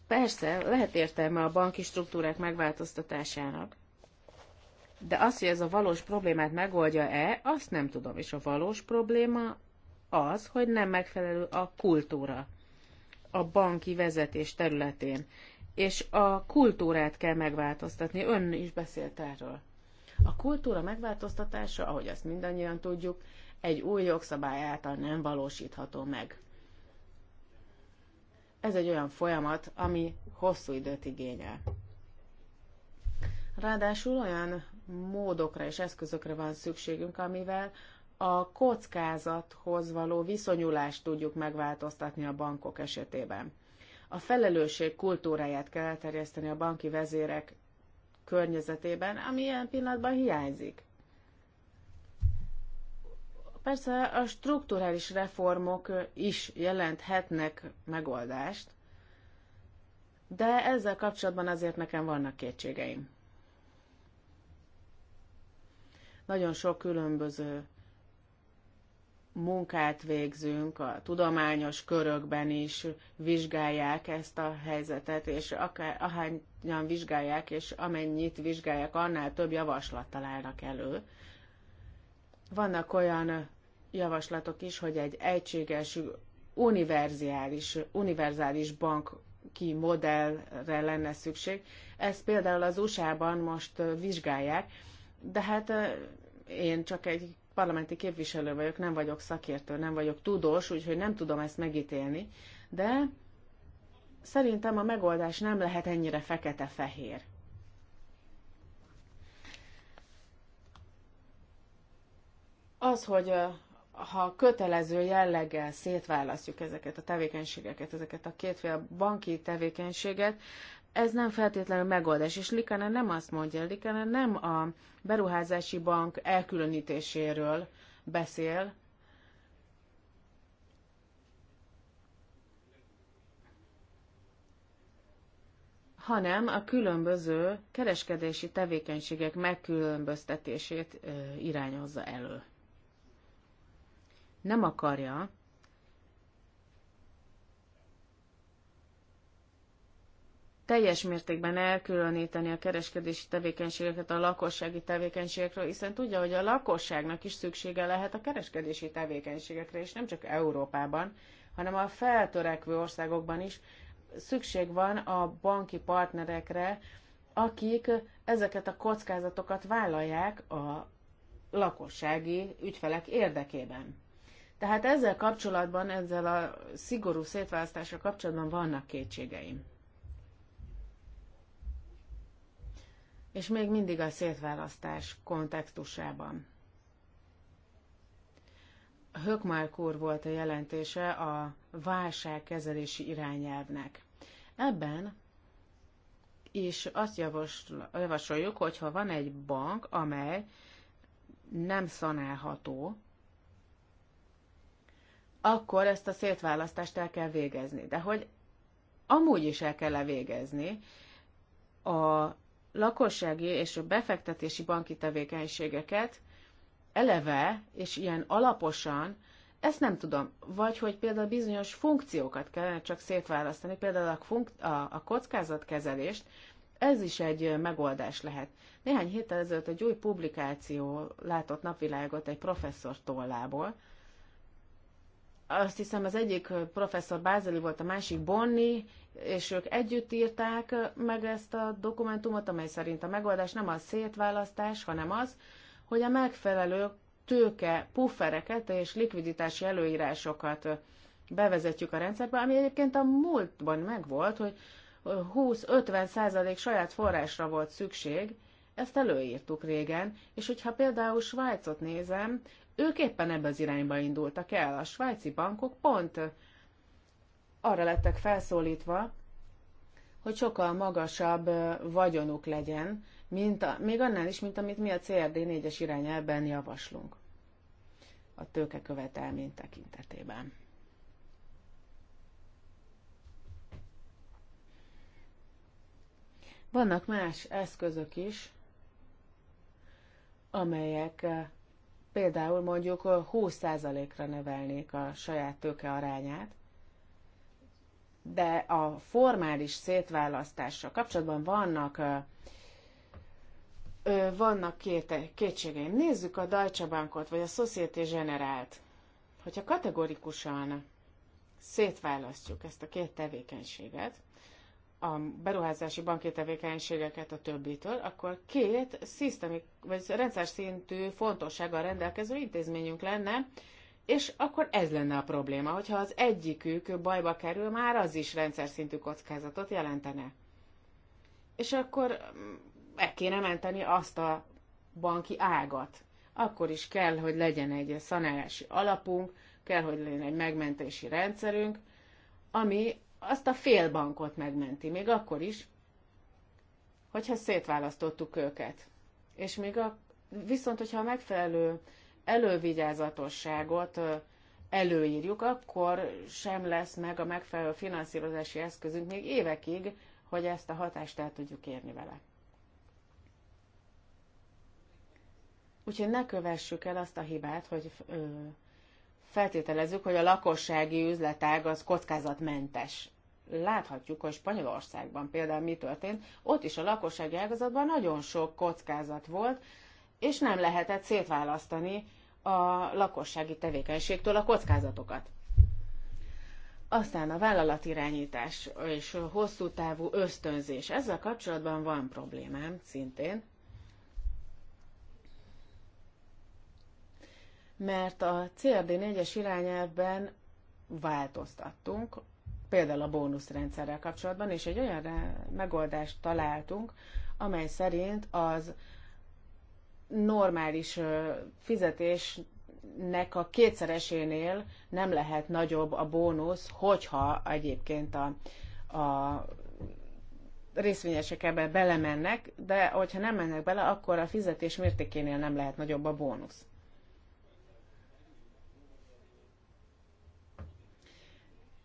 Persze, lehet értelme a banki struktúrák megváltoztatásának, de az, hogy ez a valós problémát megoldja-e, azt nem tudom. És a valós probléma az, hogy nem megfelelő a kultúra a banki vezetés területén, és a kultúrát kell megváltoztatni. Ön is beszélt erről. A kultúra megváltoztatása, ahogy azt mindannyian tudjuk, egy új jogszabály által nem valósítható meg. Ez egy olyan folyamat, ami hosszú időt igényel. Ráadásul olyan módokra és eszközökre van szükségünk, amivel a kockázathoz való viszonyulást tudjuk megváltoztatni a bankok esetében. A felelősség kultúráját kell elterjeszteni a banki vezérek környezetében, ami ilyen pillanatban hiányzik. Persze a strukturális reformok is jelenthetnek megoldást, de ezzel kapcsolatban azért nekem vannak kétségeim. Nagyon sok különböző munkát végzünk, a tudományos körökben is vizsgálják ezt a helyzetet, és akár, ahányan vizsgálják, és amennyit vizsgálják, annál több javaslat találnak elő. Vannak olyan javaslatok is, hogy egy egységes, univerzális, univerzális bank ki modellre lenne szükség. Ezt például az USA-ban most vizsgálják, de hát én csak egy parlamenti képviselő vagyok, nem vagyok szakértő, nem vagyok tudós, úgyhogy nem tudom ezt megítélni, de szerintem a megoldás nem lehet ennyire fekete-fehér. Az, hogy ha kötelező jelleggel szétválasztjuk ezeket a tevékenységeket, ezeket a kétféle banki tevékenységet, ez nem feltétlenül megoldás, és Likana nem azt mondja, Likana nem a beruházási bank elkülönítéséről beszél, hanem a különböző kereskedési tevékenységek megkülönböztetését irányozza elő. Nem akarja, teljes mértékben elkülöníteni a kereskedési tevékenységeket a lakossági tevékenységekről, hiszen tudja, hogy a lakosságnak is szüksége lehet a kereskedési tevékenységekre, és nem csak Európában, hanem a feltörekvő országokban is szükség van a banki partnerekre, akik ezeket a kockázatokat vállalják a lakossági ügyfelek érdekében. Tehát ezzel kapcsolatban, ezzel a szigorú szétválasztással kapcsolatban vannak kétségeim. és még mindig a szétválasztás kontextusában. Hökmark úr volt a jelentése a válságkezelési irányelvnek. Ebben is azt javasoljuk, hogy ha van egy bank, amely nem szanálható, akkor ezt a szétválasztást el kell végezni. De hogy amúgy is el kell -e végezni, a lakossági és a befektetési banki tevékenységeket eleve és ilyen alaposan, ezt nem tudom. Vagy hogy például bizonyos funkciókat kellene csak szétválasztani, például a, funk- a, a kockázatkezelést, ez is egy megoldás lehet. Néhány héttel ezelőtt egy új publikáció látott napvilágot egy professzor tollából, azt hiszem az egyik professzor Bázeli volt, a másik Bonni, és ők együtt írták meg ezt a dokumentumot, amely szerint a megoldás nem a szétválasztás, hanem az, hogy a megfelelő tőke, puffereket és likviditási előírásokat bevezetjük a rendszerbe, ami egyébként a múltban megvolt, hogy 20-50 százalék saját forrásra volt szükség, ezt előírtuk régen, és hogyha például Svájcot nézem, ők éppen ebbe az irányba indultak el. A svájci bankok pont arra lettek felszólítva, hogy sokkal magasabb vagyonuk legyen, mint a, még annál is, mint amit mi a CRD 4-es irányelben javaslunk a tőke követelmény tekintetében. Vannak más eszközök is, amelyek például mondjuk 20%-ra növelnék a saját tőke arányát, de a formális szétválasztással kapcsolatban vannak vannak két, kétségeim. Nézzük a Deutsche Bankot, vagy a Société Generált. Hogyha kategorikusan szétválasztjuk ezt a két tevékenységet, a beruházási banki tevékenységeket a többitől, akkor két szisztemik, vagy rendszer szintű fontossággal rendelkező intézményünk lenne, és akkor ez lenne a probléma, hogyha az egyikük bajba kerül, már az is rendszer szintű kockázatot jelentene. És akkor meg mm, kéne menteni azt a banki ágat. Akkor is kell, hogy legyen egy szanálási alapunk, kell, hogy legyen egy megmentési rendszerünk, ami azt a fél bankot megmenti, még akkor is, hogyha szétválasztottuk őket. És még a, viszont, hogyha a megfelelő elővigyázatosságot előírjuk, akkor sem lesz meg a megfelelő finanszírozási eszközünk még évekig, hogy ezt a hatást el tudjuk érni vele. Úgyhogy ne kövessük el azt a hibát, hogy ö, feltételezzük, hogy a lakossági üzletág az kockázatmentes. Láthatjuk, hogy Spanyolországban például mi történt, ott is a lakossági ágazatban nagyon sok kockázat volt, és nem lehetett szétválasztani a lakossági tevékenységtől a kockázatokat. Aztán a vállalatirányítás és a hosszú távú ösztönzés. Ezzel kapcsolatban van problémám szintén, mert a CRD 4-es irányelvben változtattunk, például a bónuszrendszerrel kapcsolatban, és egy olyan megoldást találtunk, amely szerint az normális fizetésnek a kétszeresénél nem lehet nagyobb a bónusz, hogyha egyébként a, a részvényesek ebbe belemennek, de hogyha nem mennek bele, akkor a fizetés mértékénél nem lehet nagyobb a bónusz.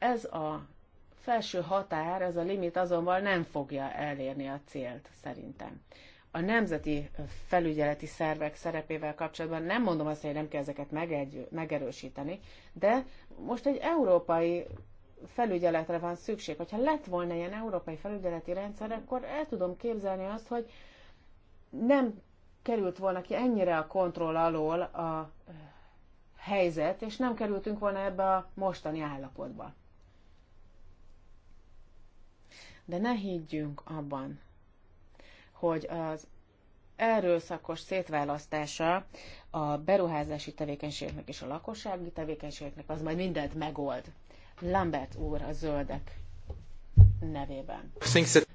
Ez a felső határ, ez a limit azonban nem fogja elérni a célt, szerintem. A nemzeti felügyeleti szervek szerepével kapcsolatban nem mondom azt, hogy nem kell ezeket megegy, megerősíteni, de most egy európai felügyeletre van szükség. Hogyha lett volna ilyen európai felügyeleti rendszer, akkor el tudom képzelni azt, hogy nem került volna ki ennyire a kontroll alól a helyzet, és nem kerültünk volna ebbe a mostani állapotba de ne higgyünk abban, hogy az erőszakos szétválasztása a beruházási tevékenységnek és a lakossági tevékenységnek az majd mindent megold. Lambert úr a zöldek nevében.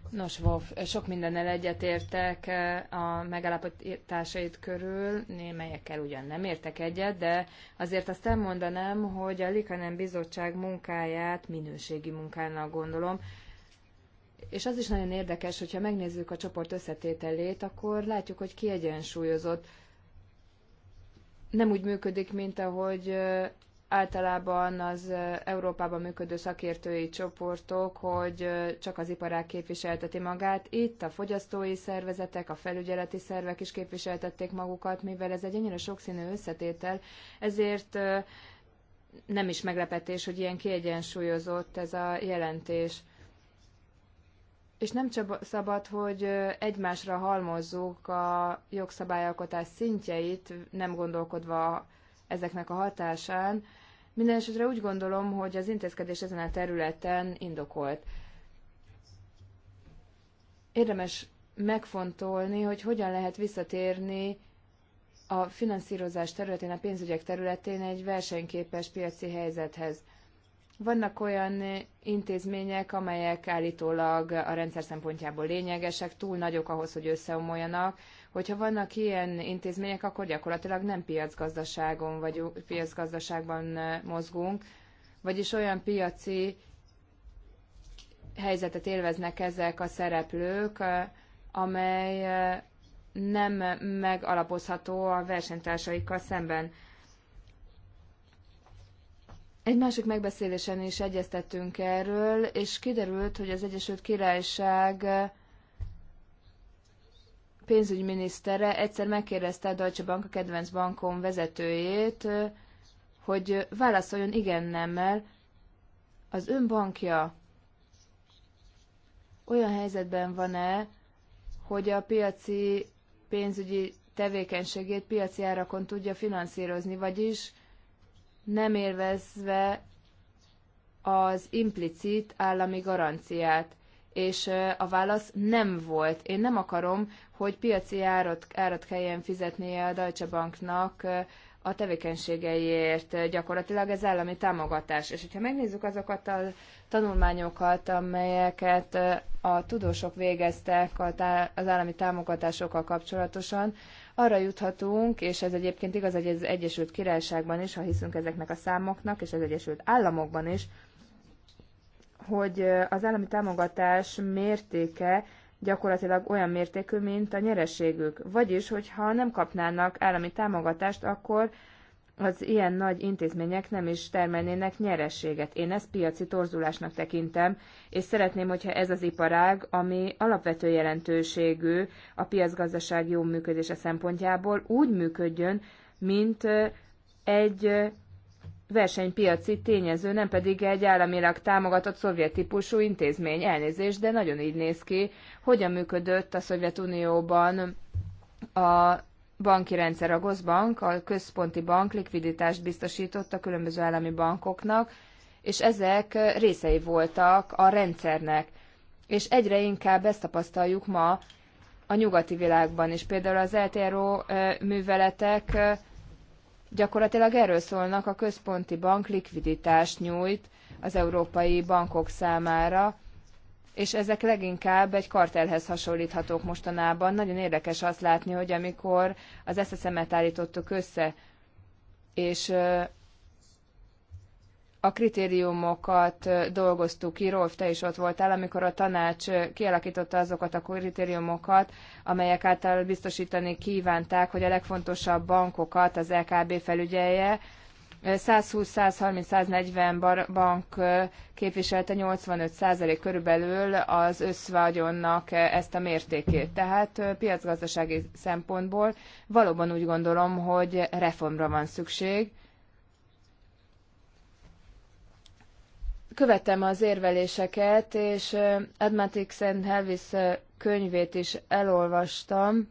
Nos, Wolf, sok mindennel egyetértek eh, a megállapításait körül, némelyekkel ugyan nem értek egyet, de azért azt elmondanám, hogy a Likanen Bizottság munkáját minőségi munkának gondolom, és az is nagyon érdekes, hogyha megnézzük a csoport összetételét, akkor látjuk, hogy kiegyensúlyozott. Nem úgy működik, mint ahogy általában az Európában működő szakértői csoportok, hogy csak az iparág képviselteti magát. Itt a fogyasztói szervezetek, a felügyeleti szervek is képviseltették magukat, mivel ez egy ennyire sokszínű összetétel, ezért nem is meglepetés, hogy ilyen kiegyensúlyozott ez a jelentés és nem csak szabad, hogy egymásra halmozzuk a jogszabályalkotás szintjeit, nem gondolkodva ezeknek a hatásán. Mindenesetre úgy gondolom, hogy az intézkedés ezen a területen indokolt. Érdemes megfontolni, hogy hogyan lehet visszatérni a finanszírozás területén, a pénzügyek területén egy versenyképes piaci helyzethez. Vannak olyan intézmények, amelyek állítólag a rendszer szempontjából lényegesek, túl nagyok ahhoz, hogy összeomoljanak. Hogyha vannak ilyen intézmények, akkor gyakorlatilag nem piacgazdaságon vagy piacgazdaságban mozgunk, vagyis olyan piaci helyzetet élveznek ezek a szereplők, amely nem megalapozható a versenytársaikkal szemben. Egy másik megbeszélésen is egyeztettünk erről, és kiderült, hogy az Egyesült Királyság eh, pénzügyminisztere egyszer megkérdezte a Deutsche Bank, a kedvenc bankom vezetőjét, eh, hogy válaszoljon igen nemmel, az ön bankja olyan helyzetben van-e, hogy a piaci pénzügyi tevékenységét piaci árakon tudja finanszírozni, vagyis nem élvezve az implicit állami garanciát. És a válasz nem volt. Én nem akarom, hogy piaci árat, árat kelljen fizetnie a Deutsche Banknak a tevékenységeiért. Gyakorlatilag ez állami támogatás. És hogyha megnézzük azokat a tanulmányokat, amelyeket a tudósok végeztek az állami támogatásokkal kapcsolatosan, arra juthatunk, és ez egyébként igaz, hogy az Egyesült Királyságban is, ha hiszünk ezeknek a számoknak, és az Egyesült Államokban is, hogy eh, az állami támogatás mértéke gyakorlatilag olyan mértékű, mint a nyereségük. Vagyis, hogyha nem kapnának állami támogatást, akkor az ilyen nagy intézmények nem is termelnének nyerességet. Én ezt piaci torzulásnak tekintem, és szeretném, hogyha ez az iparág, ami alapvető jelentőségű a piacgazdaság jó működése szempontjából, úgy működjön, mint egy versenypiaci tényező, nem pedig egy államilag támogatott szovjet típusú intézmény. Elnézést, de nagyon így néz ki, hogyan működött a Szovjetunióban a banki rendszer. A Gozbank, a központi bank likviditást biztosított a különböző állami bankoknak, és ezek részei voltak a rendszernek. És egyre inkább ezt tapasztaljuk ma a nyugati világban is. Például az LTRO műveletek gyakorlatilag erről szólnak, a központi bank likviditást nyújt az európai bankok számára, és ezek leginkább egy kartelhez hasonlíthatók mostanában. Nagyon érdekes azt látni, hogy amikor az SSM-et állítottuk össze, és a kritériumokat dolgoztuk ki, Rolf, te is ott voltál, amikor a tanács kialakította azokat a kritériumokat, amelyek által biztosítani kívánták, hogy a legfontosabb bankokat az LKB felügyelje, 120-130-140 bank képviselte 85% körülbelül az összvagyonnak ezt a mértékét. Tehát piacgazdasági szempontból valóban úgy gondolom, hogy reformra van szükség. Követem az érveléseket, és Admatics and Helvis könyvét is elolvastam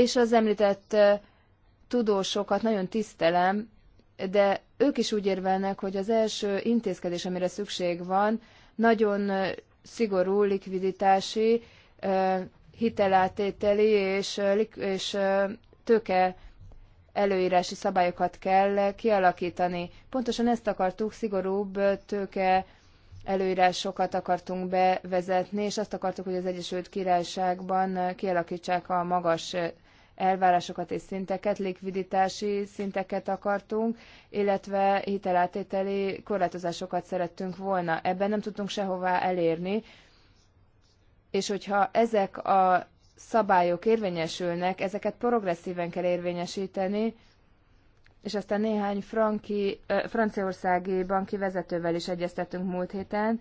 és az említett tudósokat nagyon tisztelem, de ők is úgy érvelnek, hogy az első intézkedés, amire szükség van, nagyon szigorú likviditási, hitelátételi és, és tőke előírási szabályokat kell kialakítani. Pontosan ezt akartuk, szigorúbb tőke előírásokat akartunk bevezetni, és azt akartuk, hogy az Egyesült Királyságban kialakítsák a magas elvárásokat és szinteket, likviditási szinteket akartunk, illetve hitelátételi korlátozásokat szerettünk volna. Ebben nem tudtunk sehová elérni, és hogyha ezek a szabályok érvényesülnek, ezeket progresszíven kell érvényesíteni, és aztán néhány franki, franciaországi banki vezetővel is egyeztettünk múlt héten,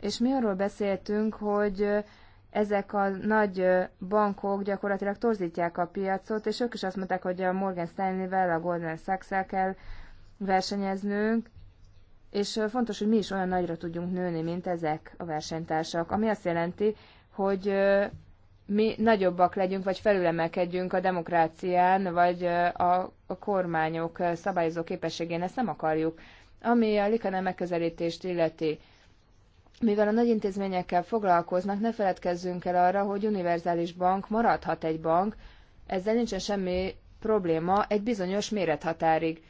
és mi arról beszéltünk, hogy ezek a nagy bankok gyakorlatilag torzítják a piacot, és ők is azt mondták, hogy a Morgan Stanley-vel, a Goldman Sachs-el kell versenyeznünk, és fontos, hogy mi is olyan nagyra tudjunk nőni, mint ezek a versenytársak, ami azt jelenti, hogy mi nagyobbak legyünk, vagy felülemelkedjünk a demokrácián, vagy a, kormányok szabályozó képességén, ezt nem akarjuk. Ami a likane megközelítést illeti, mivel a nagy intézményekkel foglalkoznak, ne feledkezzünk el arra, hogy univerzális bank maradhat egy bank, ezzel nincsen semmi probléma egy bizonyos mérethatárig.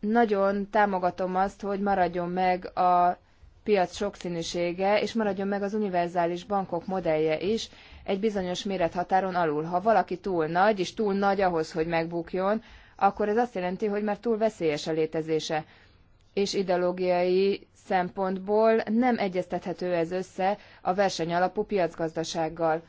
Nagyon támogatom azt, hogy maradjon meg a piac sokszínűsége, és maradjon meg az univerzális bankok modellje is, egy bizonyos mérethatáron alul. Ha valaki túl nagy, és túl nagy ahhoz, hogy megbukjon, akkor ez azt jelenti, hogy már túl veszélyes a létezése. És ideológiai szempontból nem egyeztethető ez össze a versenyalapú piacgazdasággal.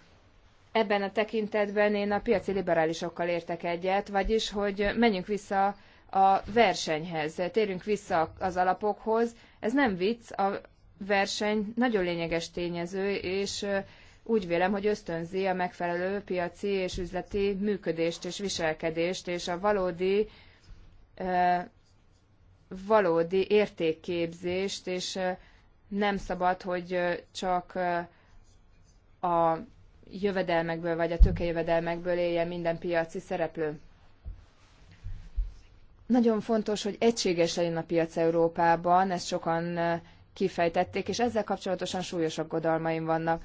Ebben a tekintetben én a piaci liberálisokkal értek egyet, vagyis, hogy menjünk vissza a versenyhez, térünk vissza az alapokhoz. Ez nem vicc, a verseny nagyon lényeges tényező, és úgy vélem, hogy ösztönzi a megfelelő piaci és üzleti működést és viselkedést, és a valódi valódi értékképzést, és nem szabad, hogy csak a jövedelmekből vagy a tökéjövedelmekből éljen minden piaci szereplő. Nagyon fontos, hogy egységes legyen a piac Európában, ezt sokan kifejtették, és ezzel kapcsolatosan súlyos aggodalmaim vannak.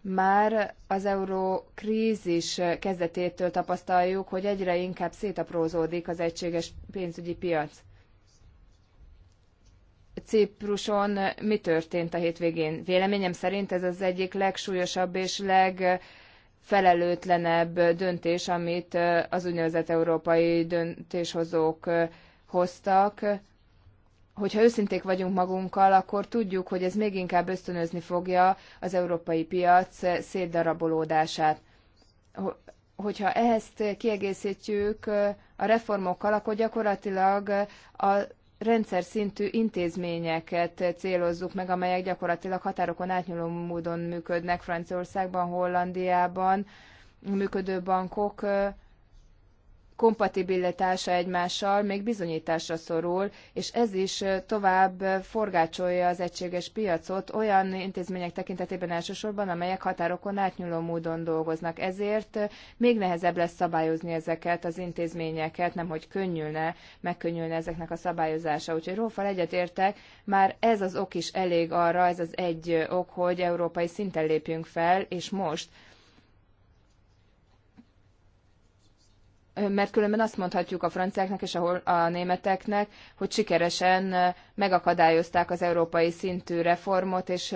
Már az euró krízis kezdetétől tapasztaljuk, hogy egyre inkább szétaprózódik az egységes pénzügyi piac. Cipruson mi történt a hétvégén? Véleményem szerint ez az egyik legsúlyosabb és legfelelőtlenebb döntés, amit az úgynevezett európai döntéshozók hoztak. Hogyha őszinték vagyunk magunkkal, akkor tudjuk, hogy ez még inkább ösztönözni fogja az európai piac szétdarabolódását hogyha ezt kiegészítjük a reformokkal, akkor gyakorlatilag a rendszer szintű intézményeket célozzuk meg, amelyek gyakorlatilag határokon átnyúló módon működnek Franciaországban, Hollandiában, működő bankok kompatibilitása egymással még bizonyításra szorul, és ez is tovább forgácsolja az egységes piacot olyan intézmények tekintetében elsősorban, amelyek határokon átnyúló módon dolgoznak. Ezért még nehezebb lesz szabályozni ezeket az intézményeket, nem hogy könnyülne, megkönnyülne ezeknek a szabályozása. Úgyhogy Rófal egyetértek, már ez az ok is elég arra, ez az egy ok, hogy európai szinten lépjünk fel, és most mert különben azt mondhatjuk a franciáknak és a, németeknek, hogy sikeresen megakadályozták az európai szintű reformot és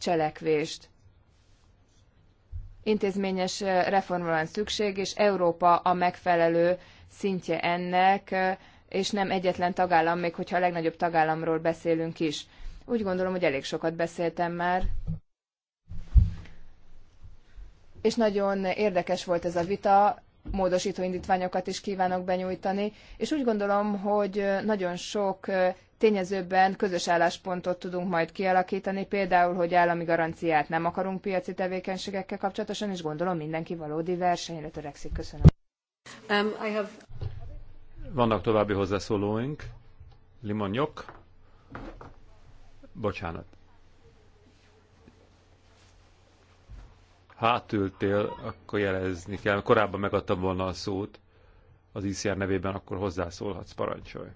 cselekvést. Intézményes reformra van szükség, és Európa a megfelelő szintje ennek, és nem egyetlen tagállam, még hogyha a legnagyobb tagállamról beszélünk is. Úgy gondolom, hogy elég sokat beszéltem már és nagyon érdekes volt ez a vita, módosító indítványokat is kívánok benyújtani, és úgy gondolom, hogy nagyon sok tényezőben közös álláspontot tudunk majd kialakítani, például, hogy állami garanciát nem akarunk piaci tevékenységekkel kapcsolatosan, és gondolom mindenki valódi versenyre törekszik. Köszönöm. Um, I have... Vannak további hozzászólóink. Limonyok. Bocsánat. hátültél, akkor jelezni kell. Korábban megadtam volna a szót az ICR nevében, akkor hozzászólhatsz, parancsolj.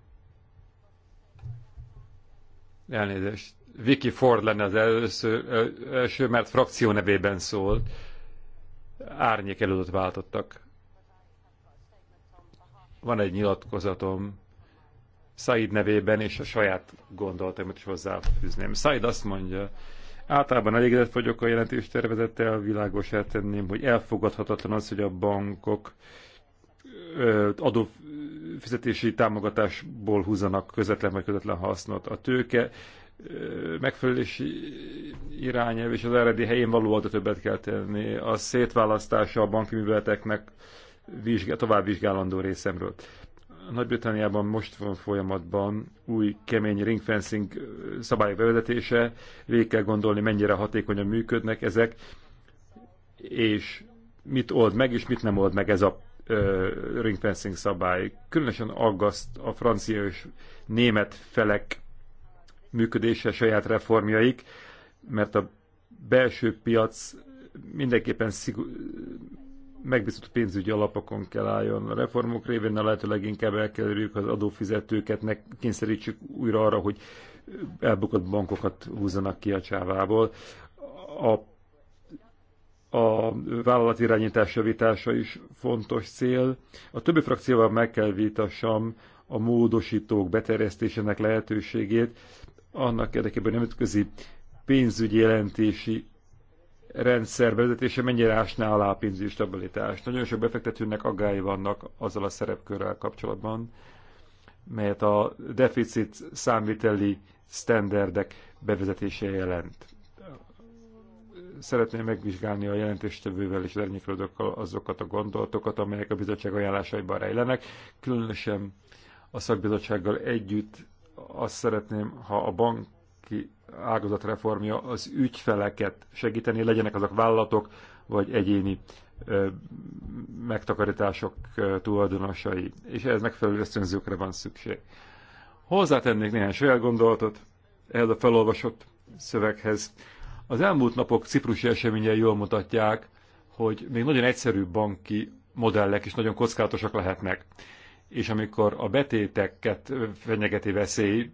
Elnézést. Vicky Ford lenne az első, első, mert frakció nevében szólt. Árnyék előtt váltottak. Van egy nyilatkozatom Said nevében, és a saját gondolatomat is hozzáfűzném. Said azt mondja, Általában elégedett vagyok a jelentés tervezettel, világosá tenném, hogy elfogadhatatlan az, hogy a bankok adófizetési támogatásból húzanak közvetlen vagy közvetlen hasznot. A tőke megfelelési irányelv és az eredeti helyén való adó többet kell tenni. A szétválasztása a banki műveleteknek vizsgál, tovább vizsgálandó részemről. Nagy-Britanniában most van folyamatban új kemény ringfencing szabály bevezetése, végig kell gondolni, mennyire hatékonyan működnek ezek, és mit old meg, és mit nem old meg ez a ringfencing szabály. Különösen aggaszt a francia és német felek működése saját reformjaik, mert a belső piac mindenképpen szigorú megbízott pénzügyi alapokon kell álljon. A reformok révén a lehető leginkább elkerüljük az adófizetőket, ne kényszerítsük újra arra, hogy elbukott bankokat húzzanak ki a csávából. A, a irányítás javítása is fontos cél. A többi frakcióval meg kell vitassam a módosítók beterjesztésének lehetőségét, annak érdekében nemzetközi pénzügyi jelentési rendszer vezetése mennyire ásná alá a pénzügyi stabilitást. Nagyon sok befektetőnek aggályi vannak azzal a szerepkörrel kapcsolatban, melyet a deficit számviteli sztenderdek bevezetése jelent. Szeretném megvizsgálni a jelentéstevővel és az azokat a gondolatokat, amelyek a bizottság ajánlásaiban rejlenek, különösen a szakbizottsággal együtt azt szeretném, ha a bank ki ágazatreformja az ügyfeleket segíteni, legyenek azok vállalatok vagy egyéni ö, megtakarítások ö, tulajdonosai, és ehhez megfelelő ösztönzőkre van szükség. Hozzátennék néhány saját gondolatot ehhez a felolvasott szöveghez. Az elmúlt napok ciprusi eseményei jól mutatják, hogy még nagyon egyszerű banki modellek is nagyon kockázatosak lehetnek. És amikor a betéteket fenyegeti veszély,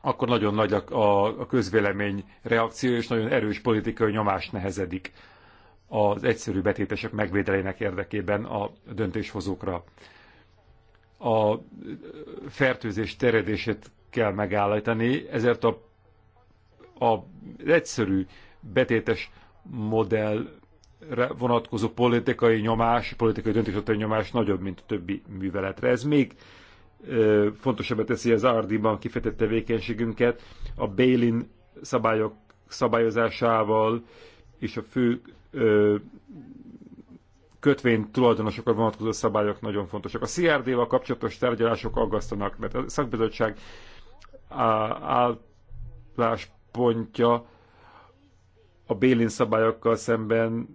akkor nagyon nagy a, a, a közvélemény reakció, és nagyon erős politikai nyomás nehezedik az egyszerű betétesek megvédelének érdekében a döntéshozókra. A fertőzés terjedését kell megállítani, ezért a, a egyszerű betétes modellre vonatkozó politikai nyomás, politikai döntéshozói nyomás nagyobb, mint a többi műveletre. Ez még fontosabbá teszi az RD-ban kifejtett tevékenységünket, a Bélin szabályok szabályozásával és a fő ö, kötvény tulajdonosokra vonatkozó szabályok nagyon fontosak. A CRD-val kapcsolatos tárgyalások aggasztanak, mert a szakbizottság álláspontja a Bélin szabályokkal szemben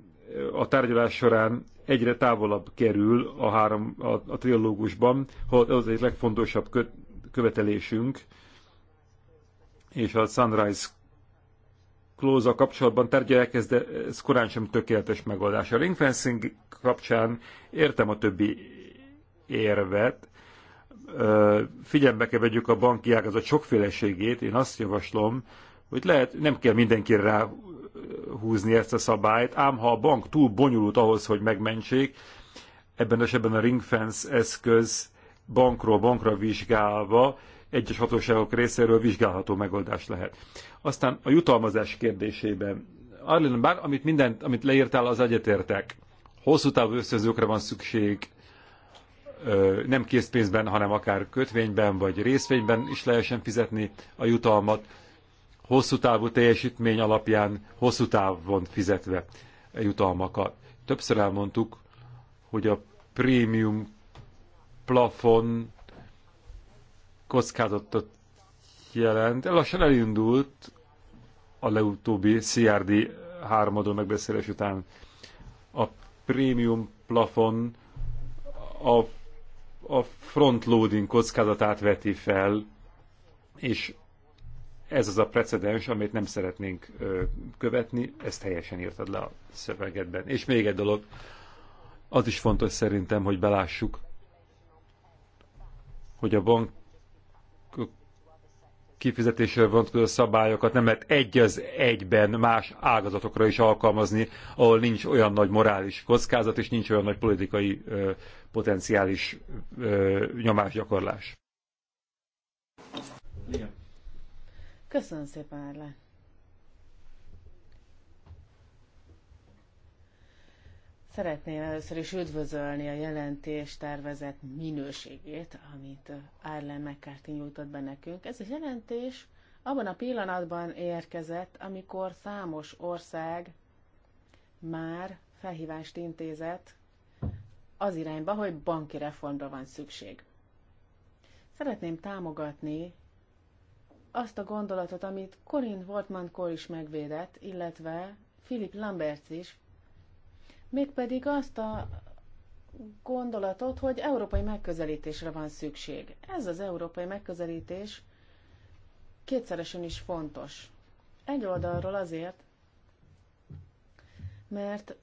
a tárgyalás során egyre távolabb kerül a, három, a, a trilógusban, hogy az egy legfontosabb kö, követelésünk, és a Sunrise close kapcsolatban tárgyalják, ez, de ez korán sem tökéletes megoldás. A ringfencing kapcsán értem a többi érvet, figyelme kell vegyük a banki ágazat sokféleségét, én azt javaslom, hogy lehet, nem kell mindenkire rá húzni ezt a szabályt, ám ha a bank túl bonyolult ahhoz, hogy megmentsék, ebben esetben a ringfence eszköz bankról bankra vizsgálva egyes hatóságok részéről vizsgálható megoldás lehet. Aztán a jutalmazás kérdésében. Arlen, bár amit, mindent, amit leírtál, az egyetértek. Hosszú távú ösztönzőkre van szükség, nem készpénzben, hanem akár kötvényben vagy részvényben is lehessen fizetni a jutalmat hosszú távú teljesítmény alapján hosszú távon fizetve jutalmakat. Többször elmondtuk, hogy a prémium plafon kockázatot jelent. Lassan elindult a leutóbbi CRD háromadó megbeszélés után a prémium plafon a, a frontloading kockázatát veti fel, és ez az a precedens, amit nem szeretnénk követni, ezt helyesen írtad le a szövegedben. És még egy dolog, az is fontos szerintem, hogy belássuk, hogy a bank kifizetésre vonatkozó szabályokat nem lehet egy az egyben más ágazatokra is alkalmazni, ahol nincs olyan nagy morális kockázat, és nincs olyan nagy politikai ö, potenciális ö, nyomásgyakorlás. Igen. Köszönöm szépen, Erle. Szeretném először is üdvözölni a jelentés tervezett minőségét, amit Arlen McCarthy nyújtott be nekünk. Ez a jelentés abban a pillanatban érkezett, amikor számos ország már felhívást intézett az irányba, hogy banki reformra van szükség. Szeretném támogatni azt a gondolatot, amit Corin Wortmann Kor is megvédett, illetve Philip Lambert is, mégpedig azt a gondolatot, hogy európai megközelítésre van szükség. Ez az európai megközelítés kétszeresen is fontos. Egy oldalról azért, mert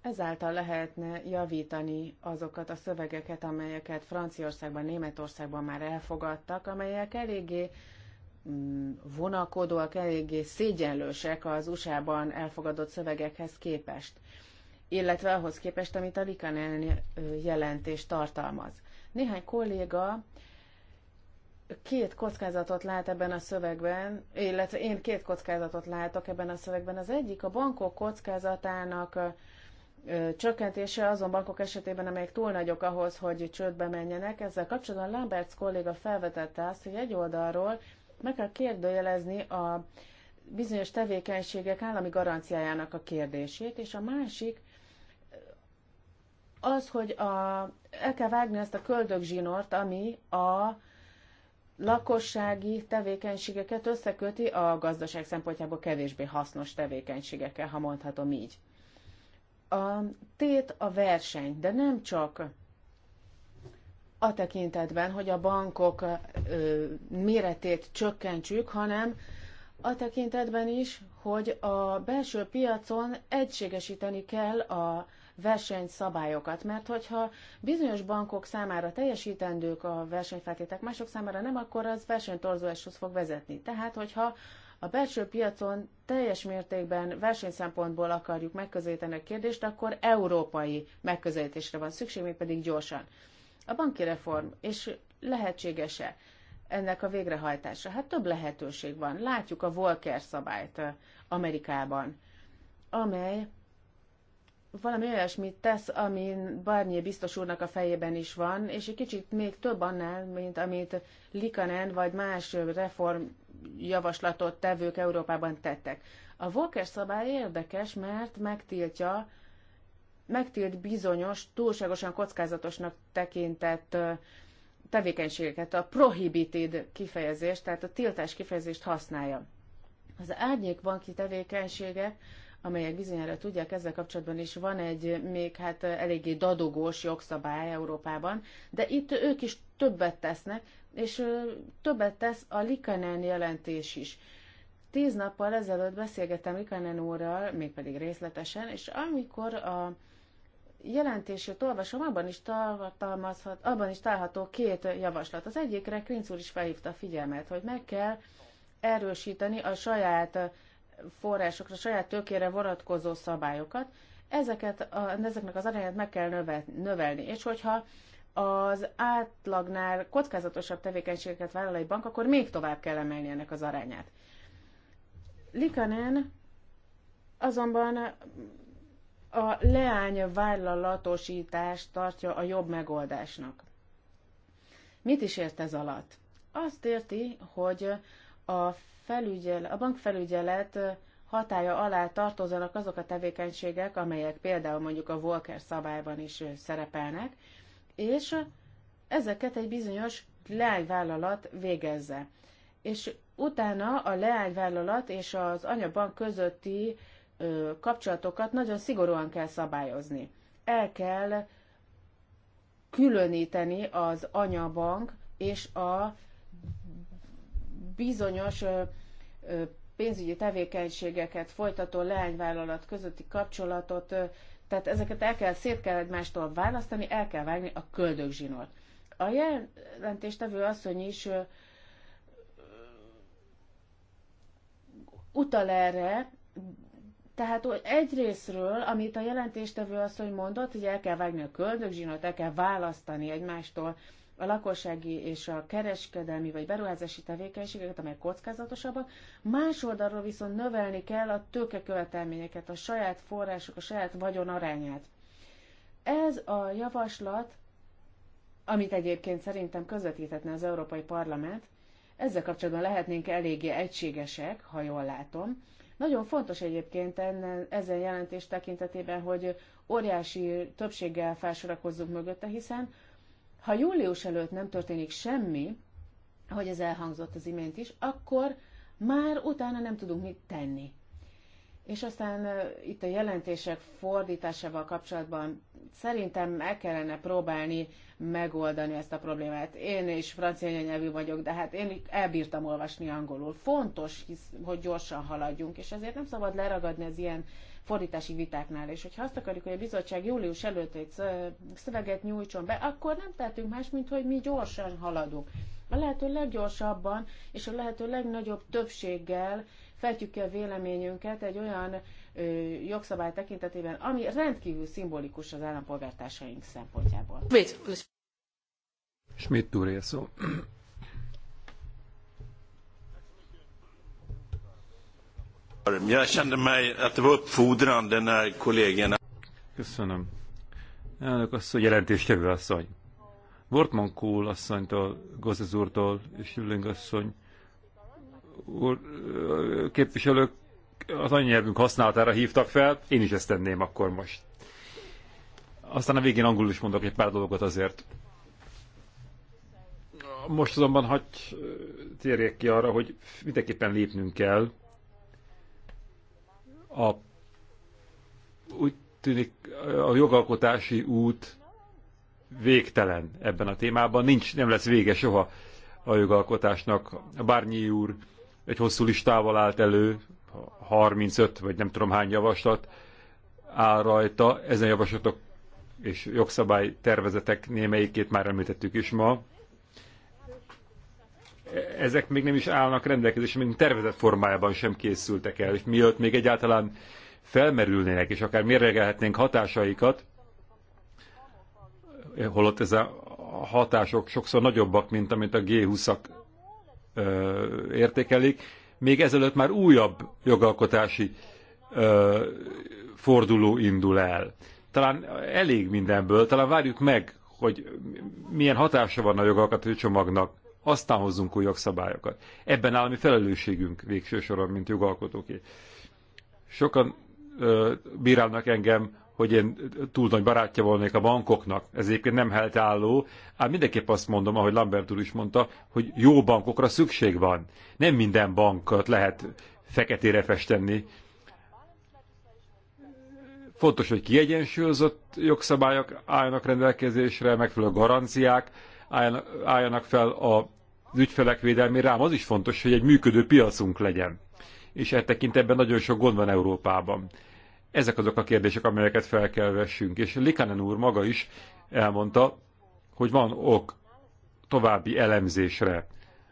ezáltal lehetne javítani azokat a szövegeket, amelyeket Franciaországban, Németországban már elfogadtak, amelyek eléggé vonakodóak, eléggé szégyenlősek az USA-ban elfogadott szövegekhez képest, illetve ahhoz képest, amit a Likanel jelentés tartalmaz. Néhány kolléga két kockázatot lát ebben a szövegben, illetve én két kockázatot látok ebben a szövegben. Az egyik a bankok kockázatának csökkentése azon bankok esetében, amelyek túl nagyok ahhoz, hogy csődbe menjenek. Ezzel kapcsolatban Lamberts kolléga felvetette azt, hogy egy oldalról meg kell kérdőjelezni a bizonyos tevékenységek állami garanciájának a kérdését, és a másik az, hogy a, el kell vágni ezt a köldögzsinort, ami a lakossági tevékenységeket összeköti a gazdaság szempontjából kevésbé hasznos tevékenységekkel, ha mondhatom így. A tét a verseny, de nem csak a tekintetben, hogy a bankok méretét csökkentsük, hanem a tekintetben is, hogy a belső piacon egységesíteni kell a versenyszabályokat, mert hogyha bizonyos bankok számára teljesítendők a versenyfeltétek, mások számára nem, akkor az versenytorzuláshoz fog vezetni. Tehát, hogyha a belső piacon teljes mértékben versenyszempontból akarjuk megközelíteni a kérdést, akkor európai megközelítésre van szükség, még pedig gyorsan. A banki reform, és lehetséges-e ennek a végrehajtása? Hát több lehetőség van. Látjuk a Volcker szabályt eh, Amerikában, amely valami olyasmit tesz, ami Barnier biztos úrnak a fejében is van, és egy kicsit még több annál, mint amit Likanen vagy más reform javaslatot tevők Európában tettek. A Volker szabály érdekes, mert megtiltja megtilt bizonyos, túlságosan kockázatosnak tekintett tevékenységeket, a prohibited kifejezést, tehát a tiltás kifejezést használja. Az árnyékbanki tevékenysége, amelyek bizonyára tudják, ezzel kapcsolatban is van egy még hát eléggé dadogós jogszabály Európában, de itt ők is többet tesznek, és többet tesz a Likanen jelentés is. Tíz nappal ezelőtt beszélgettem Likanen úrral, mégpedig részletesen, és amikor a jelentését olvasom, abban is, tartalmazhat, abban is található két javaslat. Az egyikre Krinc úr is felhívta a figyelmet, hogy meg kell erősíteni a saját forrásokra, a saját tökére vonatkozó szabályokat. Ezeket a, ezeknek az arányát meg kell növelni, és hogyha az átlagnál kockázatosabb tevékenységeket vállal egy bank, akkor még tovább kell emelni ennek az arányát. Likanen azonban a leány vállalatosítást tartja a jobb megoldásnak. Mit is ért ez alatt? Azt érti, hogy a, felügyel, a bankfelügyelet hatája alá tartozanak azok a tevékenységek, amelyek például mondjuk a Volker szabályban is szerepelnek, és ezeket egy bizonyos leányvállalat végezze. És utána a leányvállalat és az anyabank közötti kapcsolatokat nagyon szigorúan kell szabályozni. El kell különíteni az anyabank és a bizonyos pénzügyi tevékenységeket folytató leányvállalat közötti kapcsolatot, tehát ezeket el kell, szét kell egymástól választani, el kell vágni a köldögzsinót. A jelentéstevő asszony is utal erre, tehát egyrésztről, amit a jelentéstevő hogy mondott, hogy el kell vágni a köldögzsinót, el kell választani egymástól a lakossági és a kereskedelmi vagy beruházási tevékenységeket, amelyek kockázatosabbak, más oldalról viszont növelni kell a tőkekövetelményeket, a saját források, a saját vagyon arányát. Ez a javaslat, amit egyébként szerintem közvetíthetne az Európai Parlament, ezzel kapcsolatban lehetnénk eléggé egységesek, ha jól látom, nagyon fontos egyébként ennen, ezen jelentés tekintetében, hogy óriási többséggel felsorakozzunk mögötte, hiszen ha július előtt nem történik semmi, ahogy ez elhangzott az imént is, akkor már utána nem tudunk mit tenni. És aztán itt a jelentések fordításával kapcsolatban szerintem meg kellene próbálni megoldani ezt a problémát. Én is francia nyelvű vagyok, de hát én elbírtam olvasni angolul. Fontos, hisz, hogy gyorsan haladjunk, és ezért nem szabad leragadni az ilyen fordítási vitáknál. És hogyha azt akarjuk, hogy a bizottság július előtt egy szöveget nyújtson be, akkor nem tettünk más, mint hogy mi gyorsan haladunk. A lehető leggyorsabban és a lehető legnagyobb többséggel fejtjük ki a véleményünket egy olyan ö, jogszabály tekintetében, ami rendkívül szimbolikus az állampolgártársaink szempontjából. Schmidt úr szó. Jag kände mig att det var Köszönöm. Elnök asszony, jelentéstevő asszony. Wortmann Kohl asszonytól, Gozes úrtól és Jüling asszony úr, képviselők az anyanyelvünk használatára hívtak fel, én is ezt tenném akkor most. Aztán a végén angolul is mondok egy pár dolgot azért. Most azonban hagy térjek ki arra, hogy mindenképpen lépnünk kell. A, úgy tűnik a jogalkotási út végtelen ebben a témában. Nincs, nem lesz vége soha a jogalkotásnak. Bárnyi úr egy hosszú listával állt elő, 35 vagy nem tudom hány javaslat áll rajta. Ezen javaslatok és jogszabály tervezetek némelyikét már említettük is ma. Ezek még nem is állnak rendelkezésre, még tervezett formájában sem készültek el, és mielőtt még egyáltalán felmerülnének, és akár mérlegelhetnénk hatásaikat, holott ez a hatások sokszor nagyobbak, mint amit a G20-ak értékelik, még ezelőtt már újabb jogalkotási forduló indul el. Talán elég mindenből, talán várjuk meg, hogy milyen hatása van a jogalkotási csomagnak, aztán hozzunk új jogszabályokat. Ebben áll a mi felelősségünk végső soron, mint jogalkotóké. Sokan bírálnak engem hogy én túl nagy barátja volnék a bankoknak. Ez egyébként nem helytálló, ám mindenképp azt mondom, ahogy Lambert úr is mondta, hogy jó bankokra szükség van. Nem minden bankot lehet feketére festeni. Fontos, hogy kiegyensúlyozott jogszabályok álljanak rendelkezésre, megfelelő garanciák álljanak fel az ügyfelek védelmére, ám az is fontos, hogy egy működő piacunk legyen. És e tekintetben nagyon sok gond van Európában ezek azok a kérdések, amelyeket fel kell vessünk. És Likanen úr maga is elmondta, hogy van ok további elemzésre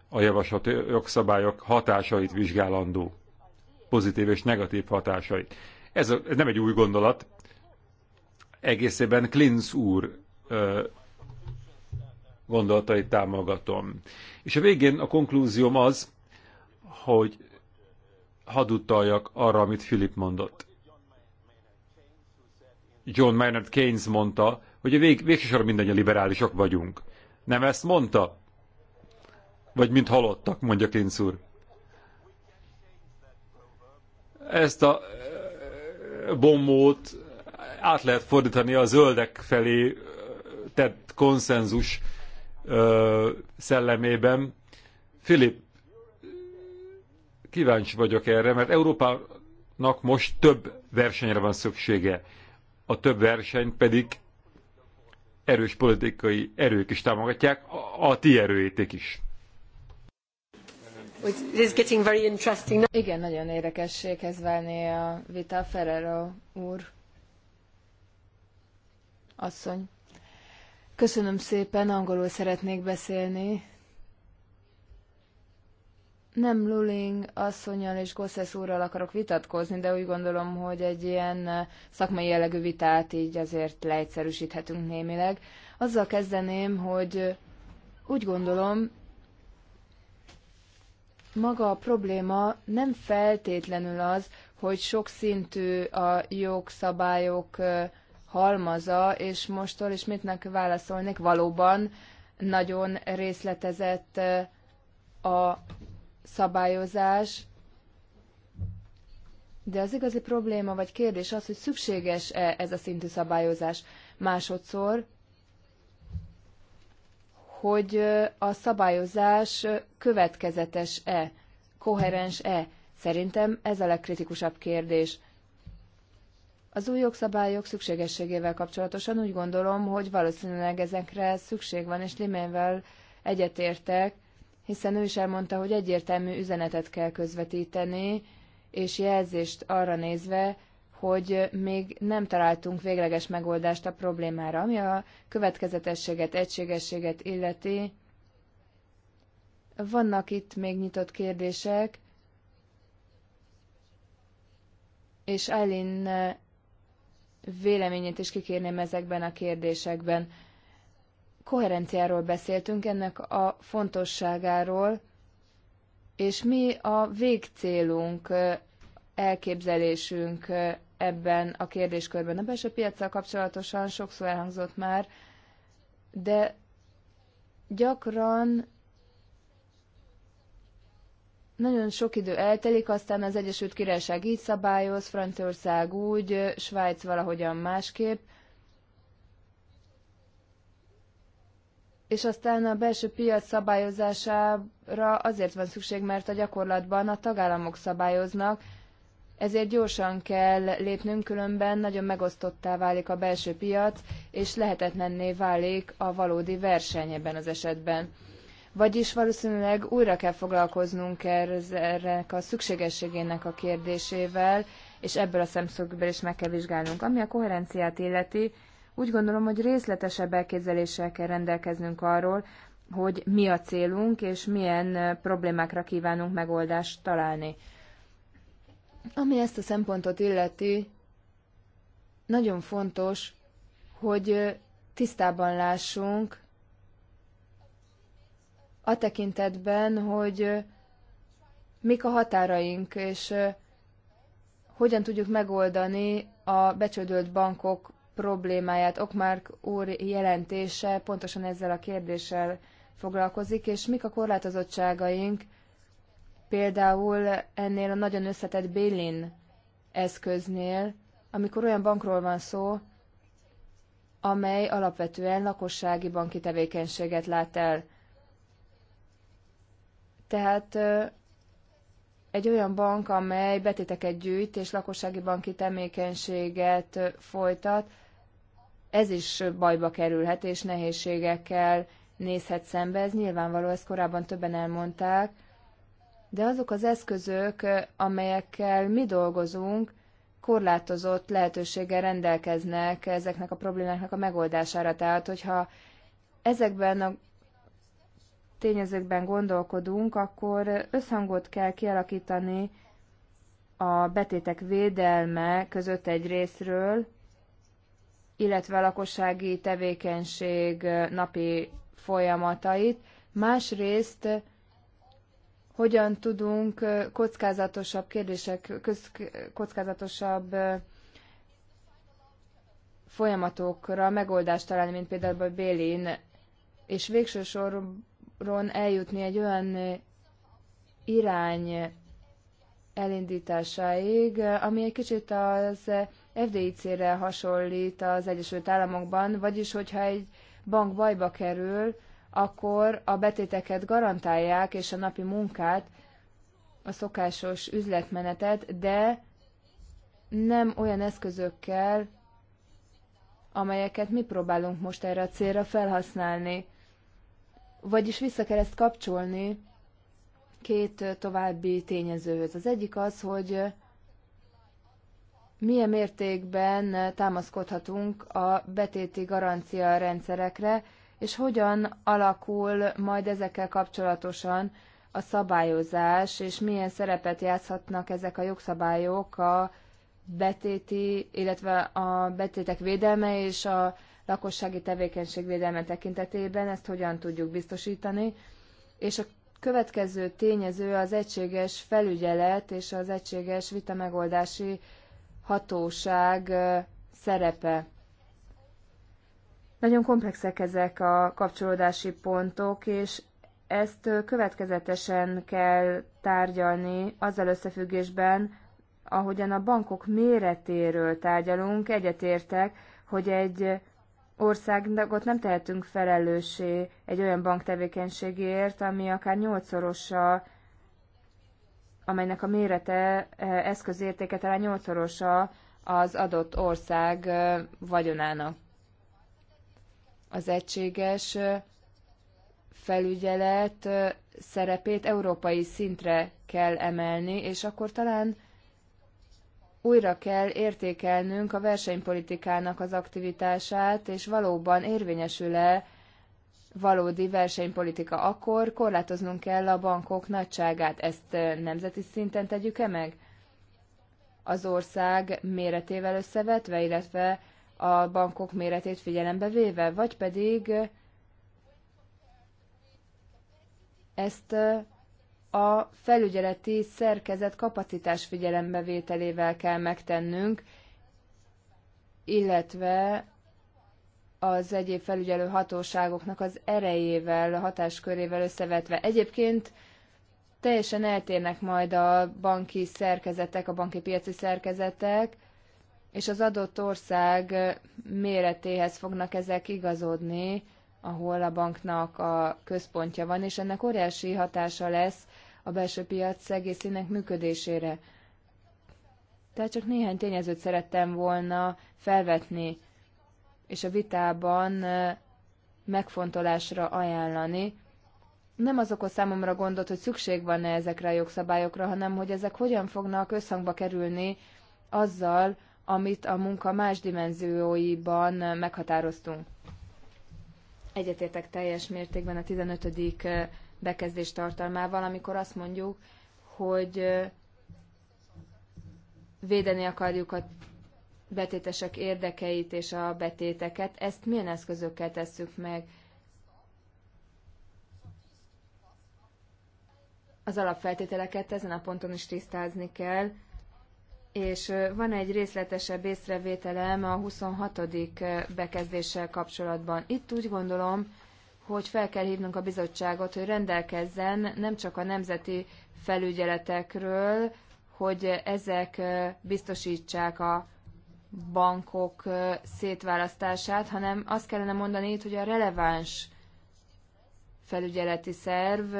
a javasolt jogszabályok hatásait vizsgálandó, pozitív és negatív hatásait. Ez, a, ez nem egy új gondolat, egészében Klinz úr ö, gondolatait támogatom. És a végén a konklúzióm az, hogy hadd utaljak arra, amit Filip mondott. John Maynard Keynes mondta, hogy a vég, végsősorban mindannyian liberálisok vagyunk. Nem ezt mondta? Vagy mint halottak, mondja Keynes úr. Ezt a eh, bombót át lehet fordítani a zöldek felé eh, tett konszenzus eh, szellemében. Filip, kíváncsi vagyok erre, mert Európának most több versenyre van szüksége a több verseny pedig erős politikai erők is támogatják, a, a ti erőjéték is. Igen, nagyon érdekességhez válni a vita Ferrero úr asszony. Köszönöm szépen, angolul szeretnék beszélni. Nem Luling asszonyal és Gosszesz úrral akarok vitatkozni, de úgy gondolom, hogy egy ilyen eh, szakmai jellegű vitát így azért leegyszerűsíthetünk némileg. Azzal kezdeném, hogy eh, úgy gondolom, maga a probléma nem feltétlenül az, hogy sokszintű a jogszabályok eh, halmaza, és mostól ismétnek válaszolnék, valóban nagyon részletezett a szabályozás, de az igazi probléma vagy kérdés az, hogy szükséges-e ez a szintű szabályozás. Másodszor, hogy a szabályozás következetes-e, koherens-e. Szerintem ez a legkritikusabb kérdés. Az új jogszabályok szükségességével kapcsolatosan úgy gondolom, hogy valószínűleg ezekre szükség van, és Limenvel egyetértek, hiszen ő is elmondta, hogy egyértelmű üzenetet kell közvetíteni, és jelzést arra nézve, hogy még nem találtunk végleges megoldást a problémára, ami a következetességet, egységességet illeti. Vannak itt még nyitott kérdések, és Eileen véleményét is kikérném ezekben a kérdésekben koherenciáról beszéltünk, ennek a fontosságáról, és mi a végcélunk, elképzelésünk ebben a kérdéskörben. A belső piacsal kapcsolatosan sokszor elhangzott már, de gyakran nagyon sok idő eltelik, aztán az Egyesült Királyság így szabályoz, Franciaország úgy, Svájc valahogyan másképp, és aztán a belső piac szabályozására azért van szükség, mert a gyakorlatban a tagállamok szabályoznak, ezért gyorsan kell lépnünk, különben nagyon megosztottá válik a belső piac, és lehetetlenné válik a valódi verseny ebben az esetben. Vagyis valószínűleg újra kell foglalkoznunk ennek a szükségességének a kérdésével, és ebből a szemszögből is meg kell vizsgálnunk. Ami a koherenciát illeti, úgy gondolom, hogy részletesebb elképzeléssel kell rendelkeznünk arról, hogy mi a célunk, és milyen problémákra kívánunk megoldást találni. Ami ezt a szempontot illeti, nagyon fontos, hogy tisztában lássunk a tekintetben, hogy mik a határaink, és hogyan tudjuk megoldani a becsődölt bankok problémáját. Okmark úr jelentése pontosan ezzel a kérdéssel foglalkozik, és mik a korlátozottságaink például ennél a nagyon összetett Bélin eszköznél, amikor olyan bankról van szó, amely alapvetően lakossági banki tevékenységet lát el. Tehát egy olyan bank, amely betéteket gyűjt és lakossági banki tevékenységet folytat, ez is bajba kerülhet, és nehézségekkel nézhet szembe. Ez nyilvánvaló, ezt korábban többen elmondták, de azok az eszközök, amelyekkel mi dolgozunk, korlátozott lehetőséggel rendelkeznek ezeknek a problémáknak a megoldására. Tehát, hogyha ezekben a tényezőkben gondolkodunk, akkor összhangot kell kialakítani a betétek védelme között egy részről, illetve a lakossági tevékenység napi folyamatait, másrészt hogyan tudunk kockázatosabb kérdések, kockázatosabb folyamatokra megoldást találni, mint például a Bélin, és végső soron eljutni egy olyan irány elindításáig, ami egy kicsit az FDIC-re hasonlít az Egyesült Államokban, vagyis hogyha egy bank bajba kerül, akkor a betéteket garantálják, és a napi munkát, a szokásos üzletmenetet, de nem olyan eszközökkel, amelyeket mi próbálunk most erre a célra felhasználni. Vagyis vissza kell ezt kapcsolni két további tényezőhöz. Az egyik az, hogy milyen mértékben támaszkodhatunk a betéti garancia rendszerekre, és hogyan alakul majd ezekkel kapcsolatosan a szabályozás, és milyen szerepet játszhatnak ezek a jogszabályok a betéti, illetve a betétek védelme és a lakossági tevékenység védelme tekintetében, ezt hogyan tudjuk biztosítani. És a következő tényező az egységes felügyelet és az egységes vita megoldási hatóság szerepe. Nagyon komplexek ezek a kapcsolódási pontok, és ezt következetesen kell tárgyalni azzal összefüggésben, ahogyan a bankok méretéről tárgyalunk, egyetértek, hogy egy országot nem tehetünk felelőssé egy olyan bank tevékenységért, ami akár nyolcszorosa amelynek a mérete e, eszközértéke talán nyolcszorosa az adott ország e, vagyonának. Az egységes e, felügyelet szerepét európai szintre kell emelni, és akkor talán újra kell értékelnünk a versenypolitikának az aktivitását, és valóban érvényesül-e valódi versenypolitika, akkor korlátoznunk kell a bankok nagyságát. Ezt nemzeti szinten tegyük-e meg? Az ország méretével összevetve, illetve a bankok méretét figyelembe véve, vagy pedig ezt a felügyeleti szerkezet kapacitás figyelembevételével kell megtennünk, illetve az egyéb felügyelő hatóságoknak az erejével, a hatáskörével összevetve. Egyébként teljesen eltérnek majd a banki szerkezetek, a banki piaci szerkezetek, és az adott ország méretéhez fognak ezek igazodni, ahol a banknak a központja van, és ennek óriási hatása lesz a belső piac egészének működésére. Tehát csak néhány tényezőt szerettem volna felvetni és a vitában megfontolásra ajánlani. Nem az okoz számomra gondot, hogy szükség van-e ezekre a jogszabályokra, hanem hogy ezek hogyan fognak összhangba kerülni azzal, amit a munka más dimenzióiban meghatároztunk. Egyetértek teljes mértékben a 15. bekezdés tartalmával, amikor azt mondjuk, hogy védeni akarjuk a betétesek érdekeit és a betéteket. Ezt milyen eszközökkel tesszük meg? Az alapfeltételeket ezen a ponton is tisztázni kell, és van egy részletesebb észrevételem a 26. bekezdéssel kapcsolatban. Itt úgy gondolom, hogy fel kell hívnunk a bizottságot, hogy rendelkezzen nem csak a nemzeti felügyeletekről, hogy ezek biztosítsák a bankok szétválasztását, hanem azt kellene mondani itt, hogy a releváns felügyeleti szerv,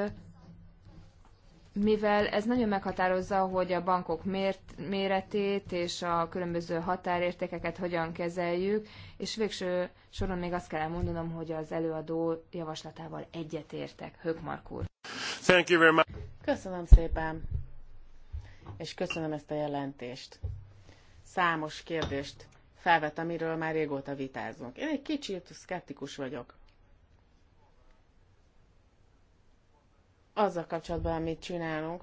mivel ez nagyon meghatározza, hogy a bankok mért, méretét és a különböző határértékeket hogyan kezeljük, és végső soron még azt kell mondanom, hogy az előadó javaslatával egyetértek. Hökmark úr. Thank you very much. Köszönöm szépen, és köszönöm ezt a jelentést számos kérdést felvet, amiről már régóta vitázunk. Én egy kicsit szkeptikus vagyok. Azzal kapcsolatban, amit csinálunk,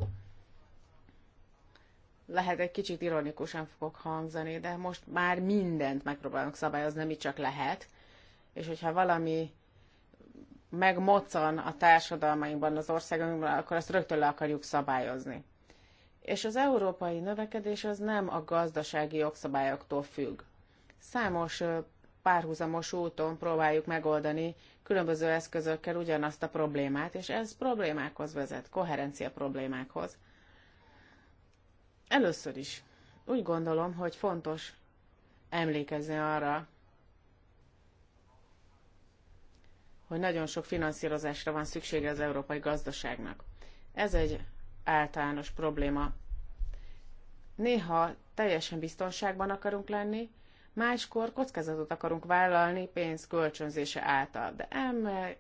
lehet egy kicsit ironikusan fogok hangzani, de most már mindent megpróbálunk szabályozni, mi csak lehet. És hogyha valami megmocan a társadalmainkban, az országunkban, akkor azt rögtön le akarjuk szabályozni és az európai növekedés az nem a gazdasági jogszabályoktól függ. Számos párhuzamos úton próbáljuk megoldani különböző eszközökkel ugyanazt a problémát, és ez problémákhoz vezet, koherencia problémákhoz. Először is úgy gondolom, hogy fontos emlékezni arra, hogy nagyon sok finanszírozásra van szüksége az európai gazdaságnak. Ez egy általános probléma. Néha teljesen biztonságban akarunk lenni, máskor kockázatot akarunk vállalni pénz kölcsönzése által. De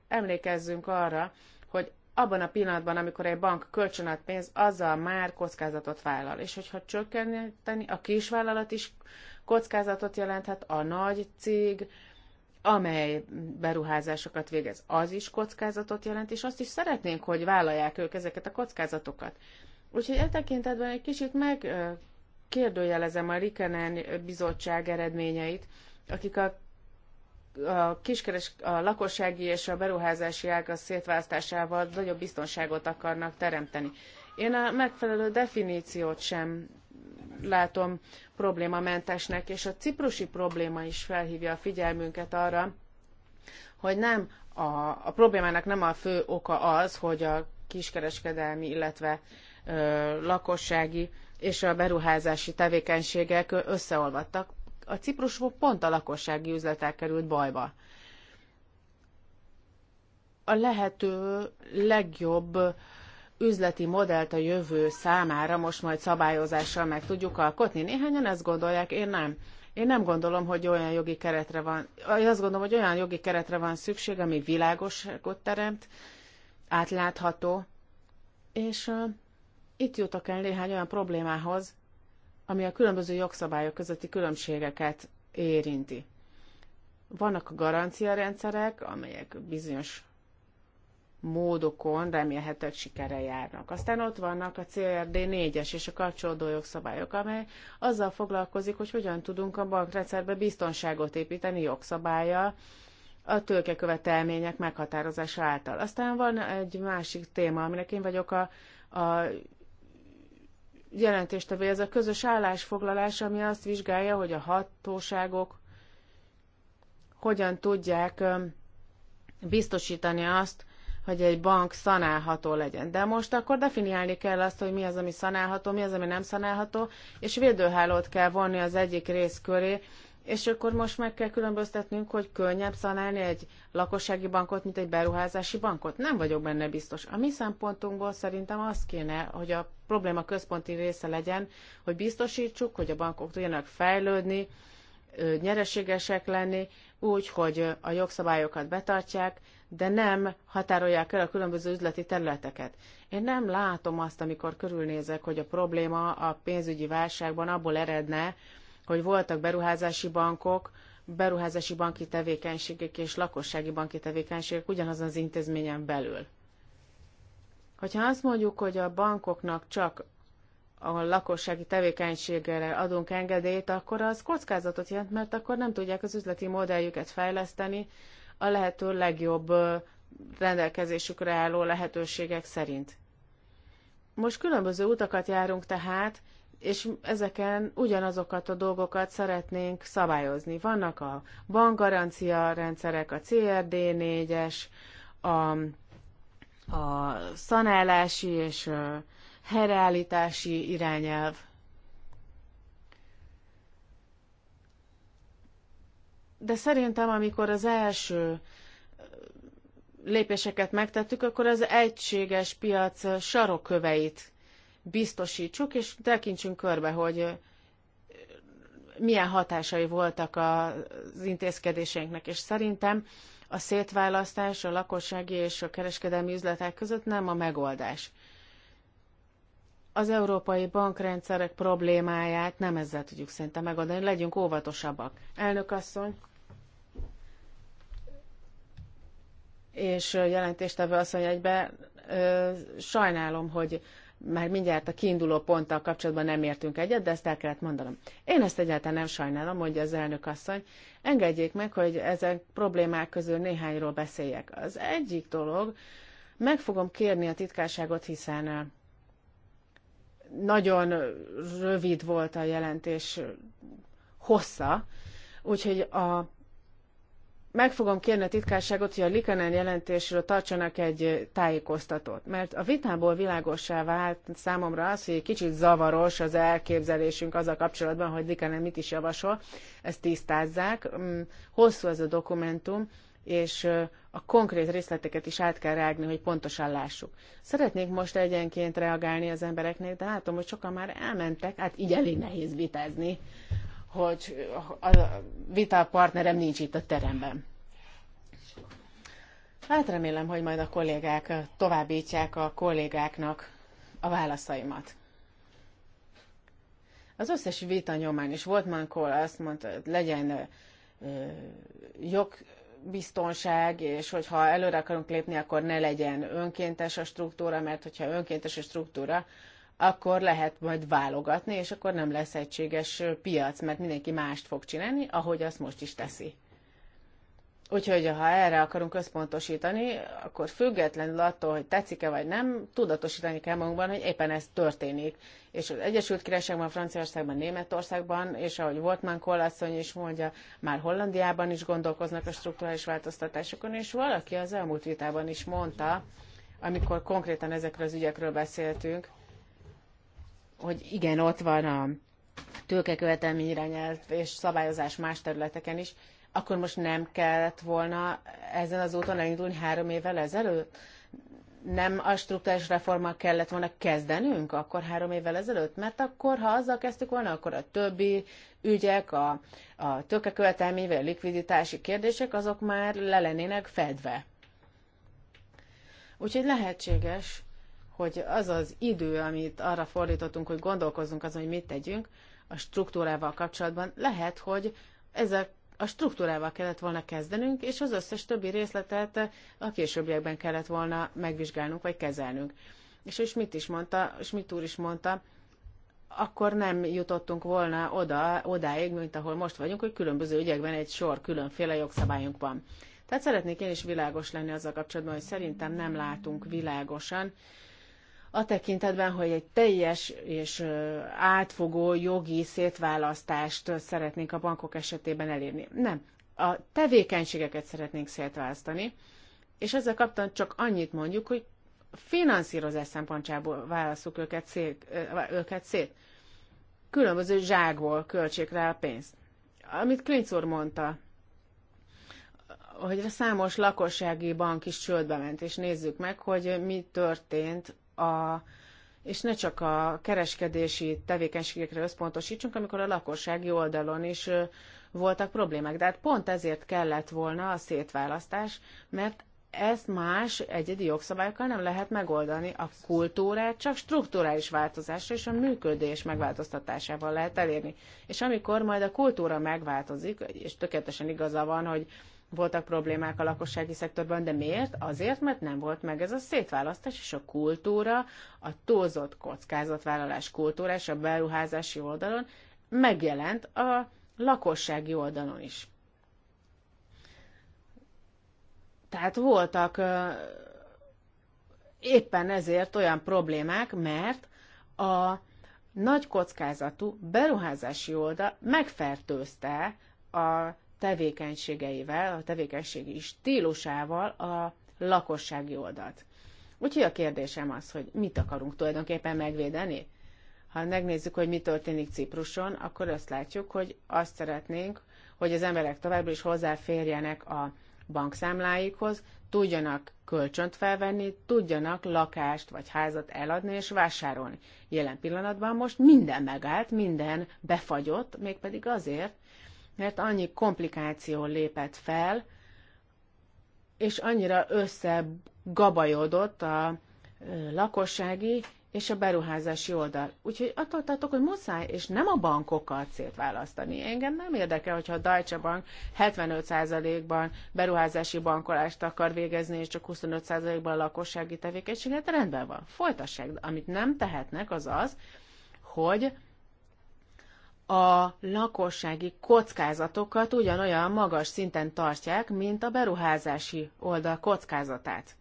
emlékezzünk arra, hogy abban a pillanatban, amikor egy bank kölcsönad ad pénzt, azzal már kockázatot vállal. És hogyha csökkenteni, a kisvállalat is kockázatot jelenthet, a nagy cég, amely beruházásokat végez, az is kockázatot jelent, és azt is szeretnénk, hogy vállalják ők ezeket a kockázatokat. Úgyhogy e tekintetben egy kicsit megkérdőjelezem a Rikenen bizottság eredményeit, akik a a, kiskeres, a lakossági és a beruházási ágaz szétválasztásával nagyobb biztonságot akarnak teremteni. Én a megfelelő definíciót sem látom problémamentesnek, és a ciprusi probléma is felhívja a figyelmünket arra, hogy nem a, a problémának nem a fő oka az, hogy a kiskereskedelmi, illetve ö, lakossági és a beruházási tevékenységek összeolvadtak. A Ciprus pont a lakossági üzletek került bajba. A lehető legjobb üzleti modellt a jövő számára most majd szabályozással meg tudjuk alkotni. Néhányan ezt gondolják, én nem. Én nem gondolom, hogy olyan jogi keretre van, én azt gondolom, hogy olyan jogi keretre van szükség, ami világosságot teremt, átlátható, és uh, itt jutok el néhány olyan problémához, ami a különböző jogszabályok közötti különbségeket érinti. Vannak a garanciarendszerek, amelyek bizonyos módokon remélhetőleg sikere járnak. Aztán ott vannak a CRD 4-es és a kapcsolódó jogszabályok, amely azzal foglalkozik, hogy hogyan tudunk a bankrendszerbe biztonságot építeni jogszabálya a tőkekövetelmények meghatározása által. Aztán van egy másik téma, aminek én vagyok a, a jelentéstevő, ez a közös állásfoglalás, ami azt vizsgálja, hogy a hatóságok hogyan tudják biztosítani azt, hogy egy bank szanálható legyen. De most akkor definiálni kell azt, hogy mi az, ami szanálható, mi az, ami nem szanálható, és védőhálót kell vonni az egyik rész köré, és akkor most meg kell különböztetnünk, hogy könnyebb szanálni egy lakossági bankot, mint egy beruházási bankot? Nem vagyok benne biztos. A mi szempontunkból szerintem az kéne, hogy a probléma központi része legyen, hogy biztosítsuk, hogy a bankok tudjanak fejlődni, nyereségesek lenni, úgy, hogy a jogszabályokat betartják, de nem határolják el a különböző üzleti területeket. Én nem látom azt, amikor körülnézek, hogy a probléma a pénzügyi válságban abból eredne, hogy voltak beruházási bankok, beruházási banki tevékenységek és lakossági banki tevékenységek ugyanazon az intézményen belül. Hogyha azt mondjuk, hogy a bankoknak csak a lakossági tevékenységre adunk engedélyt, akkor az kockázatot jelent, mert akkor nem tudják az üzleti modelljüket fejleszteni a lehető legjobb rendelkezésükre álló lehetőségek szerint. Most különböző utakat járunk tehát, és ezeken ugyanazokat a dolgokat szeretnénk szabályozni. Vannak a bankgarancia rendszerek, a CRD 4-es, a, a szanálási és helyreállítási irányelv. De szerintem, amikor az első lépéseket megtettük, akkor az egységes piac sarokköveit biztosítsuk, és tekintsünk körbe, hogy milyen hatásai voltak az intézkedéseinknek, és szerintem a szétválasztás a lakossági és a kereskedelmi üzletek között nem a megoldás az európai bankrendszerek problémáját nem ezzel tudjuk szerintem megoldani, legyünk óvatosabbak. Elnök asszony, és jelentéstevő asszony egybe, ö, sajnálom, hogy már mindjárt a kiinduló ponttal kapcsolatban nem értünk egyet, de ezt el kellett mondanom. Én ezt egyáltalán nem sajnálom, mondja az elnök asszony. Engedjék meg, hogy ezen problémák közül néhányról beszéljek. Az egyik dolog, meg fogom kérni a titkárságot, hiszen nagyon rövid volt a jelentés hossza, úgyhogy a, meg fogom kérni a titkárságot, hogy a Likanen jelentésről tartsanak egy tájékoztatót, mert a vitából világossá vált számomra az, hogy egy kicsit zavaros az elképzelésünk az a kapcsolatban, hogy Likanen mit is javasol, ezt tisztázzák. Mm, hosszú ez a dokumentum, és a konkrét részleteket is át kell rágni, hogy pontosan lássuk. Szeretnék most egyenként reagálni az embereknek, de látom, hogy sokan már elmentek, hát így elég nehéz vitázni, hogy a vita partnerem nincs itt a teremben. Hát remélem, hogy majd a kollégák továbbítják a kollégáknak a válaszaimat. Az összes vita nyomán is volt Mankol, azt mondta, hogy legyen jog, biztonság, és hogyha előre akarunk lépni, akkor ne legyen önkéntes a struktúra, mert hogyha önkéntes a struktúra, akkor lehet majd válogatni, és akkor nem lesz egységes piac, mert mindenki mást fog csinálni, ahogy azt most is teszi. Úgyhogy ha erre akarunk összpontosítani, akkor függetlenül attól, hogy tetszik-e vagy nem, tudatosítani kell magunkban, hogy éppen ez történik és az Egyesült Királyságban, Franciaországban, Németországban, és ahogy Voltman Kollasszony is mondja, már Hollandiában is gondolkoznak a strukturális változtatásokon, és valaki az elmúlt vitában is mondta, amikor konkrétan ezekről az ügyekről beszéltünk, hogy igen, ott van a tőkekövetelmi irányelv és szabályozás más területeken is, akkor most nem kellett volna ezen az úton elindulni három évvel ezelőtt? nem a struktúrás reformmal kellett volna kezdenünk akkor három évvel ezelőtt? Mert akkor, ha azzal kezdtük volna, akkor a többi ügyek, a, a tőkekövetelmény vagy a likviditási kérdések, azok már le lennének fedve. Úgyhogy lehetséges, hogy az az idő, amit arra fordítottunk, hogy gondolkozzunk azon, hogy mit tegyünk a struktúrával kapcsolatban, lehet, hogy ezek a struktúrával kellett volna kezdenünk, és az összes többi részletet a későbbiekben kellett volna megvizsgálnunk vagy kezelnünk. És ő mit is mondta, Schmidt úr is mondta, akkor nem jutottunk volna oda, odáig, mint ahol most vagyunk, hogy különböző ügyekben egy sor különféle jogszabályunk van. Tehát szeretnék én is világos lenni azzal kapcsolatban, hogy szerintem nem látunk világosan a tekintetben, hogy egy teljes és átfogó jogi szétválasztást szeretnénk a bankok esetében elérni. Nem. A tevékenységeket szeretnénk szétválasztani, és ezzel kapcsolatban csak annyit mondjuk, hogy finanszírozás szempontjából válaszuk őket szét, őket szét. Különböző zsákból költsék rá a pénzt. Amit Klincz úr mondta, hogy a számos lakossági bank is csődbe ment, és nézzük meg, hogy mi történt a, és ne csak a kereskedési tevékenységekre összpontosítsunk, amikor a lakossági oldalon is voltak problémák. De hát pont ezért kellett volna a szétválasztás, mert ezt más egyedi jogszabályokkal nem lehet megoldani. A kultúrát csak strukturális változásra és a működés megváltoztatásával lehet elérni. És amikor majd a kultúra megváltozik, és tökéletesen igaza van, hogy voltak problémák a lakossági szektorban, de miért? Azért, mert nem volt meg ez a szétválasztás, és a kultúra, a túlzott kockázatvállalás kultúra és a beruházási oldalon megjelent a lakossági oldalon is. Tehát voltak éppen ezért olyan problémák, mert a nagy kockázatú beruházási oldal megfertőzte a tevékenységeivel, a tevékenységi stílusával a lakossági oldalt. Úgyhogy a kérdésem az, hogy mit akarunk tulajdonképpen megvédeni? Ha megnézzük, hogy mi történik Cipruson, akkor azt látjuk, hogy azt szeretnénk, hogy az emberek továbbra is hozzáférjenek a bankszámláikhoz, tudjanak kölcsönt felvenni, tudjanak lakást vagy házat eladni és vásárolni. Jelen pillanatban most minden megállt, minden befagyott, mégpedig azért, mert annyi komplikáció lépett fel, és annyira összegabajodott a lakossági és a beruházási oldal. Úgyhogy attól tartok, hogy muszáj, és nem a célt választani. Engem nem érdekel, hogyha a Deutsche Bank 75%-ban beruházási bankolást akar végezni, és csak 25%-ban a lakossági tevékenységet, rendben van. Folytassák. Amit nem tehetnek, az az, hogy a lakossági kockázatokat ugyanolyan magas szinten tartják, mint a beruházási oldal kockázatát.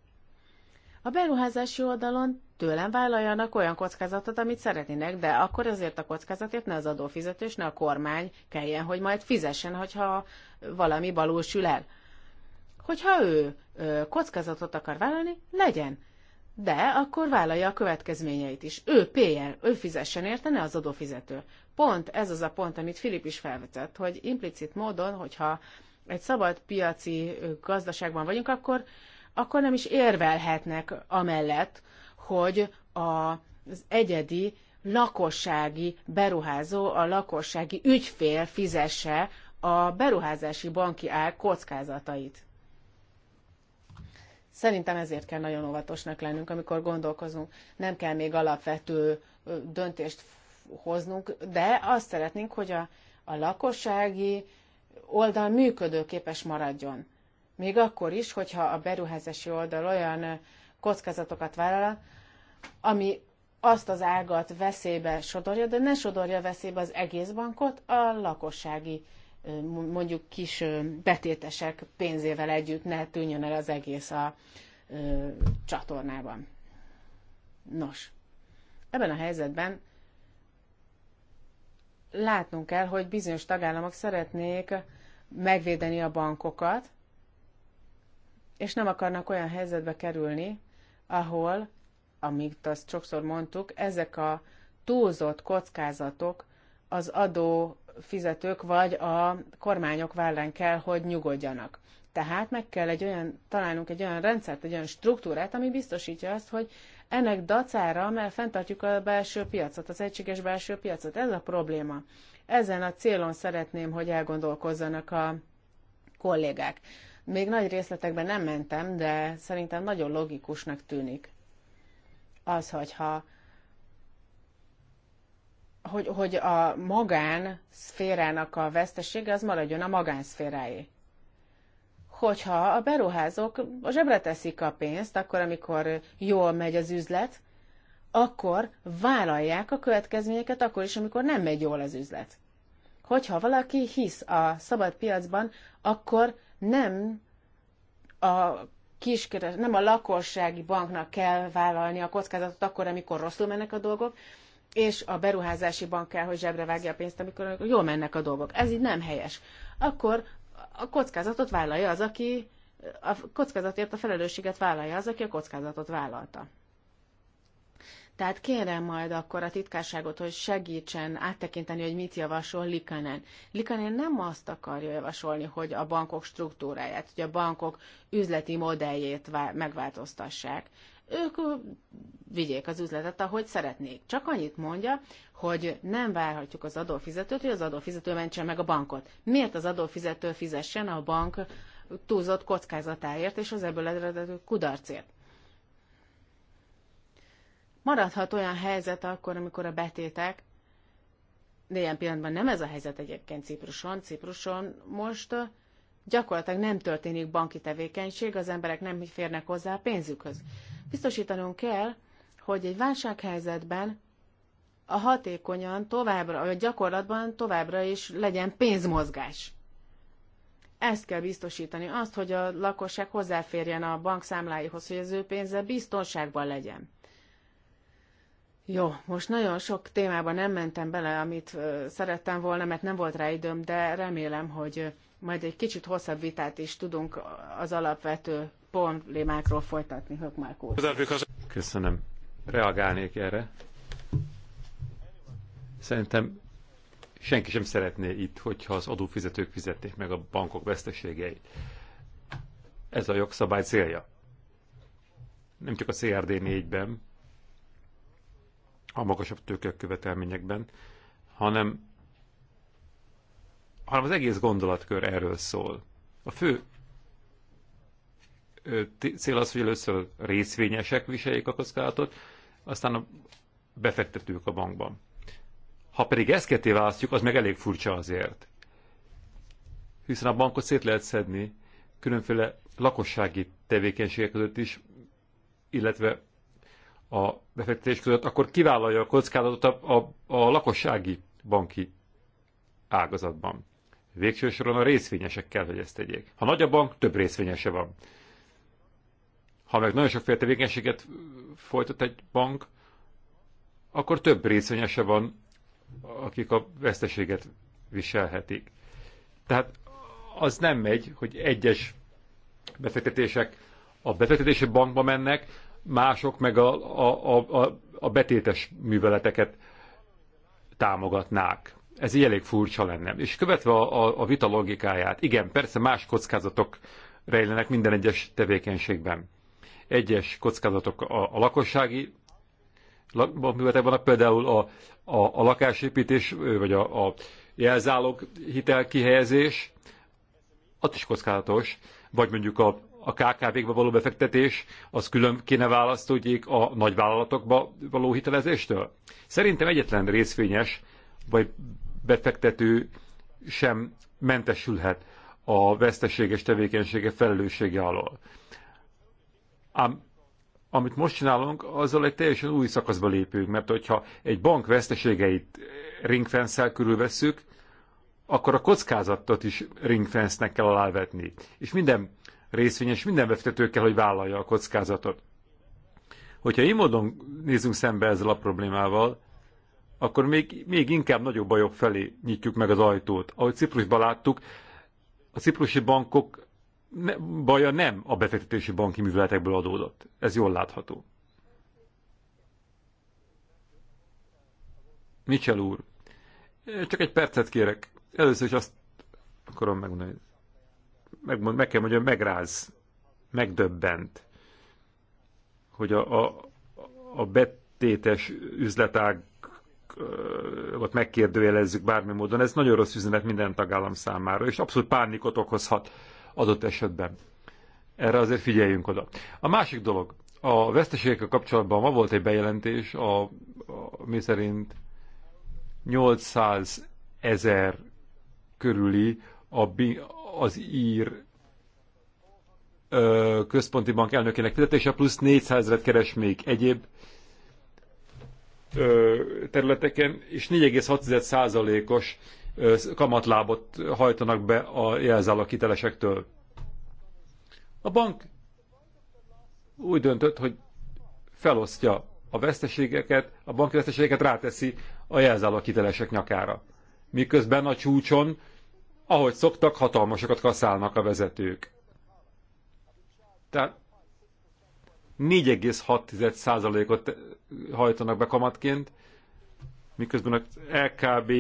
A beruházási oldalon tőlem vállaljanak olyan kockázatot, amit szeretnének, de akkor azért a kockázatért ne az adófizetős, ne a kormány kelljen, hogy majd fizessen, hogyha valami balul sül el. Hogyha ő kockázatot akar vállalni, legyen de akkor vállalja a következményeit is. Ő például, ő fizessen érte, ne az adófizető. Pont ez az a pont, amit Filip is felvetett, hogy implicit módon, hogyha egy szabad piaci gazdaságban vagyunk, akkor, akkor nem is érvelhetnek amellett, hogy a, az egyedi lakossági beruházó, a lakossági ügyfél fizesse a beruházási banki ár kockázatait. Szerintem ezért kell nagyon óvatosnak lennünk, amikor gondolkozunk. Nem kell még alapvető döntést hoznunk, de azt szeretnénk, hogy a, a lakossági oldal működőképes maradjon. Még akkor is, hogyha a beruházási oldal olyan kockázatokat vállal, ami azt az ágat veszélybe sodorja, de ne sodorja veszélybe az egész bankot, a lakossági mondjuk kis betétesek pénzével együtt ne tűnjön el az egész a csatornában. Nos, ebben a helyzetben látnunk kell, hogy bizonyos tagállamok szeretnék megvédeni a bankokat, és nem akarnak olyan helyzetbe kerülni, ahol, amit azt sokszor mondtuk, ezek a túlzott kockázatok az adó adófizetők vagy a kormányok vállán kell, hogy nyugodjanak. Tehát meg kell egy olyan, találnunk egy olyan rendszert, egy olyan struktúrát, ami biztosítja azt, hogy ennek dacára, mert fenntartjuk a belső piacot, az egységes belső piacot. Ez a probléma. Ezen a célon szeretném, hogy elgondolkozzanak a kollégák. Még nagy részletekben nem mentem, de szerintem nagyon logikusnak tűnik az, hogyha hogy, hogy a magán szférának a vesztesége az maradjon a magánszféráé. Hogyha a beruházók zsebre teszik a pénzt, akkor amikor jól megy az üzlet, akkor vállalják a következményeket, akkor is, amikor nem megy jól az üzlet. Hogyha valaki hisz a szabad piacban, akkor nem a kiskeres, nem a lakossági banknak kell vállalni a kockázatot akkor, amikor rosszul mennek a dolgok, és a beruházási bank kell, hogy zsebre vágja a pénzt, amikor jól mennek a dolgok. Ez így nem helyes. Akkor a kockázatot vállalja az, aki a kockázatért a felelősséget vállalja az, aki a kockázatot vállalta. Tehát kérem majd akkor a titkárságot, hogy segítsen áttekinteni, hogy mit javasol Likanen. Likanen nem azt akarja javasolni, hogy a bankok struktúráját, hogy a bankok üzleti modelljét megváltoztassák ők vigyék az üzletet, ahogy szeretnék. Csak annyit mondja, hogy nem várhatjuk az adófizetőt, hogy az adófizető mentse meg a bankot. Miért az adófizető fizessen a bank túlzott kockázatáért és az ebből eredető kudarcért? Maradhat olyan helyzet akkor, amikor a betétek, de ilyen pillanatban nem ez a helyzet egyébként Cipruson. Cipruson most gyakorlatilag nem történik banki tevékenység, az emberek nem férnek hozzá a pénzükhöz. Biztosítanunk kell, hogy egy válsághelyzetben a hatékonyan továbbra, vagy gyakorlatban továbbra is legyen pénzmozgás. Ezt kell biztosítani, azt, hogy a lakosság hozzáférjen a bank számláihoz, hogy az ő pénze biztonságban legyen. Jó, most nagyon sok témában nem mentem bele, amit szerettem volna, mert nem volt rá időm, de remélem, hogy majd egy kicsit hosszabb vitát is tudunk az alapvető problémákról folytatni, Hökmárk úr. Köszönöm. Reagálnék erre. Szerintem senki sem szeretné itt, hogyha az adófizetők fizetnék meg a bankok veszteségeit. Ez a jogszabály célja. Nem csak a CRD 4-ben, a magasabb tőkekövetelményekben, hanem hanem az egész gondolatkör erről szól. A fő cél az, hogy először részvényesek viseljék a kockázatot, aztán a befektetők a bankban. Ha pedig ezt ketté választjuk, az meg elég furcsa azért. Hiszen a bankot szét lehet szedni különféle lakossági tevékenységek között is, illetve a befektetés között, akkor kivállalja a kockázatot a, a, a lakossági banki ágazatban. Végső soron a részvényesek kell, hogy ezt tegyék. Ha nagy a bank, több részvényese van. Ha meg nagyon sokféle tevékenységet folytat egy bank, akkor több részvényese van, akik a veszteséget viselhetik. Tehát az nem megy, hogy egyes befektetések a befektetési bankba mennek, mások meg a, a, a, a betétes műveleteket támogatnák. Ez így elég furcsa lenne. És követve a, a, a vita logikáját, igen, persze más kockázatok rejlenek minden egyes tevékenységben. Egyes kockázatok a, a lakossági művetek vannak, például a, a, a lakásépítés, vagy a, a jelzálog hitel kihelyezés, az is kockázatos, vagy mondjuk a, a KKV-kba való befektetés, az külön kéne választódjék a nagyvállalatokba való hitelezéstől? Szerintem egyetlen részvényes, vagy befektető sem mentesülhet a veszteséges tevékenysége felelőssége alól. Ám amit most csinálunk, azzal egy teljesen új szakaszba lépünk, mert hogyha egy bank veszteségeit ringfenszel körülvesszük, akkor a kockázatot is ringfensznek kell alávetni. És minden részvényes, minden befektető kell, hogy vállalja a kockázatot. Hogyha így módon nézzünk szembe ezzel a problémával, akkor még, még inkább nagyobb bajok felé nyitjuk meg az ajtót. Ahogy Ciprusban láttuk, a ciprusi bankok ne, baja nem a befektetési banki műveletekből adódott. Ez jól látható. Mitchell úr, csak egy percet kérek. Először is azt akarom megmondani. Megmond, meg kell mondjam, megráz, megdöbbent, hogy a, a, a betétes üzletág ott megkérdőjelezzük bármi módon. Ez nagyon rossz üzenet minden tagállam számára, és abszolút pánikot okozhat adott esetben. Erre azért figyeljünk oda. A másik dolog, a veszteségekkel kapcsolatban ma volt egy bejelentés, a, a, mi szerint 800 ezer körüli a, az ír ö, központi bank elnökének fizetése, plusz 400 ezeret keres még egyéb területeken, és 4,6%-os kamatlábot hajtanak be a jelzálog A bank úgy döntött, hogy felosztja a veszteségeket, a banki veszteségeket ráteszi a jelzálog nyakára. Miközben a csúcson, ahogy szoktak, hatalmasokat kaszálnak a vezetők. Tehát 4,6%-ot eh, hajtanak be kamatként, miközben az LKB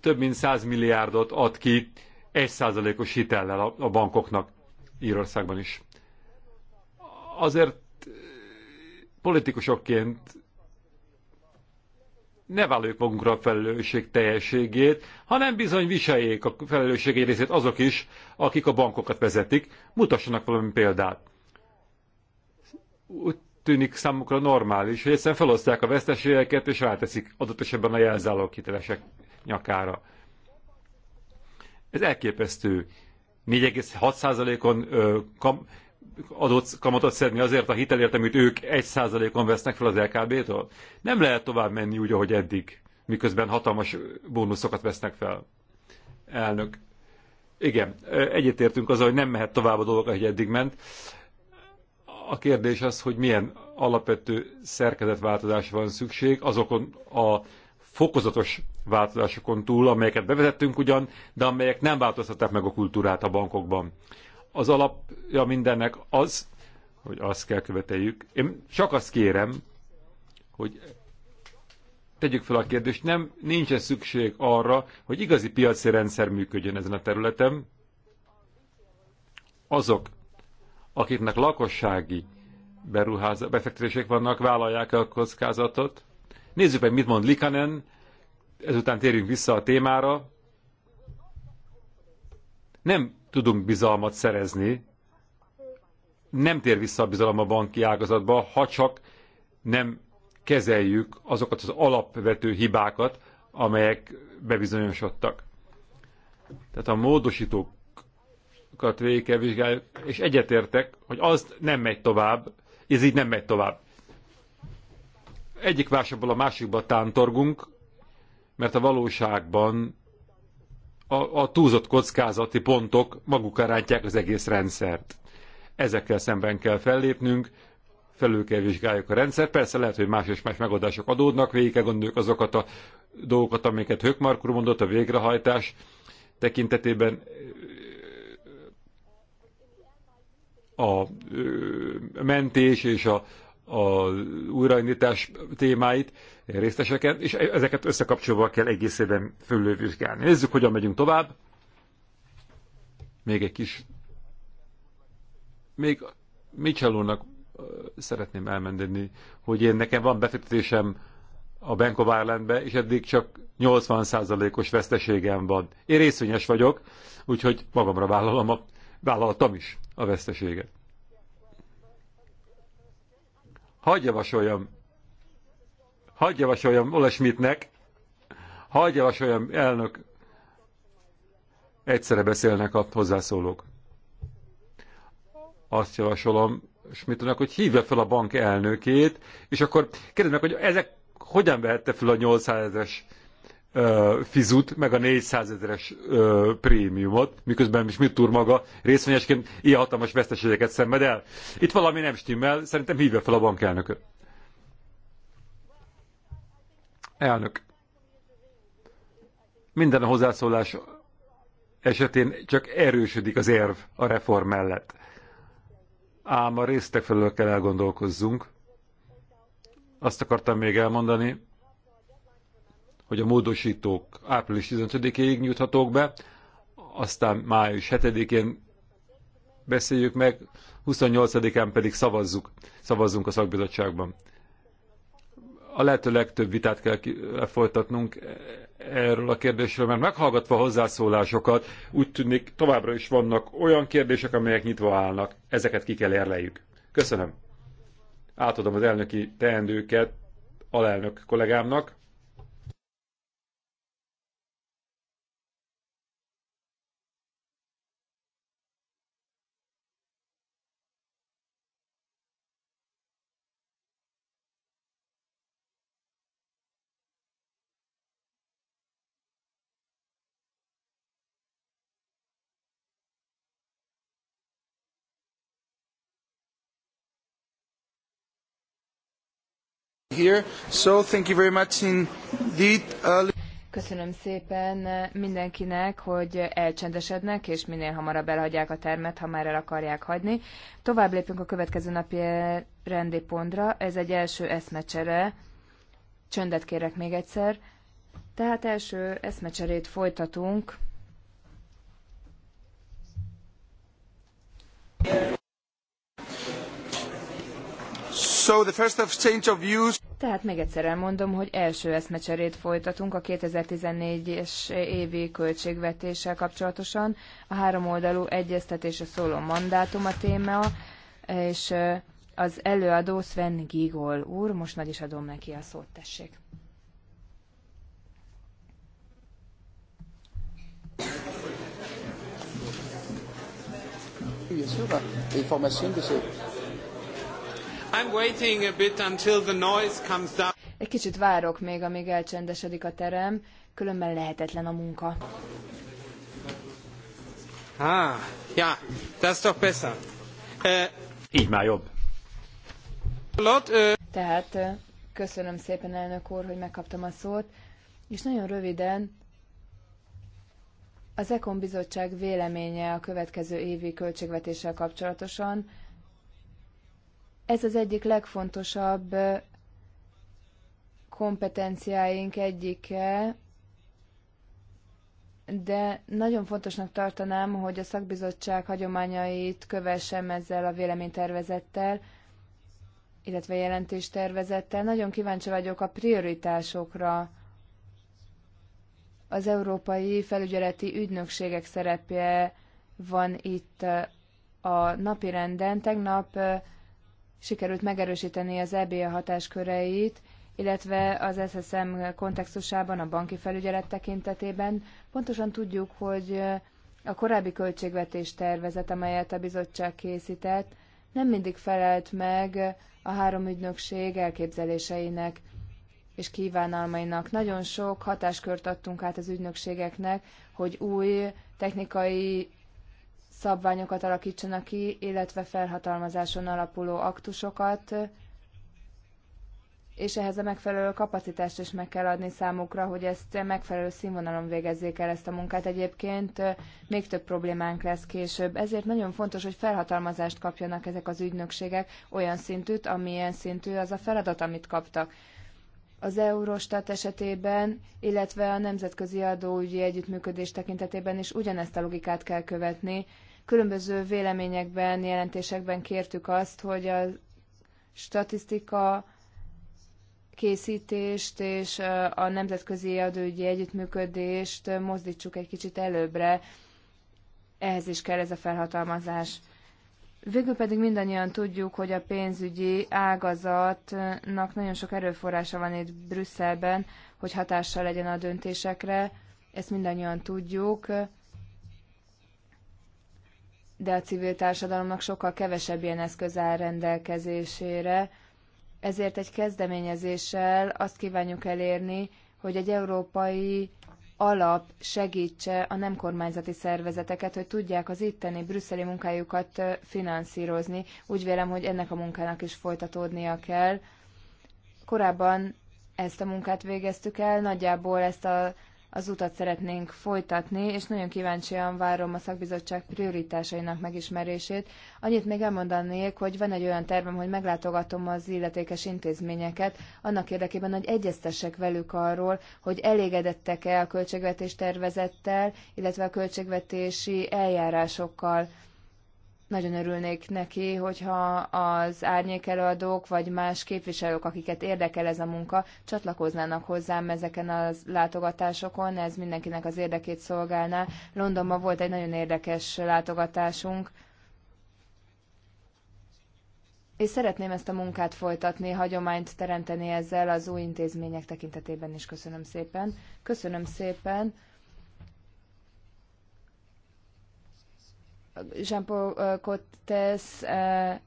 több mint 100 milliárdot ad ki 1%-os hitellel a bankoknak Írországban is. Azért eh, politikusokként ne vállaljuk magunkra a felelősség teljességét, hanem bizony viseljék a felelősség részét azok is, akik a bankokat vezetik, mutassanak valami példát úgy tűnik számukra normális, hogy egyszerűen felosztják a veszteségeket, és ráteszik adott esetben a hitelesek nyakára. Ez elképesztő. 4,6%-on kam, adott kamatot szedni azért a hitelért, amit ők 1%-on vesznek fel az LKB-től? Nem lehet tovább menni úgy, ahogy eddig, miközben hatalmas bónuszokat vesznek fel. Elnök. Igen, egyetértünk azzal, hogy nem mehet tovább a dolog, ahogy eddig ment. A kérdés az, hogy milyen alapvető szerkezetváltozás van szükség azokon a fokozatos változásokon túl, amelyeket bevezettünk ugyan, de amelyek nem változtatták meg a kultúrát a bankokban. Az alapja mindennek az, hogy azt kell követeljük. Én csak azt kérem, hogy tegyük fel a kérdést, nem, nincs -e szükség arra, hogy igazi piaci rendszer működjön ezen a területen, azok akiknek lakossági beruház, befektetések vannak, vállalják el a kockázatot. Nézzük meg, mit mond Likanen, ezután térjünk vissza a témára. Nem tudunk bizalmat szerezni, nem tér vissza a bizalom a banki ágazatba, ha csak nem kezeljük azokat az alapvető hibákat, amelyek bebizonyosodtak. Tehát a módosítók javaslatokat végig kell vizsgáljuk, és egyetértek, hogy az nem megy tovább, ez így nem megy tovább. Egyik válságból a másikba tántorgunk, mert a valóságban a, a túlzott kockázati pontok magukra rántják az egész rendszert. Ezekkel szemben kell fellépnünk, felül kell vizsgáljuk a rendszer. Persze lehet, hogy más és más megoldások adódnak, végig kell gondoljuk azokat a dolgokat, amiket Hökmark mondott, a végrehajtás tekintetében a mentés és a, a újraindítás témáit, részteseket, és ezeket összekapcsolva kell egészében fölülvizsgálni. Nézzük, hogyan megyünk tovább. Még egy kis... Még Michelónak szeretném elmondani, hogy én nekem van befektetésem a Bank of Ireland-be, és eddig csak 80%-os veszteségem van. Én részvényes vagyok, úgyhogy magamra vállalom a vállaltam is a veszteséget. Hagy javasoljam, hagy javasoljam Ole Schmidtnek, hagy javasoljam elnök, egyszerre beszélnek a hozzászólók. Azt javasolom Schmidtnek, hogy hívja fel a bank elnökét, és akkor kérdezd meg, hogy ezek hogyan vehette fel a 800-es fizut, meg a 400 ezeres prémiumot, miközben mit úr maga részvényesként ilyen hatalmas veszteségeket szenved el. Itt valami nem stimmel, szerintem hívja fel a bankelnököt. Elnök. Minden a hozzászólás esetén csak erősödik az érv a reform mellett. Ám a résztek felől kell elgondolkozzunk. Azt akartam még elmondani, hogy a módosítók április 15-ig nyújthatók be, aztán május 7-én beszéljük meg, 28-án pedig szavazzuk, szavazzunk a szakbizottságban. A lehető legtöbb vitát kell lefolytatnunk erről a kérdésről, mert meghallgatva hozzászólásokat úgy tűnik továbbra is vannak olyan kérdések, amelyek nyitva állnak. Ezeket ki kell érleljük. Köszönöm. Átadom az elnöki teendőket alelnök kollégámnak. here. So thank you very much indeed. Köszönöm szépen mindenkinek, hogy elcsendesednek, és minél hamarabb elhagyják a termet, ha már el akarják hagyni. Tovább lépünk a következő napi rendi pontra. Ez egy első eszmecsere. Csöndet kérek még egyszer. Tehát első eszmecserét folytatunk. So the first of views... Tehát még egyszer elmondom, hogy első eszmecserét folytatunk a 2014-es évi költségvetéssel kapcsolatosan. A három oldalú egyeztetésre szóló mandátum a téma, és az előadó Sven Gigol úr, most meg is adom neki a szót, tessék. Bien sûr, formations de ces I'm waiting a bit until the noise comes down. Egy kicsit várok még, amíg elcsendesedik a terem, különben lehetetlen a munka. Ah, ja, das ist doch besser. Uh, Így már jobb. Lot, uh... Tehát köszönöm szépen, elnök úr, hogy megkaptam a szót, és nagyon röviden az Ekon Bizottság véleménye a következő évi költségvetéssel kapcsolatosan, ez az egyik legfontosabb kompetenciáink egyike, de nagyon fontosnak tartanám, hogy a szakbizottság hagyományait kövessem ezzel a véleménytervezettel, illetve jelentéstervezettel. Nagyon kíváncsi vagyok a prioritásokra, az európai felügyeleti ügynökségek szerepje van itt a renden. Tegnap sikerült megerősíteni az EBA hatásköreit, illetve az SSM kontextusában, a banki felügyelet tekintetében. Pontosan tudjuk, hogy a korábbi költségvetés tervezet, amelyet a bizottság készített, nem mindig felelt meg a három ügynökség elképzeléseinek és kívánalmainak. Nagyon sok hatáskört adtunk át az ügynökségeknek, hogy új technikai szabványokat alakítsanak ki, illetve felhatalmazáson alapuló aktusokat, és ehhez a megfelelő kapacitást is meg kell adni számukra, hogy ezt megfelelő színvonalon végezzék el ezt a munkát. Egyébként még több problémánk lesz később. Ezért nagyon fontos, hogy felhatalmazást kapjanak ezek az ügynökségek olyan szintűt, amilyen szintű az a feladat, amit kaptak. Az Eurostat esetében, illetve a nemzetközi adóügyi együttműködés tekintetében is ugyanezt a logikát kell követni, Különböző véleményekben, jelentésekben kértük azt, hogy a statisztika készítést és a nemzetközi adőgyi együttműködést mozdítsuk egy kicsit előbbre. Ehhez is kell ez a felhatalmazás. Végül pedig mindannyian tudjuk, hogy a pénzügyi ágazatnak nagyon sok erőforrása van itt Brüsszelben, hogy hatással legyen a döntésekre. Ezt mindannyian tudjuk de a civil társadalomnak sokkal kevesebb ilyen eszköz áll rendelkezésére. Ezért egy kezdeményezéssel azt kívánjuk elérni, hogy egy európai alap segítse a nem kormányzati szervezeteket, hogy tudják az itteni brüsszeli munkájukat finanszírozni. Úgy vélem, hogy ennek a munkának is folytatódnia kell. Korábban ezt a munkát végeztük el, nagyjából ezt a az utat szeretnénk folytatni, és nagyon kíváncsian várom a szakbizottság prioritásainak megismerését. Annyit még elmondanék, hogy van egy olyan tervem, hogy meglátogatom az illetékes intézményeket, annak érdekében, hogy egyeztessek velük arról, hogy elégedettek-e a költségvetés tervezettel, illetve a költségvetési eljárásokkal nagyon örülnék neki, hogyha az árnyékelőadók vagy más képviselők, akiket érdekel ez a munka, csatlakoznának hozzám ezeken a látogatásokon, ez mindenkinek az érdekét szolgálná. Londonban volt egy nagyon érdekes látogatásunk, és szeretném ezt a munkát folytatni, hagyományt teremteni ezzel az új intézmények tekintetében is. Köszönöm szépen. Köszönöm szépen. Jean-Paul uh, Cotes uh,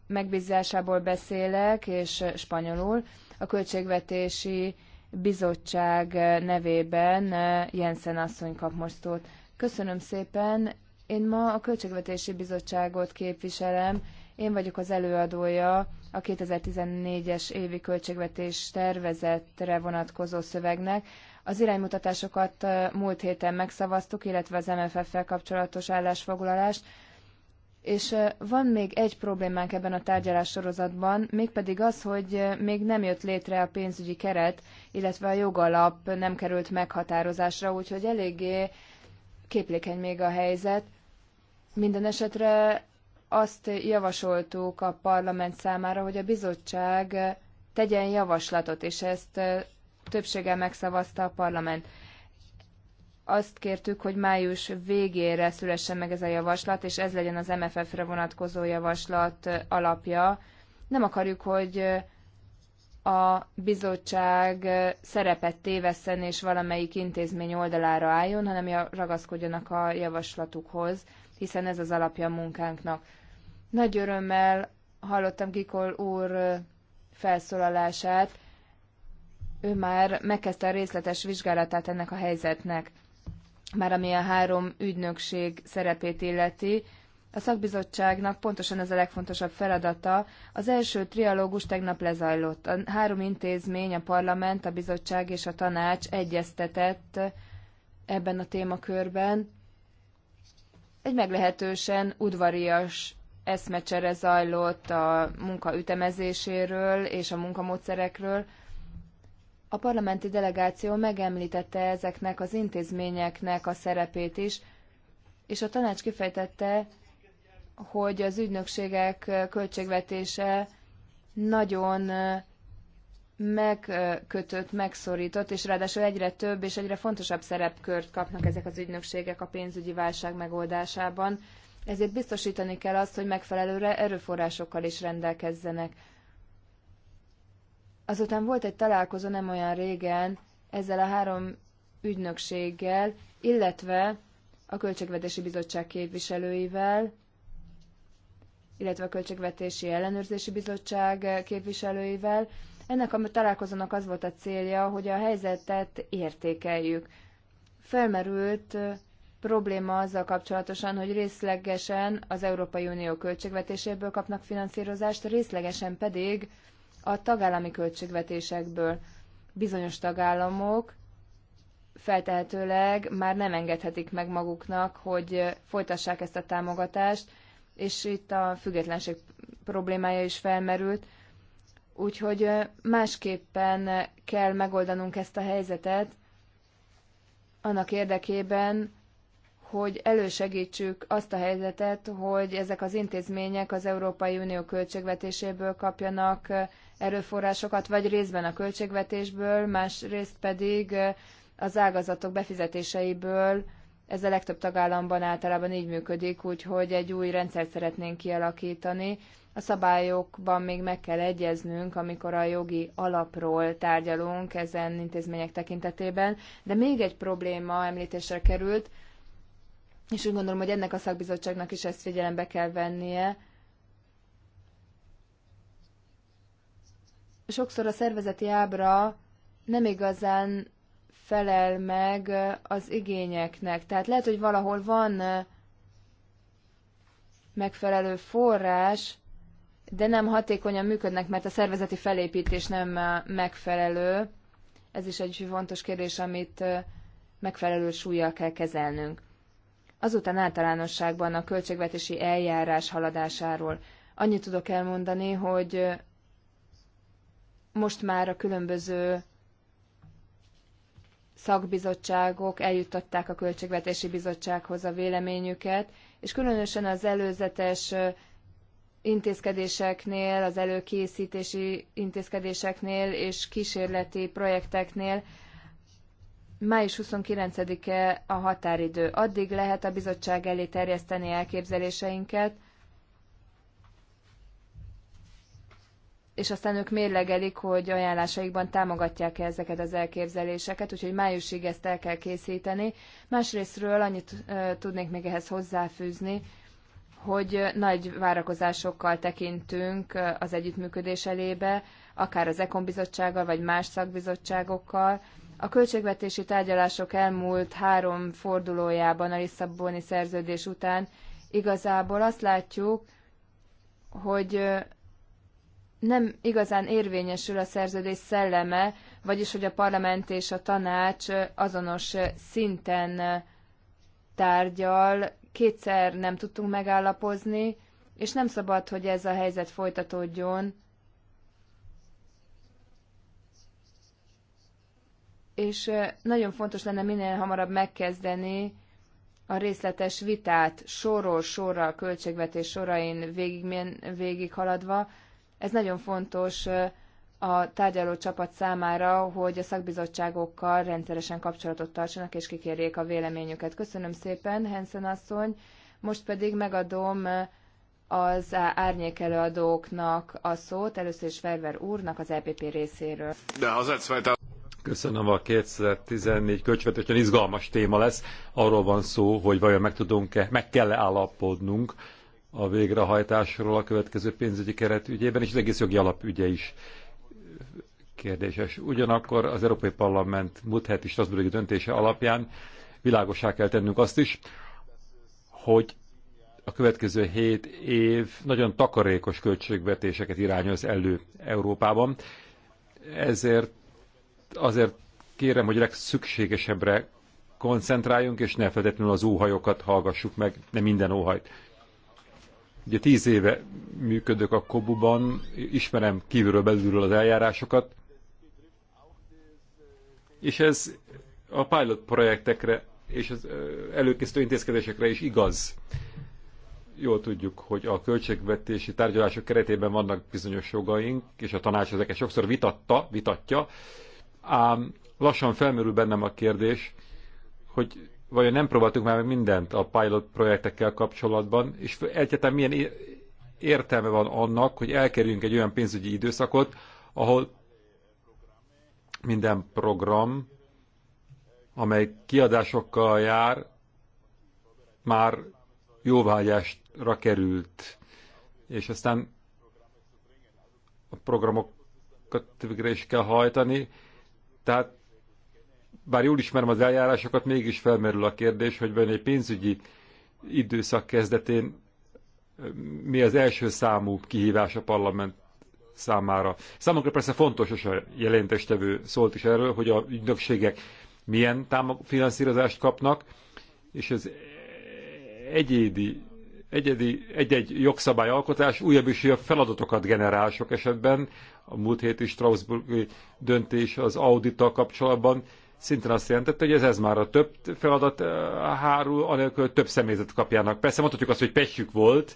megbízásából beszélek, és uh, spanyolul. A Költségvetési Bizottság nevében Jensen asszony kap most szót. Köszönöm szépen. Én ma a Költségvetési Bizottságot képviselem. Én vagyok az előadója a 2014-es évi költségvetés tervezetre vonatkozó szövegnek. Az iránymutatásokat múlt héten megszavaztuk, illetve az MFF-fel kapcsolatos állásfoglalást és van még egy problémánk ebben a tárgyalássorozatban, mégpedig az, hogy még nem jött létre a pénzügyi keret, illetve a jogalap nem került meghatározásra, úgyhogy eléggé képlékeny még a helyzet. Minden esetre azt javasoltuk a parlament számára, hogy a bizottság tegyen javaslatot, és ezt többséggel megszavazta a parlament azt kértük, hogy május végére szülessen meg ez a javaslat, és ez legyen az MFF-re vonatkozó javaslat alapja. Nem akarjuk, hogy a bizottság szerepet tévesszen és valamelyik intézmény oldalára álljon, hanem ragaszkodjanak a javaslatukhoz, hiszen ez az alapja a munkánknak. Nagy örömmel hallottam Gikol úr felszólalását, ő már megkezdte a részletes vizsgálatát ennek a helyzetnek már ami a három ügynökség szerepét illeti, a szakbizottságnak pontosan ez a legfontosabb feladata. Az első trialógus tegnap lezajlott. A három intézmény, a parlament, a bizottság és a tanács egyeztetett ebben a témakörben. Egy meglehetősen udvarias eszmecsere zajlott a munka ütemezéséről és a munkamódszerekről. A parlamenti delegáció megemlítette ezeknek az intézményeknek a szerepét is, és a tanács kifejtette, hogy az ügynökségek költségvetése nagyon megkötött, megszorított, és ráadásul egyre több és egyre fontosabb szerepkört kapnak ezek az ügynökségek a pénzügyi válság megoldásában. Ezért biztosítani kell azt, hogy megfelelő erőforrásokkal is rendelkezzenek. Azután volt egy találkozó nem olyan régen ezzel a három ügynökséggel, illetve a Költségvetési Bizottság képviselőivel, illetve a Költségvetési Ellenőrzési Bizottság képviselőivel. Ennek a találkozónak az volt a célja, hogy a helyzetet értékeljük. Felmerült probléma azzal kapcsolatosan, hogy részlegesen az Európai Unió költségvetéséből kapnak finanszírozást, részlegesen pedig a tagállami költségvetésekből. Bizonyos tagállamok feltehetőleg már nem engedhetik meg maguknak, hogy folytassák ezt a támogatást, és itt a függetlenség problémája is felmerült. Úgyhogy másképpen kell megoldanunk ezt a helyzetet annak érdekében, hogy elősegítsük azt a helyzetet, hogy ezek az intézmények az Európai Unió költségvetéséből kapjanak eh, erőforrásokat, vagy részben a költségvetésből, másrészt pedig eh, az ágazatok befizetéseiből. Ez a legtöbb tagállamban általában így működik, úgyhogy egy új rendszert szeretnénk kialakítani. A szabályokban még meg kell egyeznünk, amikor a jogi alapról tárgyalunk ezen intézmények tekintetében. De még egy probléma említésre került, és úgy gondolom, hogy ennek a szakbizottságnak is ezt figyelembe kell vennie. Sokszor a szervezeti ábra nem igazán felel meg az igényeknek. Tehát lehet, hogy valahol van megfelelő forrás, de nem hatékonyan működnek, mert a szervezeti felépítés nem megfelelő. Ez is egy fontos kérdés, amit megfelelő súlyjal kell kezelnünk. Azután általánosságban a költségvetési eljárás haladásáról. Annyit tudok elmondani, hogy most már a különböző szakbizottságok eljuttatták a Költségvetési Bizottsághoz a véleményüket, és különösen az előzetes intézkedéseknél, az előkészítési intézkedéseknél és kísérleti projekteknél Május 29-e a határidő. Addig lehet a bizottság elé terjeszteni elképzeléseinket, és aztán ők mérlegelik, hogy ajánlásaikban támogatják -e ezeket az elképzeléseket, úgyhogy májusig ezt el kell készíteni. Másrésztről annyit e, tudnék még ehhez hozzáfűzni, hogy nagy várakozásokkal tekintünk az együttműködés elébe, akár az Ekonbizottsággal, vagy más szakbizottságokkal, a költségvetési tárgyalások elmúlt három fordulójában a Lisszaboni szerződés után igazából azt látjuk, hogy nem igazán érvényesül a szerződés szelleme, vagyis hogy a parlament és a tanács azonos szinten tárgyal, kétszer nem tudtunk megállapozni, és nem szabad, hogy ez a helyzet folytatódjon, és nagyon fontos lenne minél hamarabb megkezdeni a részletes vitát sorról sorra, a költségvetés sorain végig, végig haladva. Ez nagyon fontos a tárgyaló csapat számára, hogy a szakbizottságokkal rendszeresen kapcsolatot tartsanak és kikérjék a véleményüket. Köszönöm szépen, Hensen asszony. Most pedig megadom az árnyék előadóknak a szót, először is Ferver úrnak az EPP részéről. De az Köszönöm a 2014 költségvetésen izgalmas téma lesz. Arról van szó, hogy vajon meg tudunk-e, meg kell-e állapodnunk a végrehajtásról a következő pénzügyi keret ügyében, és az egész jogi alapügye is kérdéses. Ugyanakkor az Európai Parlament múlt heti Strasbourgi döntése alapján világosá kell tennünk azt is, hogy a következő hét év nagyon takarékos költségvetéseket irányoz elő Európában. Ezért azért kérem, hogy legszükségesebbre koncentráljunk, és ne feltétlenül az óhajokat hallgassuk meg, ne minden óhajt. Ugye tíz éve működök a Kobuban, ismerem kívülről belülről az eljárásokat, és ez a pilot projektekre és az előkészítő intézkedésekre is igaz. Jól tudjuk, hogy a költségvetési tárgyalások keretében vannak bizonyos jogaink, és a tanács ezeket sokszor vitatta, vitatja, ám lassan felmerül bennem a kérdés, hogy vajon nem próbáltuk már mindent a pilot projektekkel kapcsolatban, és egyáltalán milyen értelme van annak, hogy elkerüljünk egy olyan pénzügyi időszakot, ahol minden program, amely kiadásokkal jár, már jóvágyásra került, és aztán a programokat végre is kell hajtani, tehát bár jól ismerem az eljárásokat, mégis felmerül a kérdés, hogy benne egy pénzügyi időszak kezdetén mi az első számú kihívás a parlament számára. Számunkra persze fontos, és a jelentéstevő szólt is erről, hogy a ügynökségek milyen támog, finanszírozást kapnak, és az egyédi egyedi, egy-egy jogszabályalkotás újabb és újabb feladatokat generál sok esetben. A múlt héti Strasburgi döntés az audittal kapcsolatban szintén azt jelentette, hogy ez, ez már a több feladat eh, hárul, anélkül több személyzet kapjának. Persze mondhatjuk azt, hogy pesjük volt,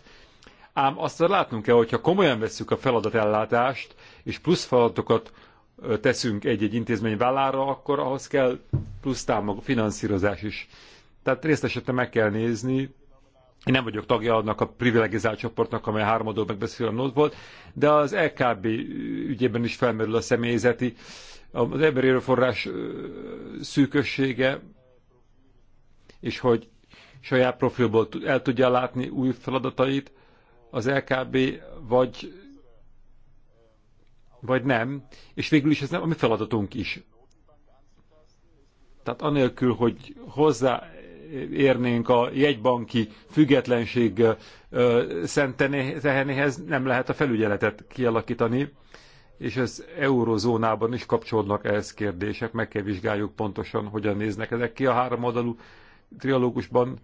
ám azt látnunk kell, hogyha komolyan vesszük a feladatellátást, és plusz feladatokat eh, teszünk egy-egy intézmény vállára, akkor ahhoz kell plusz támog, finanszírozás is. Tehát részletesen meg kell nézni, én nem vagyok tagja annak a privilegizált csoportnak, amely háromadó megbeszélő a volt, de az LKB ügyében is felmerül a személyzeti, az emberi erőforrás szűkössége, és hogy saját profilból el tudja látni új feladatait az LKB, vagy, vagy nem, és végül is ez nem a mi feladatunk is. Tehát anélkül, hogy hozzá érnénk a jegybanki függetlenség szent nem lehet a felügyeletet kialakítani, és az eurozónában is kapcsolódnak ehhez kérdések, meg kell vizsgáljuk pontosan, hogyan néznek ezek ki a háromoldalú trialógusban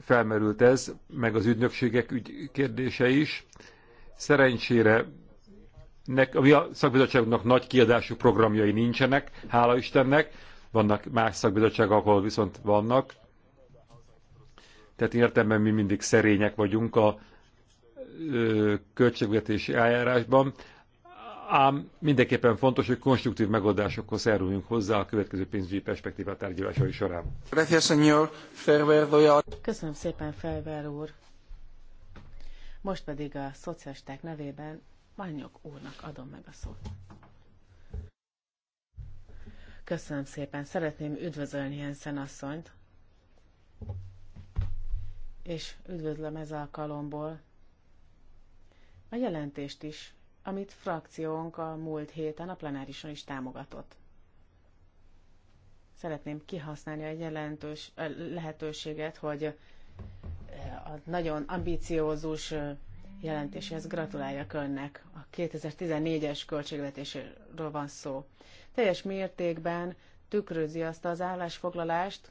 felmerült ez, meg az ügynökségek ügy kérdése is. Szerencsére nek, ami a szakbizottságunknak nagy kiadású programjai nincsenek, hála Istennek, vannak más szakbizottságok, ahol viszont vannak. Tehát értem, mi mindig szerények vagyunk a költségvetési eljárásban, ám mindenképpen fontos, hogy konstruktív megoldásokhoz járuljunk hozzá a következő pénzügyi perspektíva tárgyalásai során. Köszönöm szépen, Ferber úr! Most pedig a szocialisták nevében Mányok úrnak adom meg a szót. Köszönöm szépen. Szeretném üdvözölni Jensen asszonyt. És üdvözlöm ez alkalomból a jelentést is, amit frakciónk a múlt héten a plenárison is támogatott. Szeretném kihasználni a jelentős lehetőséget, hogy a nagyon ambiciózus jelentéséhez gratuláljak önnek. A 2014-es költségvetéséről van szó. Teljes mértékben tükrözi azt az állásfoglalást,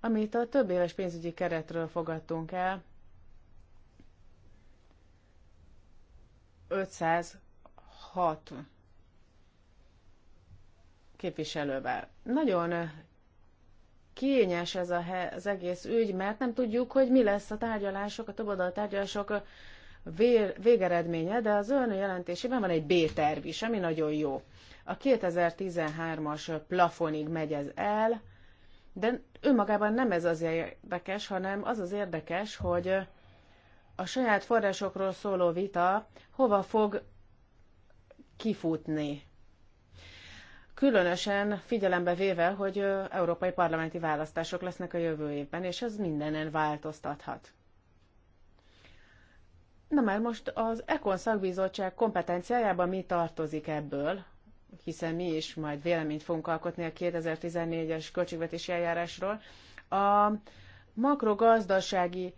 amit a több éves pénzügyi keretről fogadtunk el, 506 képviselővel. Nagyon kényes ez a, az egész ügy, mert nem tudjuk, hogy mi lesz a tárgyalások, a többoldal tárgyalások végeredménye, de az ön jelentésében van egy B-terv is, ami nagyon jó. A 2013-as plafonig megy ez el, de önmagában nem ez az érdekes, hanem az az érdekes, hogy a saját forrásokról szóló vita hova fog kifutni. Különösen figyelembe véve, hogy európai parlamenti választások lesznek a jövő évben, és ez mindenen változtathat. Na már most az Ekon szakbizottság kompetenciájában mi tartozik ebből, hiszen mi is majd véleményt fogunk alkotni a 2014-es költségvetési eljárásról, a makrogazdasági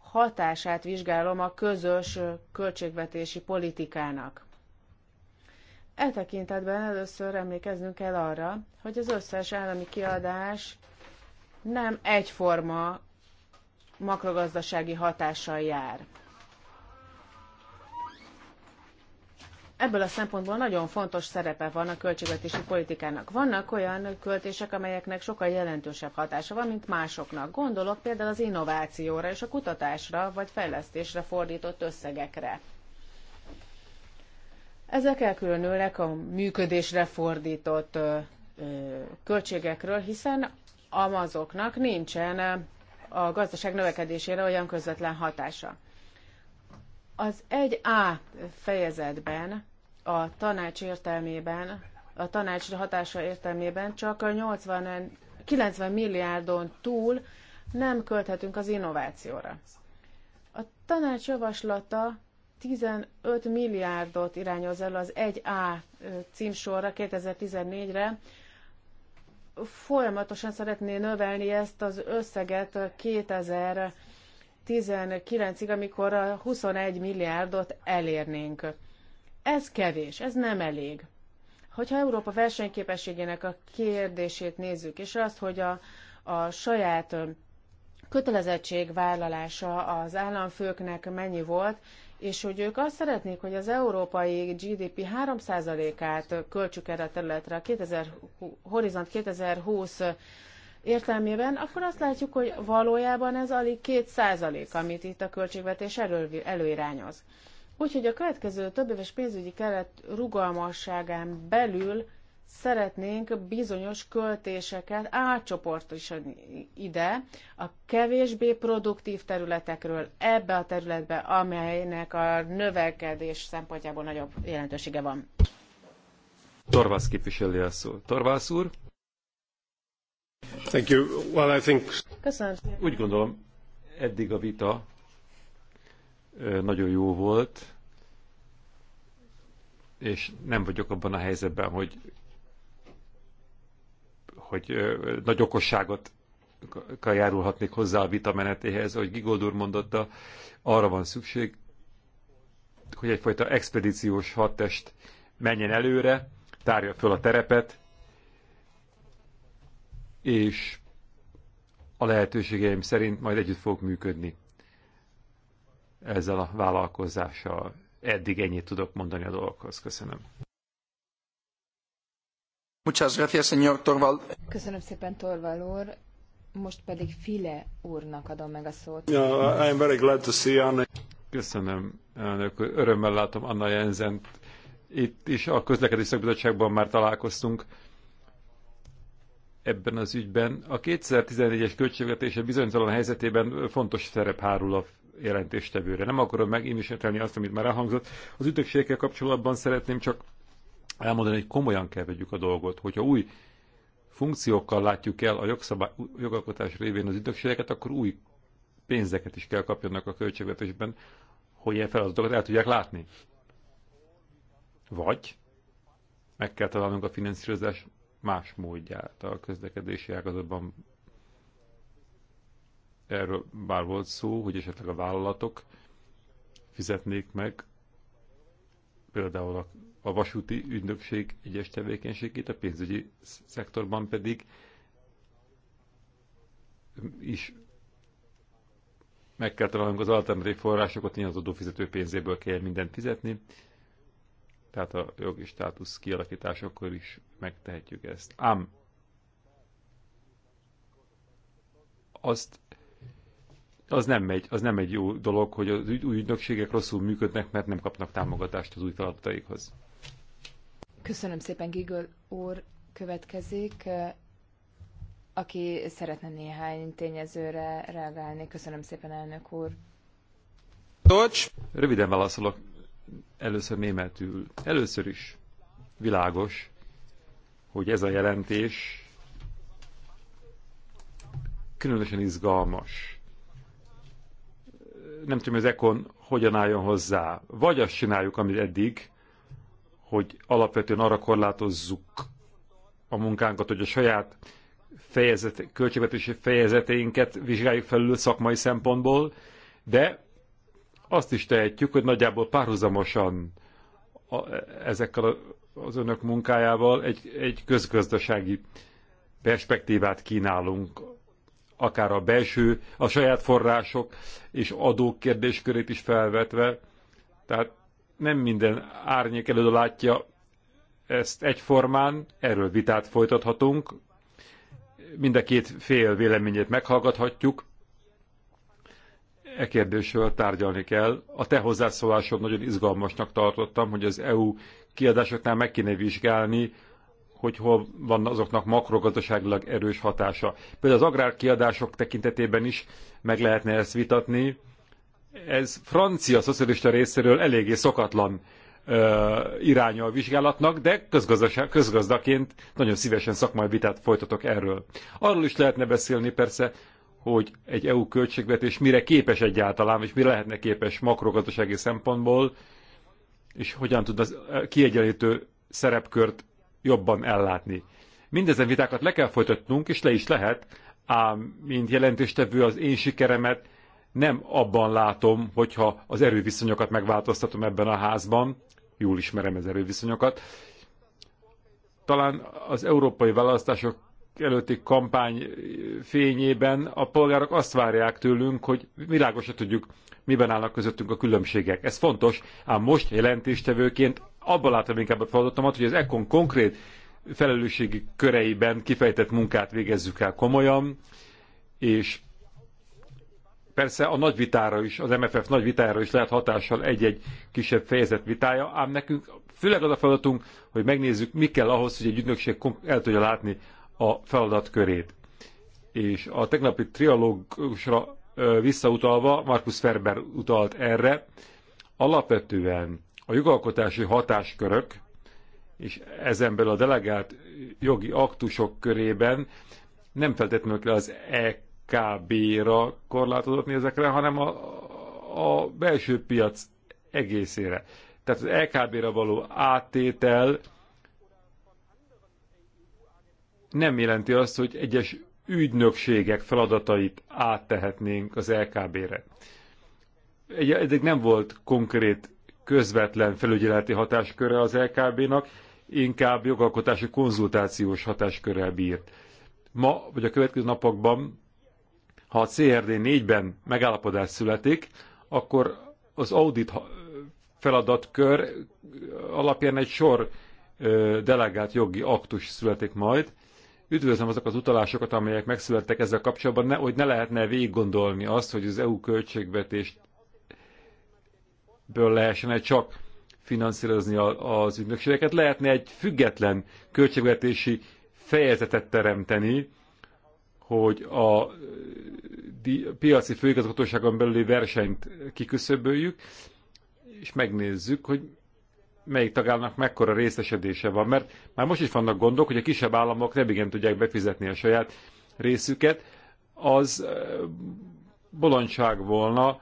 hatását vizsgálom a közös költségvetési politikának. E tekintetben először emlékeznünk kell arra, hogy az összes állami kiadás nem egyforma makrogazdasági hatással jár. Ebből a szempontból nagyon fontos szerepe van a költségvetési politikának. Vannak olyan költések, amelyeknek sokkal jelentősebb hatása van, mint másoknak. Gondolok például az innovációra és a kutatásra vagy fejlesztésre fordított összegekre. Ezek elkülönülnek a működésre fordított ö, ö, költségekről, hiszen amazoknak nincsen a gazdaság növekedésére olyan közvetlen hatása. Az 1A fejezetben a tanács értelmében, a tanács hatása értelmében csak a 80 90 milliárdon túl nem költhetünk az innovációra. A tanács javaslata 15 milliárdot irányoz el az 1A címsorra 2014-re, folyamatosan szeretné növelni ezt az összeget 2019-ig, amikor a 21 milliárdot elérnénk. Ez kevés, ez nem elég. Hogyha Európa versenyképességének a kérdését nézzük, és azt, hogy a, a saját kötelezettségvállalása az államfőknek mennyi volt, és hogy ők azt szeretnék, hogy az európai GDP 3%-át költsük erre a területre a 2000, Horizont 2020 értelmében, akkor azt látjuk, hogy valójában ez alig 2%, amit itt a költségvetés elő, előirányoz. Úgyhogy a következő több éves pénzügyi keret rugalmasságán belül szeretnénk bizonyos költéseket átcsoportosítani ide, a kevésbé produktív területekről ebbe a területbe, amelynek a növekedés szempontjából nagyobb jelentősége van. Torvász képviseli a szó. Torvász úr? Thank you. Well, I think... Köszönöm szépen. Úgy gondolom, eddig a vita nagyon jó volt, és nem vagyok abban a helyzetben, hogy hogy nagy okosságot járulhatnék hozzá a vita menetéhez, hogy Gigold úr mondotta, arra van szükség, hogy egyfajta expedíciós hadtest menjen előre, tárja föl a terepet, és a lehetőségeim szerint majd együtt fog működni ezzel a vállalkozással. Eddig ennyit tudok mondani a dolgokhoz. Köszönöm. Köszönöm szépen, Torvald Most pedig File úrnak adom meg a szót. Yeah, I'm very glad to see Anna. Köszönöm, elnök. Örömmel látom Anna Jensent. Itt is a közlekedés szakbizottságban már találkoztunk ebben az ügyben. A 2014-es költségvetése bizonytalan helyzetében fontos szerep hárul a jelentéstevőre. Nem akarom megismételni azt, amit már elhangzott. Az ütökségekkel kapcsolatban szeretném csak elmondani, hogy komolyan kell vegyük a dolgot. Hogyha új funkciókkal látjuk el a jogszabály, jogalkotás révén az ügynökségeket, akkor új pénzeket is kell kapjanak a költségvetésben, hogy ilyen feladatokat el tudják látni. Vagy meg kell találnunk a finanszírozás más módját a közlekedési ágazatban. Erről bár volt szó, hogy esetleg a vállalatok fizetnék meg például a a vasúti ügynökség egyes tevékenységét, a pénzügyi szektorban pedig is meg kell találnunk az alternatív forrásokat, nyilván az adófizető pénzéből kell mindent fizetni, tehát a jogi státusz kialakításakor is megtehetjük ezt. Ám azt az nem, egy, az nem egy jó dolog, hogy az új ügynökségek rosszul működnek, mert nem kapnak támogatást az új feladataikhoz. Köszönöm szépen, Gigol úr. Következik, aki szeretne néhány tényezőre reagálni. Köszönöm szépen, elnök úr. Deutsch. Röviden válaszolok. Először németül. Először is világos, hogy ez a jelentés különösen izgalmas. Nem tudom, az Ekon hogyan álljon hozzá. Vagy azt csináljuk, amit eddig, hogy alapvetően arra korlátozzuk a munkánkat, hogy a saját fejezet, költségvetési fejezeteinket vizsgáljuk felül szakmai szempontból, de azt is tehetjük, hogy nagyjából párhuzamosan a, ezekkel a, az önök munkájával egy, egy közgazdasági perspektívát kínálunk, akár a belső, a saját források és adók kérdéskörét is felvetve. Tehát nem minden árnyék előadó látja ezt egyformán, erről vitát folytathatunk, mind a két fél véleményét meghallgathatjuk, e kérdésről tárgyalni kell. A te hozzászólásod nagyon izgalmasnak tartottam, hogy az EU kiadásoknál meg kéne vizsgálni, hogy hol van azoknak makrogazdaságilag erős hatása. Például az agrárkiadások tekintetében is meg lehetne ezt vitatni, ez francia szocialista részéről eléggé szokatlan ö, iránya a vizsgálatnak, de közgazdaként nagyon szívesen szakmai vitát folytatok erről. Arról is lehetne beszélni persze, hogy egy EU költségvetés mire képes egyáltalán, és mire lehetne képes makrogazdasági szempontból, és hogyan tud az kiegyenlítő szerepkört jobban ellátni. Mindezen vitákat le kell folytatnunk, és le is lehet, ám mint jelentéstevő az én sikeremet nem abban látom, hogyha az erőviszonyokat megváltoztatom ebben a házban, jól ismerem az erőviszonyokat, talán az európai választások előtti kampány fényében a polgárok azt várják tőlünk, hogy világosra tudjuk, miben állnak közöttünk a különbségek. Ez fontos, ám most jelentéstevőként abban látom inkább a feladatomat, hogy az ECON konkrét felelősségi köreiben kifejtett munkát végezzük el komolyan, és persze a nagy vitára is, az MFF nagy vitára is lehet hatással egy-egy kisebb fejezet vitája, ám nekünk főleg az a feladatunk, hogy megnézzük, mi kell ahhoz, hogy egy ügynökség el tudja látni a feladat körét. És a tegnapi trialógusra visszautalva, Markus Ferber utalt erre, alapvetően a jogalkotási hatáskörök, és ezen belül a delegált jogi aktusok körében nem feltétlenül kell az EK KB-ra korlátozott ezekre, hanem a, a belső piac egészére. Tehát az LKB-ra való áttétel nem jelenti azt, hogy egyes ügynökségek feladatait áttehetnénk az LKB-re. Eddig nem volt konkrét közvetlen felügyeleti hatásköre az LKB-nak, inkább jogalkotási konzultációs hatáskörrel bírt. Ma, vagy a következő napokban ha a CRD 4-ben megállapodás születik, akkor az audit feladatkör alapján egy sor delegált jogi aktus születik majd. Üdvözlöm azok az utalásokat, amelyek megszülettek ezzel kapcsolatban, hogy ne lehetne végig gondolni azt, hogy az EU költségvetésből lehessen egy csak finanszírozni az ügynökségeket. Lehetne egy független költségvetési fejezetet teremteni, hogy a piaci főigazgatóságon belüli versenyt kiküszöböljük, és megnézzük, hogy melyik tagállamnak mekkora részesedése van, mert már most is vannak gondok, hogy a kisebb államok nem igen tudják befizetni a saját részüket, az bolondság volna,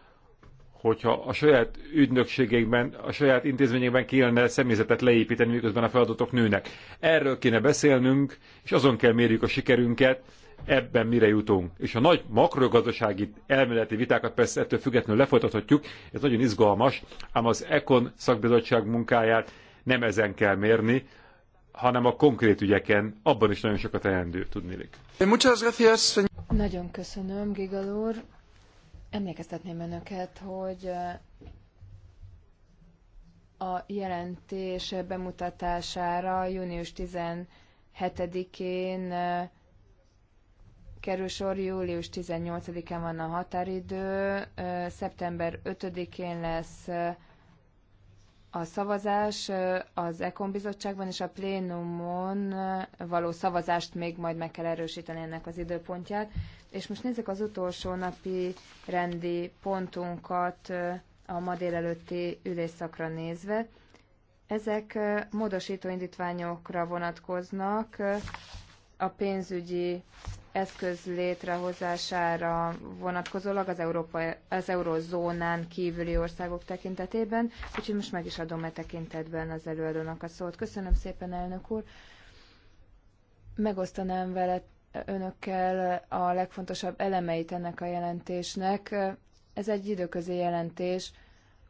hogyha a saját ügynökségekben, a saját intézményekben kéne személyzetet leépíteni, miközben a feladatok nőnek. Erről kéne beszélnünk, és azon kell mérjük a sikerünket, ebben mire jutunk. És a nagy makrogazdasági elméleti vitákat persze ettől függetlenül lefolytathatjuk, ez nagyon izgalmas, ám az Econ szakbizottság munkáját nem ezen kell mérni, hanem a konkrét ügyeken, abban is nagyon sokat teendő, tudnélik. Nagyon köszönöm, Gigal Emlékeztetném önöket, hogy eh, a jelentés bemutatására június 17-én eh, kerül sor, július 18-án van a határidő, eh, szeptember 5-én lesz a szavazás az EKON bizottságban és a plénumon való szavazást még majd meg kell erősíteni ennek az időpontját. És most nézzük az utolsó napi rendi pontunkat a ma délelőtti ülésszakra nézve. Ezek módosító indítványokra vonatkoznak, a pénzügyi eszköz létrehozására vonatkozólag az, Európa, az eurozónán kívüli országok tekintetében, úgyhogy most meg is adom e tekintetben az előadónak a szót. Köszönöm szépen, elnök úr! Megosztanám veled önökkel a legfontosabb elemeit ennek a jelentésnek. Ez egy időközi jelentés,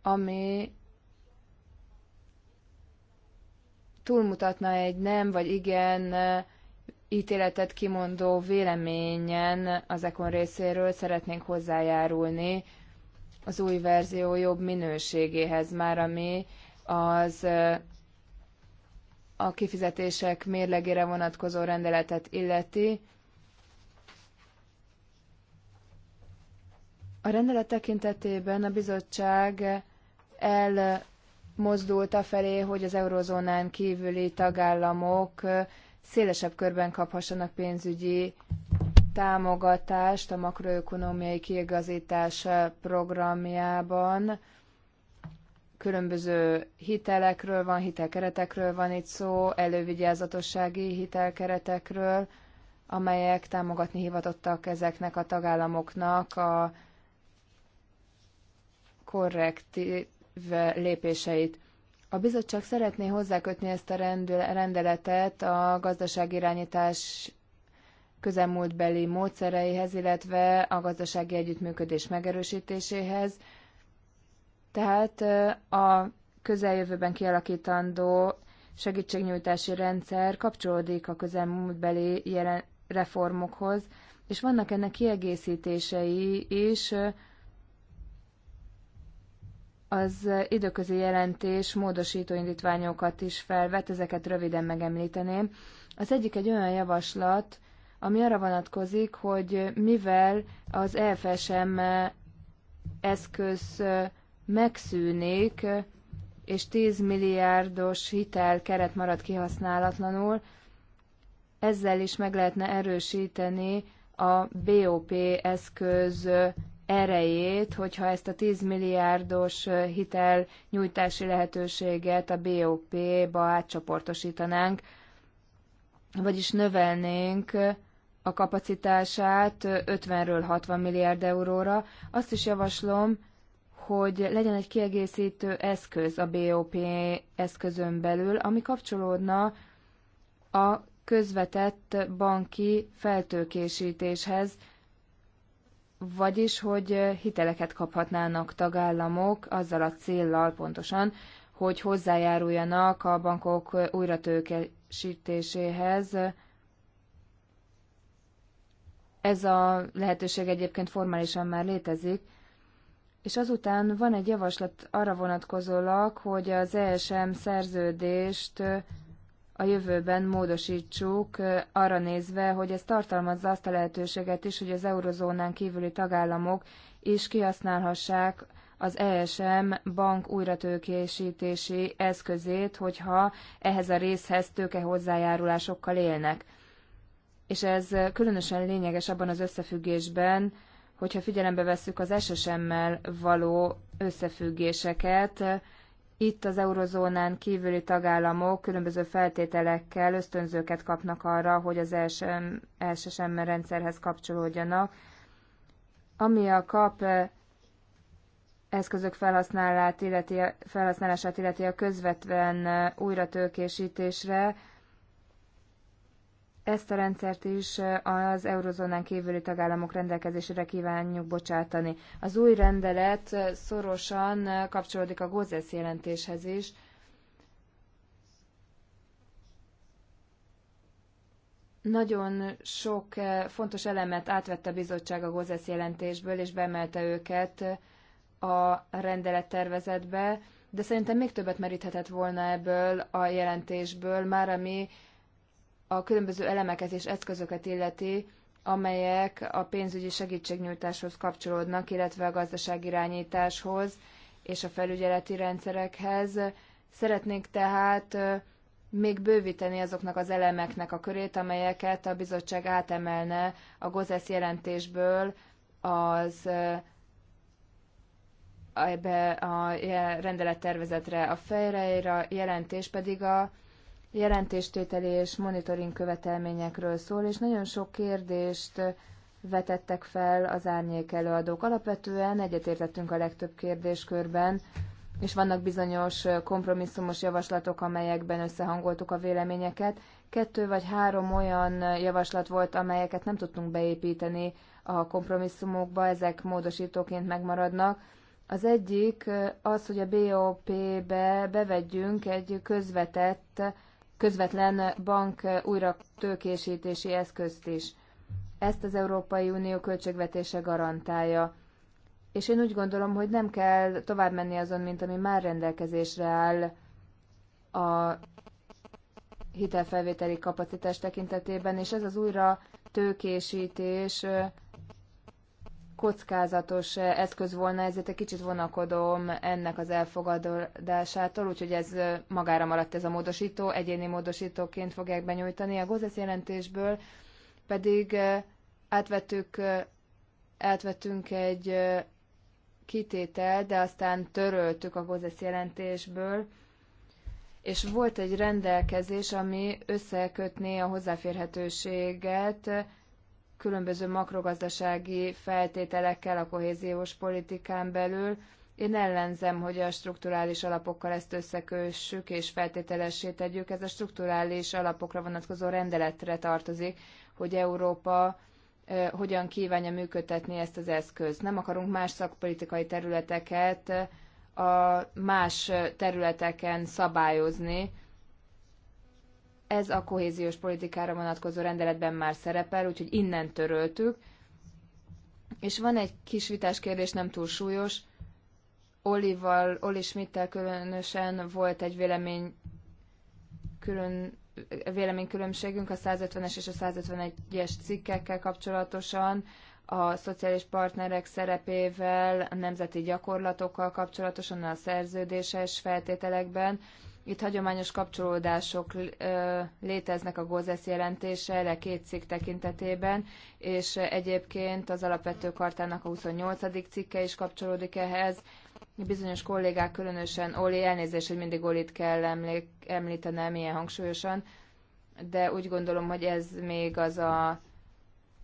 ami túlmutatna egy nem vagy igen ítéletet kimondó véleményen az Ekon részéről szeretnénk hozzájárulni az új verzió jobb minőségéhez már, ami az a kifizetések mérlegére vonatkozó rendeletet illeti. A rendelet tekintetében a bizottság elmozdult a felé, hogy az eurozónán kívüli tagállamok szélesebb körben kaphassanak pénzügyi támogatást a makroökonomiai kiigazítás programjában. Különböző hitelekről van, hitelkeretekről van itt szó, elővigyázatossági hitelkeretekről, amelyek támogatni hivatottak ezeknek a tagállamoknak a korrektív lépéseit. A bizottság szeretné hozzákötni ezt a rendeletet a gazdaságirányítás közelmúltbeli módszereihez, illetve a gazdasági együttműködés megerősítéséhez. Tehát a közeljövőben kialakítandó segítségnyújtási rendszer kapcsolódik a közelmúltbeli reformokhoz, és vannak ennek kiegészítései is, az időközi jelentés módosító indítványokat is felvet, ezeket röviden megemlíteném. Az egyik egy olyan javaslat, ami arra vonatkozik, hogy mivel az EFSM eszköz megszűnik, és 10 milliárdos hitel keret marad kihasználatlanul, ezzel is meg lehetne erősíteni a BOP eszköz erejét, hogyha ezt a 10 milliárdos hitel nyújtási lehetőséget a BOP-ba átcsoportosítanánk, vagyis növelnénk a kapacitását 50-ről 60 milliárd euróra. Azt is javaslom, hogy legyen egy kiegészítő eszköz a BOP eszközön belül, ami kapcsolódna a közvetett banki feltőkésítéshez, vagyis, hogy hiteleket kaphatnának tagállamok azzal a céllal pontosan, hogy hozzájáruljanak a bankok újratőkesítéséhez. Ez a lehetőség egyébként formálisan már létezik, és azután van egy javaslat arra vonatkozólag, hogy az ESM szerződést a jövőben módosítsuk, arra nézve, hogy ez tartalmazza azt a lehetőséget is, hogy az eurozónán kívüli tagállamok is kihasználhassák az ESM bank újratőkésítési eszközét, hogyha ehhez a részhez tőke hozzájárulásokkal élnek. És ez különösen lényeges abban az összefüggésben, hogyha figyelembe vesszük az SSM-mel való összefüggéseket, itt az eurozónán kívüli tagállamok különböző feltételekkel ösztönzőket kapnak arra, hogy az SSM, rendszerhez kapcsolódjanak. Ami a kap eh, eszközök felhasználását illeti, felhasználását illeti a közvetlen eh, újratőkésítésre, ezt a rendszert is az eurozónán kívüli tagállamok rendelkezésére kívánjuk bocsátani. Az új rendelet szorosan kapcsolódik a GOZESZ jelentéshez is, nagyon sok fontos elemet átvette a bizottság a GOZESZ jelentésből, és bemelte őket a rendelettervezetbe, de szerintem még többet meríthetett volna ebből a jelentésből, már ami a különböző elemeket és eszközöket illeti, amelyek a pénzügyi segítségnyújtáshoz kapcsolódnak, illetve a gazdaságirányításhoz és a felügyeleti rendszerekhez. Szeretnénk tehát még bővíteni azoknak az elemeknek a körét, amelyeket a bizottság átemelne a GOZESZ jelentésből az ebbe a rendelettervezetre. A fejreira jelentés pedig a jelentéstételi és monitoring követelményekről szól, és nagyon sok kérdést vetettek fel az árnyék előadók. Alapvetően egyetértettünk a legtöbb kérdéskörben, és vannak bizonyos kompromisszumos javaslatok, amelyekben összehangoltuk a véleményeket. Kettő vagy három olyan javaslat volt, amelyeket nem tudtunk beépíteni a kompromisszumokba, ezek módosítóként megmaradnak. Az egyik az, hogy a BOP-be bevegyünk egy közvetett közvetlen bank újra tőkésítési eszközt is. Ezt az Európai Unió költségvetése garantálja. És én úgy gondolom, hogy nem kell tovább menni azon, mint ami már rendelkezésre áll a hitelfelvételi kapacitás tekintetében, és ez az újra tőkésítés kockázatos eh, eszköz volna, ezért egy kicsit vonakodom ennek az elfogadásától, úgyhogy ez eh, magára maradt ez a módosító, egyéni módosítóként fogják benyújtani. A GOZESZ jelentésből pedig eh, átvettük, átvettünk egy kitétel, de aztán töröltük a GOZESZ jelentésből, és volt egy rendelkezés, ami összekötné a hozzáférhetőséget különböző makrogazdasági feltételekkel a kohéziós politikán belül. Én ellenzem, hogy a strukturális alapokkal ezt összekössük és feltételessé tegyük. Ez a strukturális alapokra vonatkozó rendeletre tartozik, hogy Európa hogyan kívánja működtetni ezt az eszközt. Nem akarunk más szakpolitikai területeket a más területeken szabályozni, ez a kohéziós politikára vonatkozó rendeletben már szerepel, úgyhogy innen töröltük. És van egy kis vitás kérdés, nem túl súlyos. Olival, Oli Schmidt-tel különösen volt egy vélemény külön véleménykülönbségünk a 150-es és a 151-es cikkekkel kapcsolatosan, a szociális partnerek szerepével, a nemzeti gyakorlatokkal kapcsolatosan, a szerződéses feltételekben, itt hagyományos kapcsolódások léteznek a GOZESZ jelentésre két cikk tekintetében, és egyébként az alapvető kartának a 28. cikke is kapcsolódik ehhez. Bizonyos kollégák, különösen Oli, elnézést, hogy mindig Olit kell említenem ilyen hangsúlyosan, de úgy gondolom, hogy ez még az a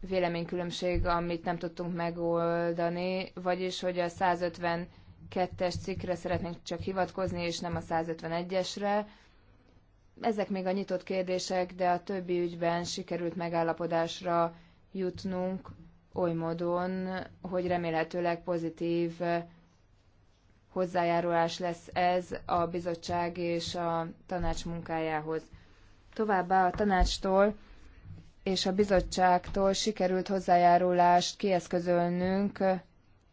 véleménykülönbség, amit nem tudtunk megoldani, vagyis hogy a 150 12-es cikkre szeretnénk csak hivatkozni, és nem a 151-esre. Ezek még a nyitott kérdések, de a többi ügyben sikerült megállapodásra jutnunk oly módon, hogy remélhetőleg pozitív hozzájárulás lesz ez a bizottság és a tanács munkájához. Továbbá a tanácstól és a bizottságtól sikerült hozzájárulást kieszközölnünk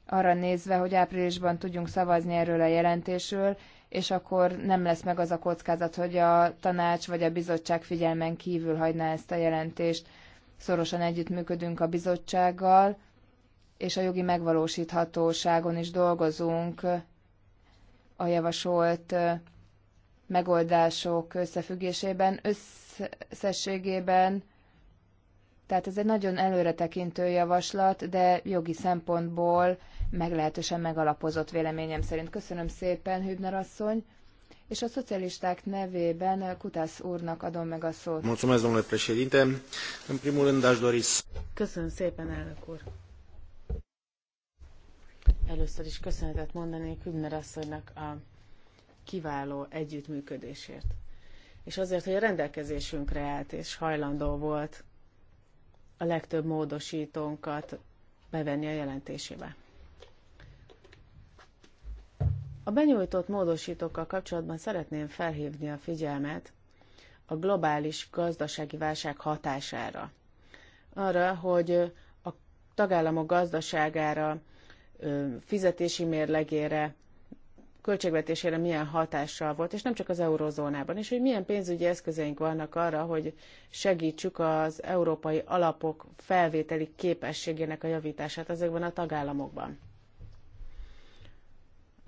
arra nézve, hogy áprilisban tudjunk szavazni erről a jelentésről, és akkor nem lesz meg az a kockázat, hogy a tanács vagy a bizottság figyelmen kívül hagyná ezt a jelentést. Szorosan együttműködünk a bizottsággal, és a jogi megvalósíthatóságon is dolgozunk a javasolt megoldások összefüggésében, összességében. Tehát ez egy nagyon előretekintő javaslat, de jogi szempontból meglehetősen megalapozott véleményem szerint. Köszönöm szépen, Hübner asszony, és a szocialisták nevében eh, Kutász úrnak adom meg a szót. Köszönöm szépen, elnök úr. Először is köszönetet mondanék Hübner asszonynak a kiváló együttműködésért. És azért, hogy a rendelkezésünkre állt és hajlandó volt a legtöbb módosítónkat bevenni a jelentésébe. A benyújtott módosítókkal kapcsolatban szeretném felhívni a figyelmet a globális gazdasági válság hatására. Arra, hogy a tagállamok gazdaságára, fizetési mérlegére, költségvetésére milyen hatással volt, és nem csak az eurozónában, és hogy milyen pénzügyi eszközeink vannak arra, hogy segítsük az európai alapok felvételi képességének a javítását ezekben a tagállamokban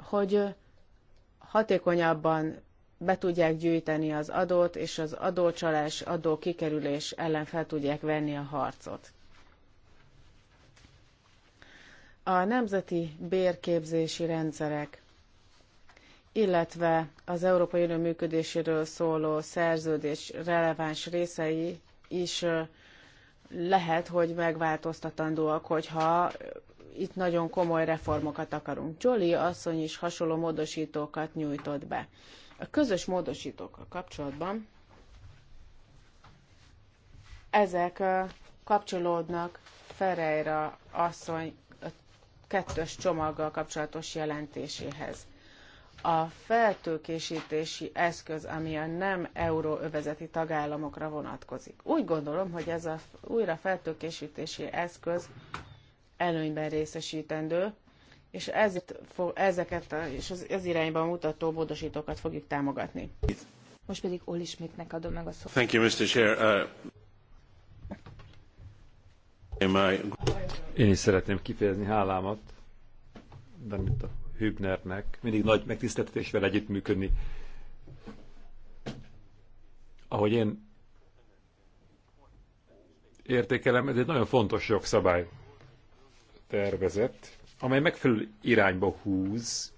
hogy hatékonyabban be tudják gyűjteni az adót, és az adócsalás, adókikerülés ellen fel tudják venni a harcot. A nemzeti bérképzési rendszerek, illetve az Európai Unió működéséről szóló szerződés releváns részei is lehet, hogy megváltoztatandóak, hogyha itt nagyon komoly reformokat akarunk. Jolie asszony is hasonló módosítókat nyújtott be. A közös módosítókkal kapcsolatban ezek kapcsolódnak Ferreira asszony a kettős csomaggal kapcsolatos jelentéséhez. A feltőkésítési eszköz, ami a nem euróövezeti tagállamokra vonatkozik. Úgy gondolom, hogy ez a újra feltőkésítési eszköz előnyben részesítendő, és ezért fog, ezeket a, és az, az irányban mutató módosítókat fogjuk támogatni. Most pedig Oli Schmidtnek adom meg a szót. Thank you, Mr. Chair. Uh, I... Én is szeretném kifejezni hálámat de a Hübnernek. Mindig nagy megtiszteltetésvel együttműködni. Ahogy én értékelem, ez egy nagyon fontos jogszabály tervezet, amely megfelelő irányba húz,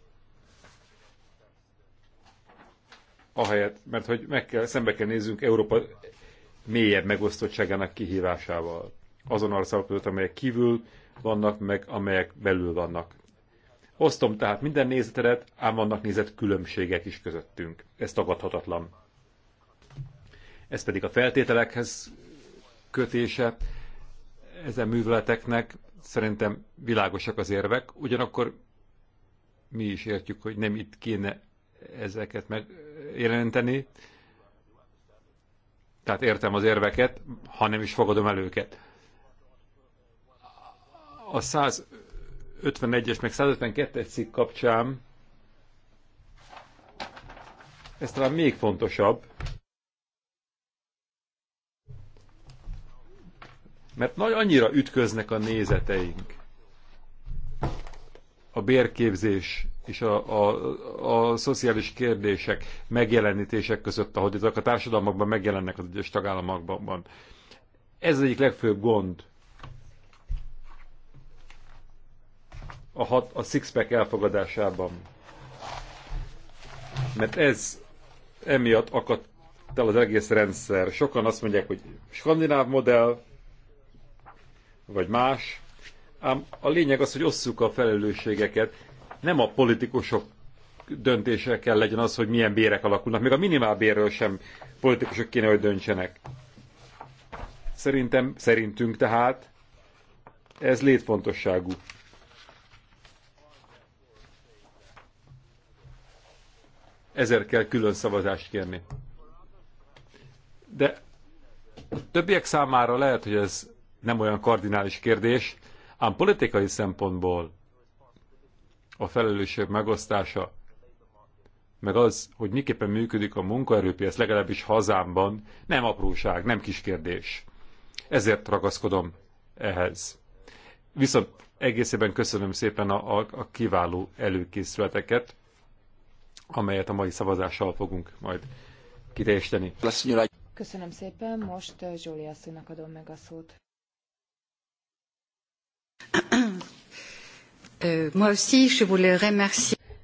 ahelyett, mert hogy meg kell, szembe kell nézzünk Európa mélyebb megosztottságának kihívásával. Azon országok között, amelyek kívül vannak, meg amelyek belül vannak. Osztom tehát minden nézetedet, ám vannak nézet különbségek is közöttünk. Ez tagadhatatlan. Ez pedig a feltételekhez kötése ezen műveleteknek, szerintem világosak az érvek, ugyanakkor mi is értjük, hogy nem itt kéne ezeket megjelenteni. Tehát értem az érveket, ha nem is fogadom el őket. A 151-es meg 152-es cikk kapcsán ez talán még fontosabb, Mert nagy annyira ütköznek a nézeteink. A bérképzés és a, a, a szociális kérdések, megjelenítések között, ahogy ezek a társadalmakban megjelennek az egyes tagállamokban. Ez az egyik legfőbb gond. A, hat, a six-pack elfogadásában. Mert ez emiatt akadt el az egész rendszer. Sokan azt mondják, hogy skandináv modell, vagy más, ám a lényeg az, hogy osszuk a felelősségeket. Nem a politikusok döntése kell legyen az, hogy milyen bérek alakulnak. Még a minimálbérről sem politikusok kéne, hogy döntsenek. Szerintem, szerintünk tehát ez létfontosságú. Ezért kell külön szavazást kérni. De a többiek számára lehet, hogy ez nem olyan kardinális kérdés, ám politikai szempontból a felelősség megosztása, meg az, hogy miképpen működik a munkaerőpiac, legalábbis hazámban, nem apróság, nem kis kérdés. Ezért ragaszkodom ehhez. Viszont egészében köszönöm szépen a, a, a kiváló előkészületeket, amelyet a mai szavazással fogunk majd kiteljesíteni. Köszönöm szépen, most Zsóli asszonynak adom meg a szót.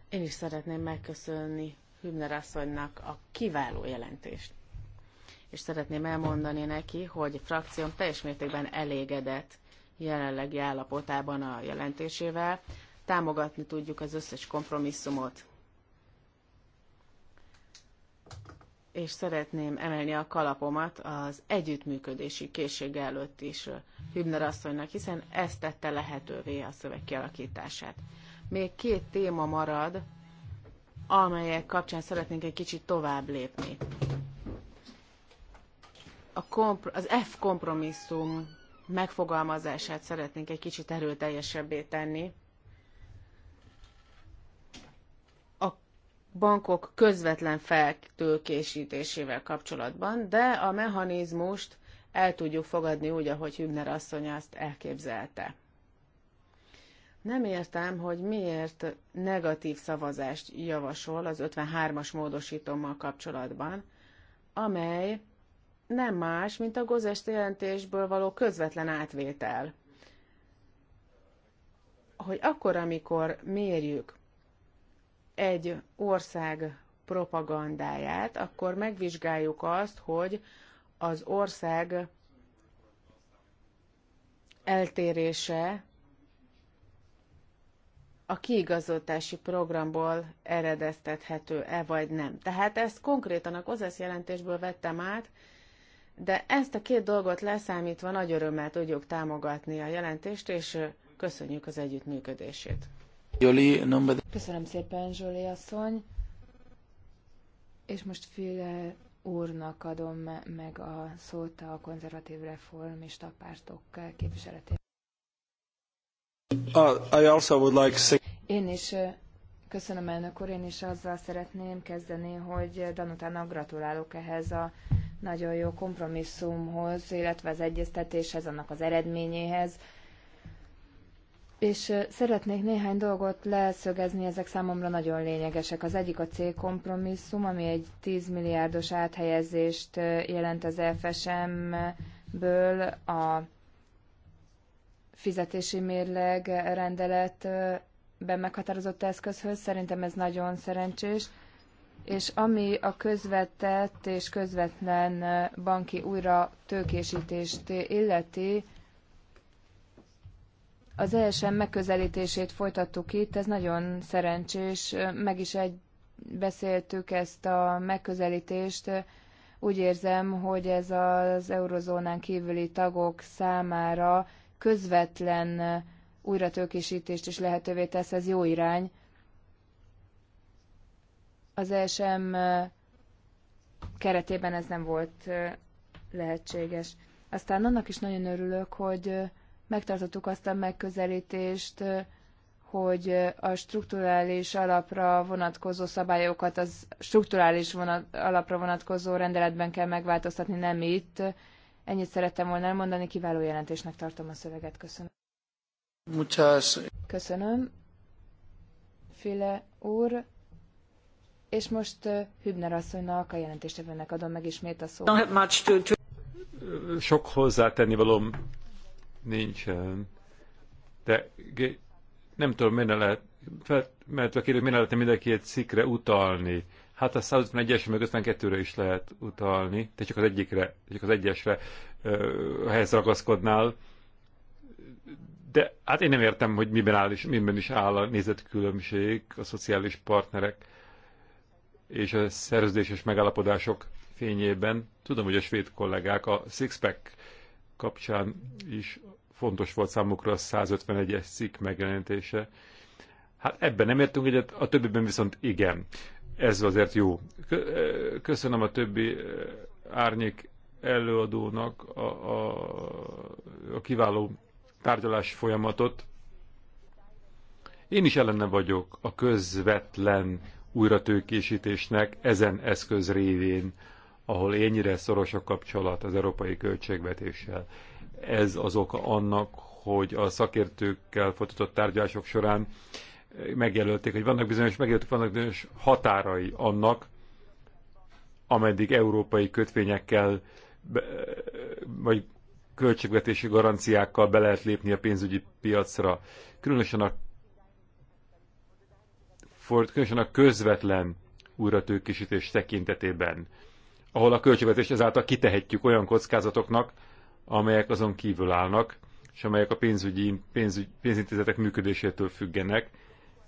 Én is szeretném megköszönni Hübner asszonynak a kiváló jelentést. És szeretném elmondani neki, hogy a frakcióm teljes mértékben elégedett jelenlegi állapotában a jelentésével. Támogatni tudjuk az összes kompromisszumot, és szeretném emelni a kalapomat az együttműködési készség előtt is Hübner asszonynak, hiszen ez tette lehetővé a szöveg kialakítását. Még két téma marad, amelyek kapcsán szeretnénk egy kicsit tovább lépni. A az F kompromisszum megfogalmazását szeretnénk egy kicsit erőteljesebbé tenni, bankok közvetlen feltőkésítésével kapcsolatban, de a mechanizmust el tudjuk fogadni úgy, ahogy Hübner asszony azt elképzelte. Nem értem, hogy miért negatív szavazást javasol az 53-as módosítommal kapcsolatban, amely nem más, mint a gozest jelentésből való közvetlen átvétel. Hogy akkor, amikor mérjük egy ország propagandáját, akkor megvizsgáljuk azt, hogy az ország eltérése a kiigazoltási programból eredeztethető-e vagy nem. Tehát ezt konkrétan a COZESZ jelentésből vettem át, de ezt a két dolgot leszámítva nagy örömmel tudjuk támogatni a jelentést, és köszönjük az együttműködését. Köszönöm szépen, Zsoli asszony. És most Füle úrnak adom meg a szót a konzervatív reformista pártok képviseletében. Uh, I also would like to... Én is uh, köszönöm elnök úr, én is azzal szeretném kezdeni, hogy Danutának gratulálok ehhez a nagyon jó kompromisszumhoz, illetve az egyeztetéshez, annak az eredményéhez és szeretnék néhány dolgot leszögezni, ezek számomra nagyon lényegesek. Az egyik a C kompromisszum, ami egy 10 milliárdos áthelyezést jelent az FSM-ből a fizetési mérleg rendeletben meghatározott eszközhöz. Szerintem ez nagyon szerencsés. És ami a közvetett és közvetlen banki újra tőkésítést illeti, az ESM megközelítését folytattuk itt, ez nagyon szerencsés, meg is egy beszéltük ezt a megközelítést. Úgy érzem, hogy ez az eurozónán kívüli tagok számára közvetlen újratőkésítést is lehetővé tesz, ez jó irány. Az ESM keretében ez nem volt lehetséges. Aztán annak is nagyon örülök, hogy megtartottuk azt a megközelítést, hogy a strukturális alapra vonatkozó szabályokat az strukturális vonat, alapra vonatkozó rendeletben kell megváltoztatni, nem itt. Ennyit szerettem volna elmondani, kiváló jelentésnek tartom a szöveget. Köszönöm. Muchas. Köszönöm. Féle úr. És most Hübner asszonynak, a jelentéstevőnek adom meg ismét a szót. Sok hozzátenni valóm Nincsen. De nem tudom, miért lehet, fel, mert a kérdő, miért lehetne mindenki egy cikkre utalni. Hát a 151-es meg 52-re is lehet utalni, te csak az egyikre, csak az egyesre uh, helyez ragaszkodnál. De hát én nem értem, hogy miben, áll is, miben is áll a nézetkülönbség a szociális partnerek és a szerződéses megállapodások fényében. Tudom, hogy a svéd kollégák a Sixpack kapcsán is fontos volt számukra a 151-es cikk megjelenítése. Hát ebben nem értünk egyet, a többiben viszont igen. Ez azért jó. Köszönöm a többi árnyék előadónak a, a, a kiváló tárgyalás folyamatot. Én is ellene vagyok a közvetlen újratőkésítésnek ezen eszköz révén, ahol ennyire szoros a kapcsolat az európai költségvetéssel ez az oka annak, hogy a szakértőkkel folytatott tárgyalások során eh, megjelölték, hogy vannak bizonyos, megjelölték, vannak bizonyos határai annak, ameddig európai kötvényekkel eh, vagy költségvetési garanciákkal be lehet lépni a pénzügyi piacra. Különösen a, különösen a közvetlen újratőkisítés tekintetében, ahol a költségvetést ezáltal kitehetjük olyan kockázatoknak, amelyek azon kívül állnak, és amelyek a pénzügyi, pénzügy, pénzintézetek működésétől függenek.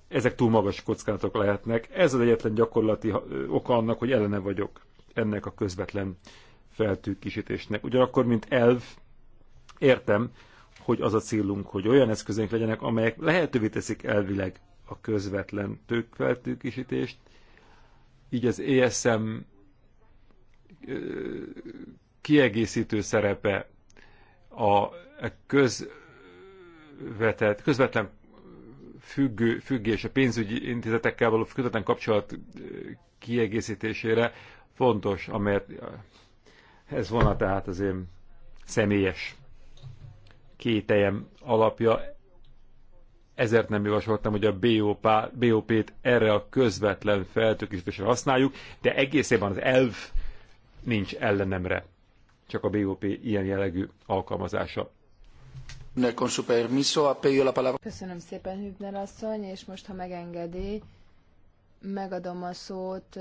Ezek túl magas kockázatok lehetnek. Ez az egyetlen gyakorlati oka annak, hogy ellene vagyok ennek a közvetlen feltűkisítésnek. Ugyanakkor, mint elv, értem, hogy az a célunk, hogy olyan eszközeink legyenek, amelyek lehetővé teszik elvileg a közvetlen tőkfeltűkisítést. Így az ESM kiegészítő szerepe a közvetett, közvetlen függő, függés a pénzügyi intézetekkel való közvetlen kapcsolat eh, kiegészítésére fontos, amelyet eh, ez volna tehát az én személyes kételjem alapja. Ezért nem javasoltam, hogy a BOP-t erre a közvetlen feltökésítésre használjuk, de egészében az elv nincs ellenemre csak a BOP ilyen jellegű alkalmazása. Köszönöm szépen, Hübner asszony, és most, ha megengedi, megadom a szót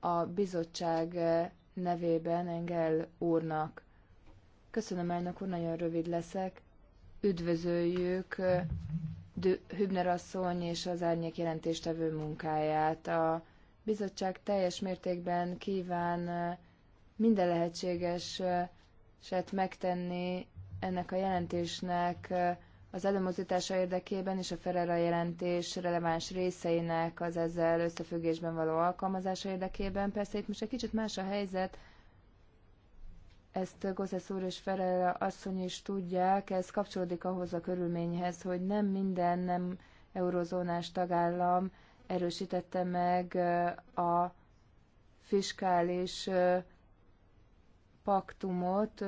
a bizottság nevében Engel úrnak. Köszönöm, elnök úr, nagyon rövid leszek. Üdvözöljük Hübner asszony és az árnyék jelentéstevő munkáját. A bizottság teljes mértékben kíván minden lehetségeset megtenni ennek a jelentésnek az előmozdítása érdekében és a Ferrara jelentés releváns részeinek az ezzel összefüggésben való alkalmazása érdekében. Persze itt most egy kicsit más a helyzet, ezt Gozesz úr és Ferrara asszony is tudják, ez kapcsolódik ahhoz a körülményhez, hogy nem minden nem eurozónás tagállam erősítette meg a fiskális paktumot,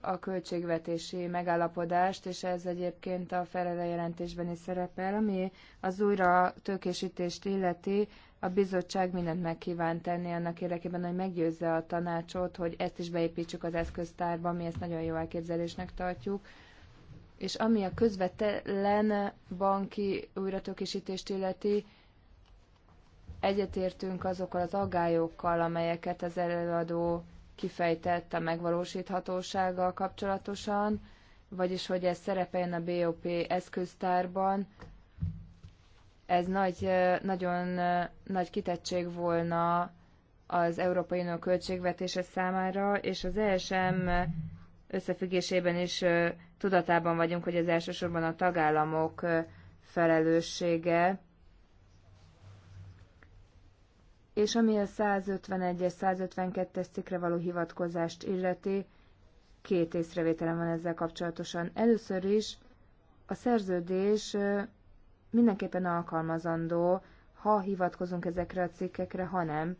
a költségvetési megállapodást, és ez egyébként a felele jelentésben is szerepel, ami az újra tőkésítést illeti, a bizottság mindent megkíván tenni annak érdekében, hogy meggyőzze a tanácsot, hogy ezt is beépítsük az eszköztárba, mi ezt nagyon jó elképzelésnek tartjuk. És ami a közvetlen banki újratökésítést illeti, egyetértünk azokkal az aggályokkal, amelyeket az előadó kifejtett a megvalósíthatósággal kapcsolatosan, vagyis hogy ez szerepeljen a BOP eszköztárban, ez nagy, nagyon nagy kitettség volna az Európai Unió költségvetése számára, és az ESM összefüggésében is tudatában vagyunk, hogy ez elsősorban a tagállamok felelőssége, és ami a 151-es, 152-es cikkre való hivatkozást illeti, két észrevételem van ezzel kapcsolatosan. Először is a szerződés mindenképpen alkalmazandó, ha hivatkozunk ezekre a cikkekre, ha nem.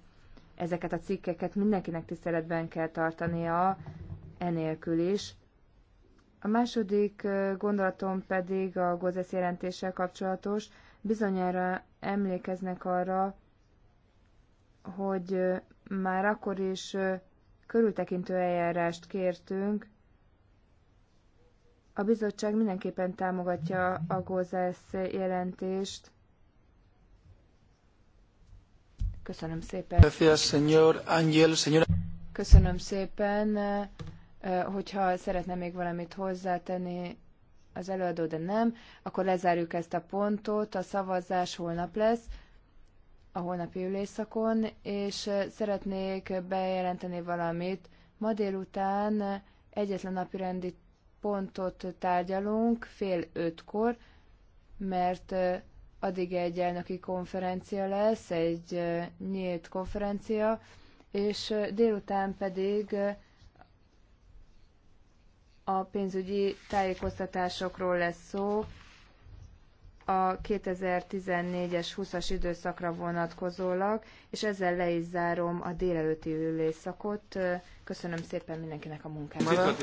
Ezeket a cikkeket mindenkinek tiszteletben kell tartania, enélkül is. A második gondolatom pedig a gozesz jelentéssel kapcsolatos. Bizonyára emlékeznek arra, hogy már akkor is körültekintő eljárást kértünk, a bizottság mindenképpen támogatja a GOZESZ jelentést. Köszönöm szépen. Köszönöm szépen. Hogyha szeretne még valamit hozzátenni az előadó, de nem, akkor lezárjuk ezt a pontot. A szavazás holnap lesz a holnapi ülésszakon, és szeretnék bejelenteni valamit. Ma délután egyetlen napirendi pontot tárgyalunk fél ötkor, mert addig egy elnöki konferencia lesz, egy nyílt konferencia, és délután pedig a pénzügyi tájékoztatásokról lesz szó, a 2014-es 20-as időszakra vonatkozólag, és ezzel le is zárom a délelőtti ülésszakot. Köszönöm szépen mindenkinek a munkát.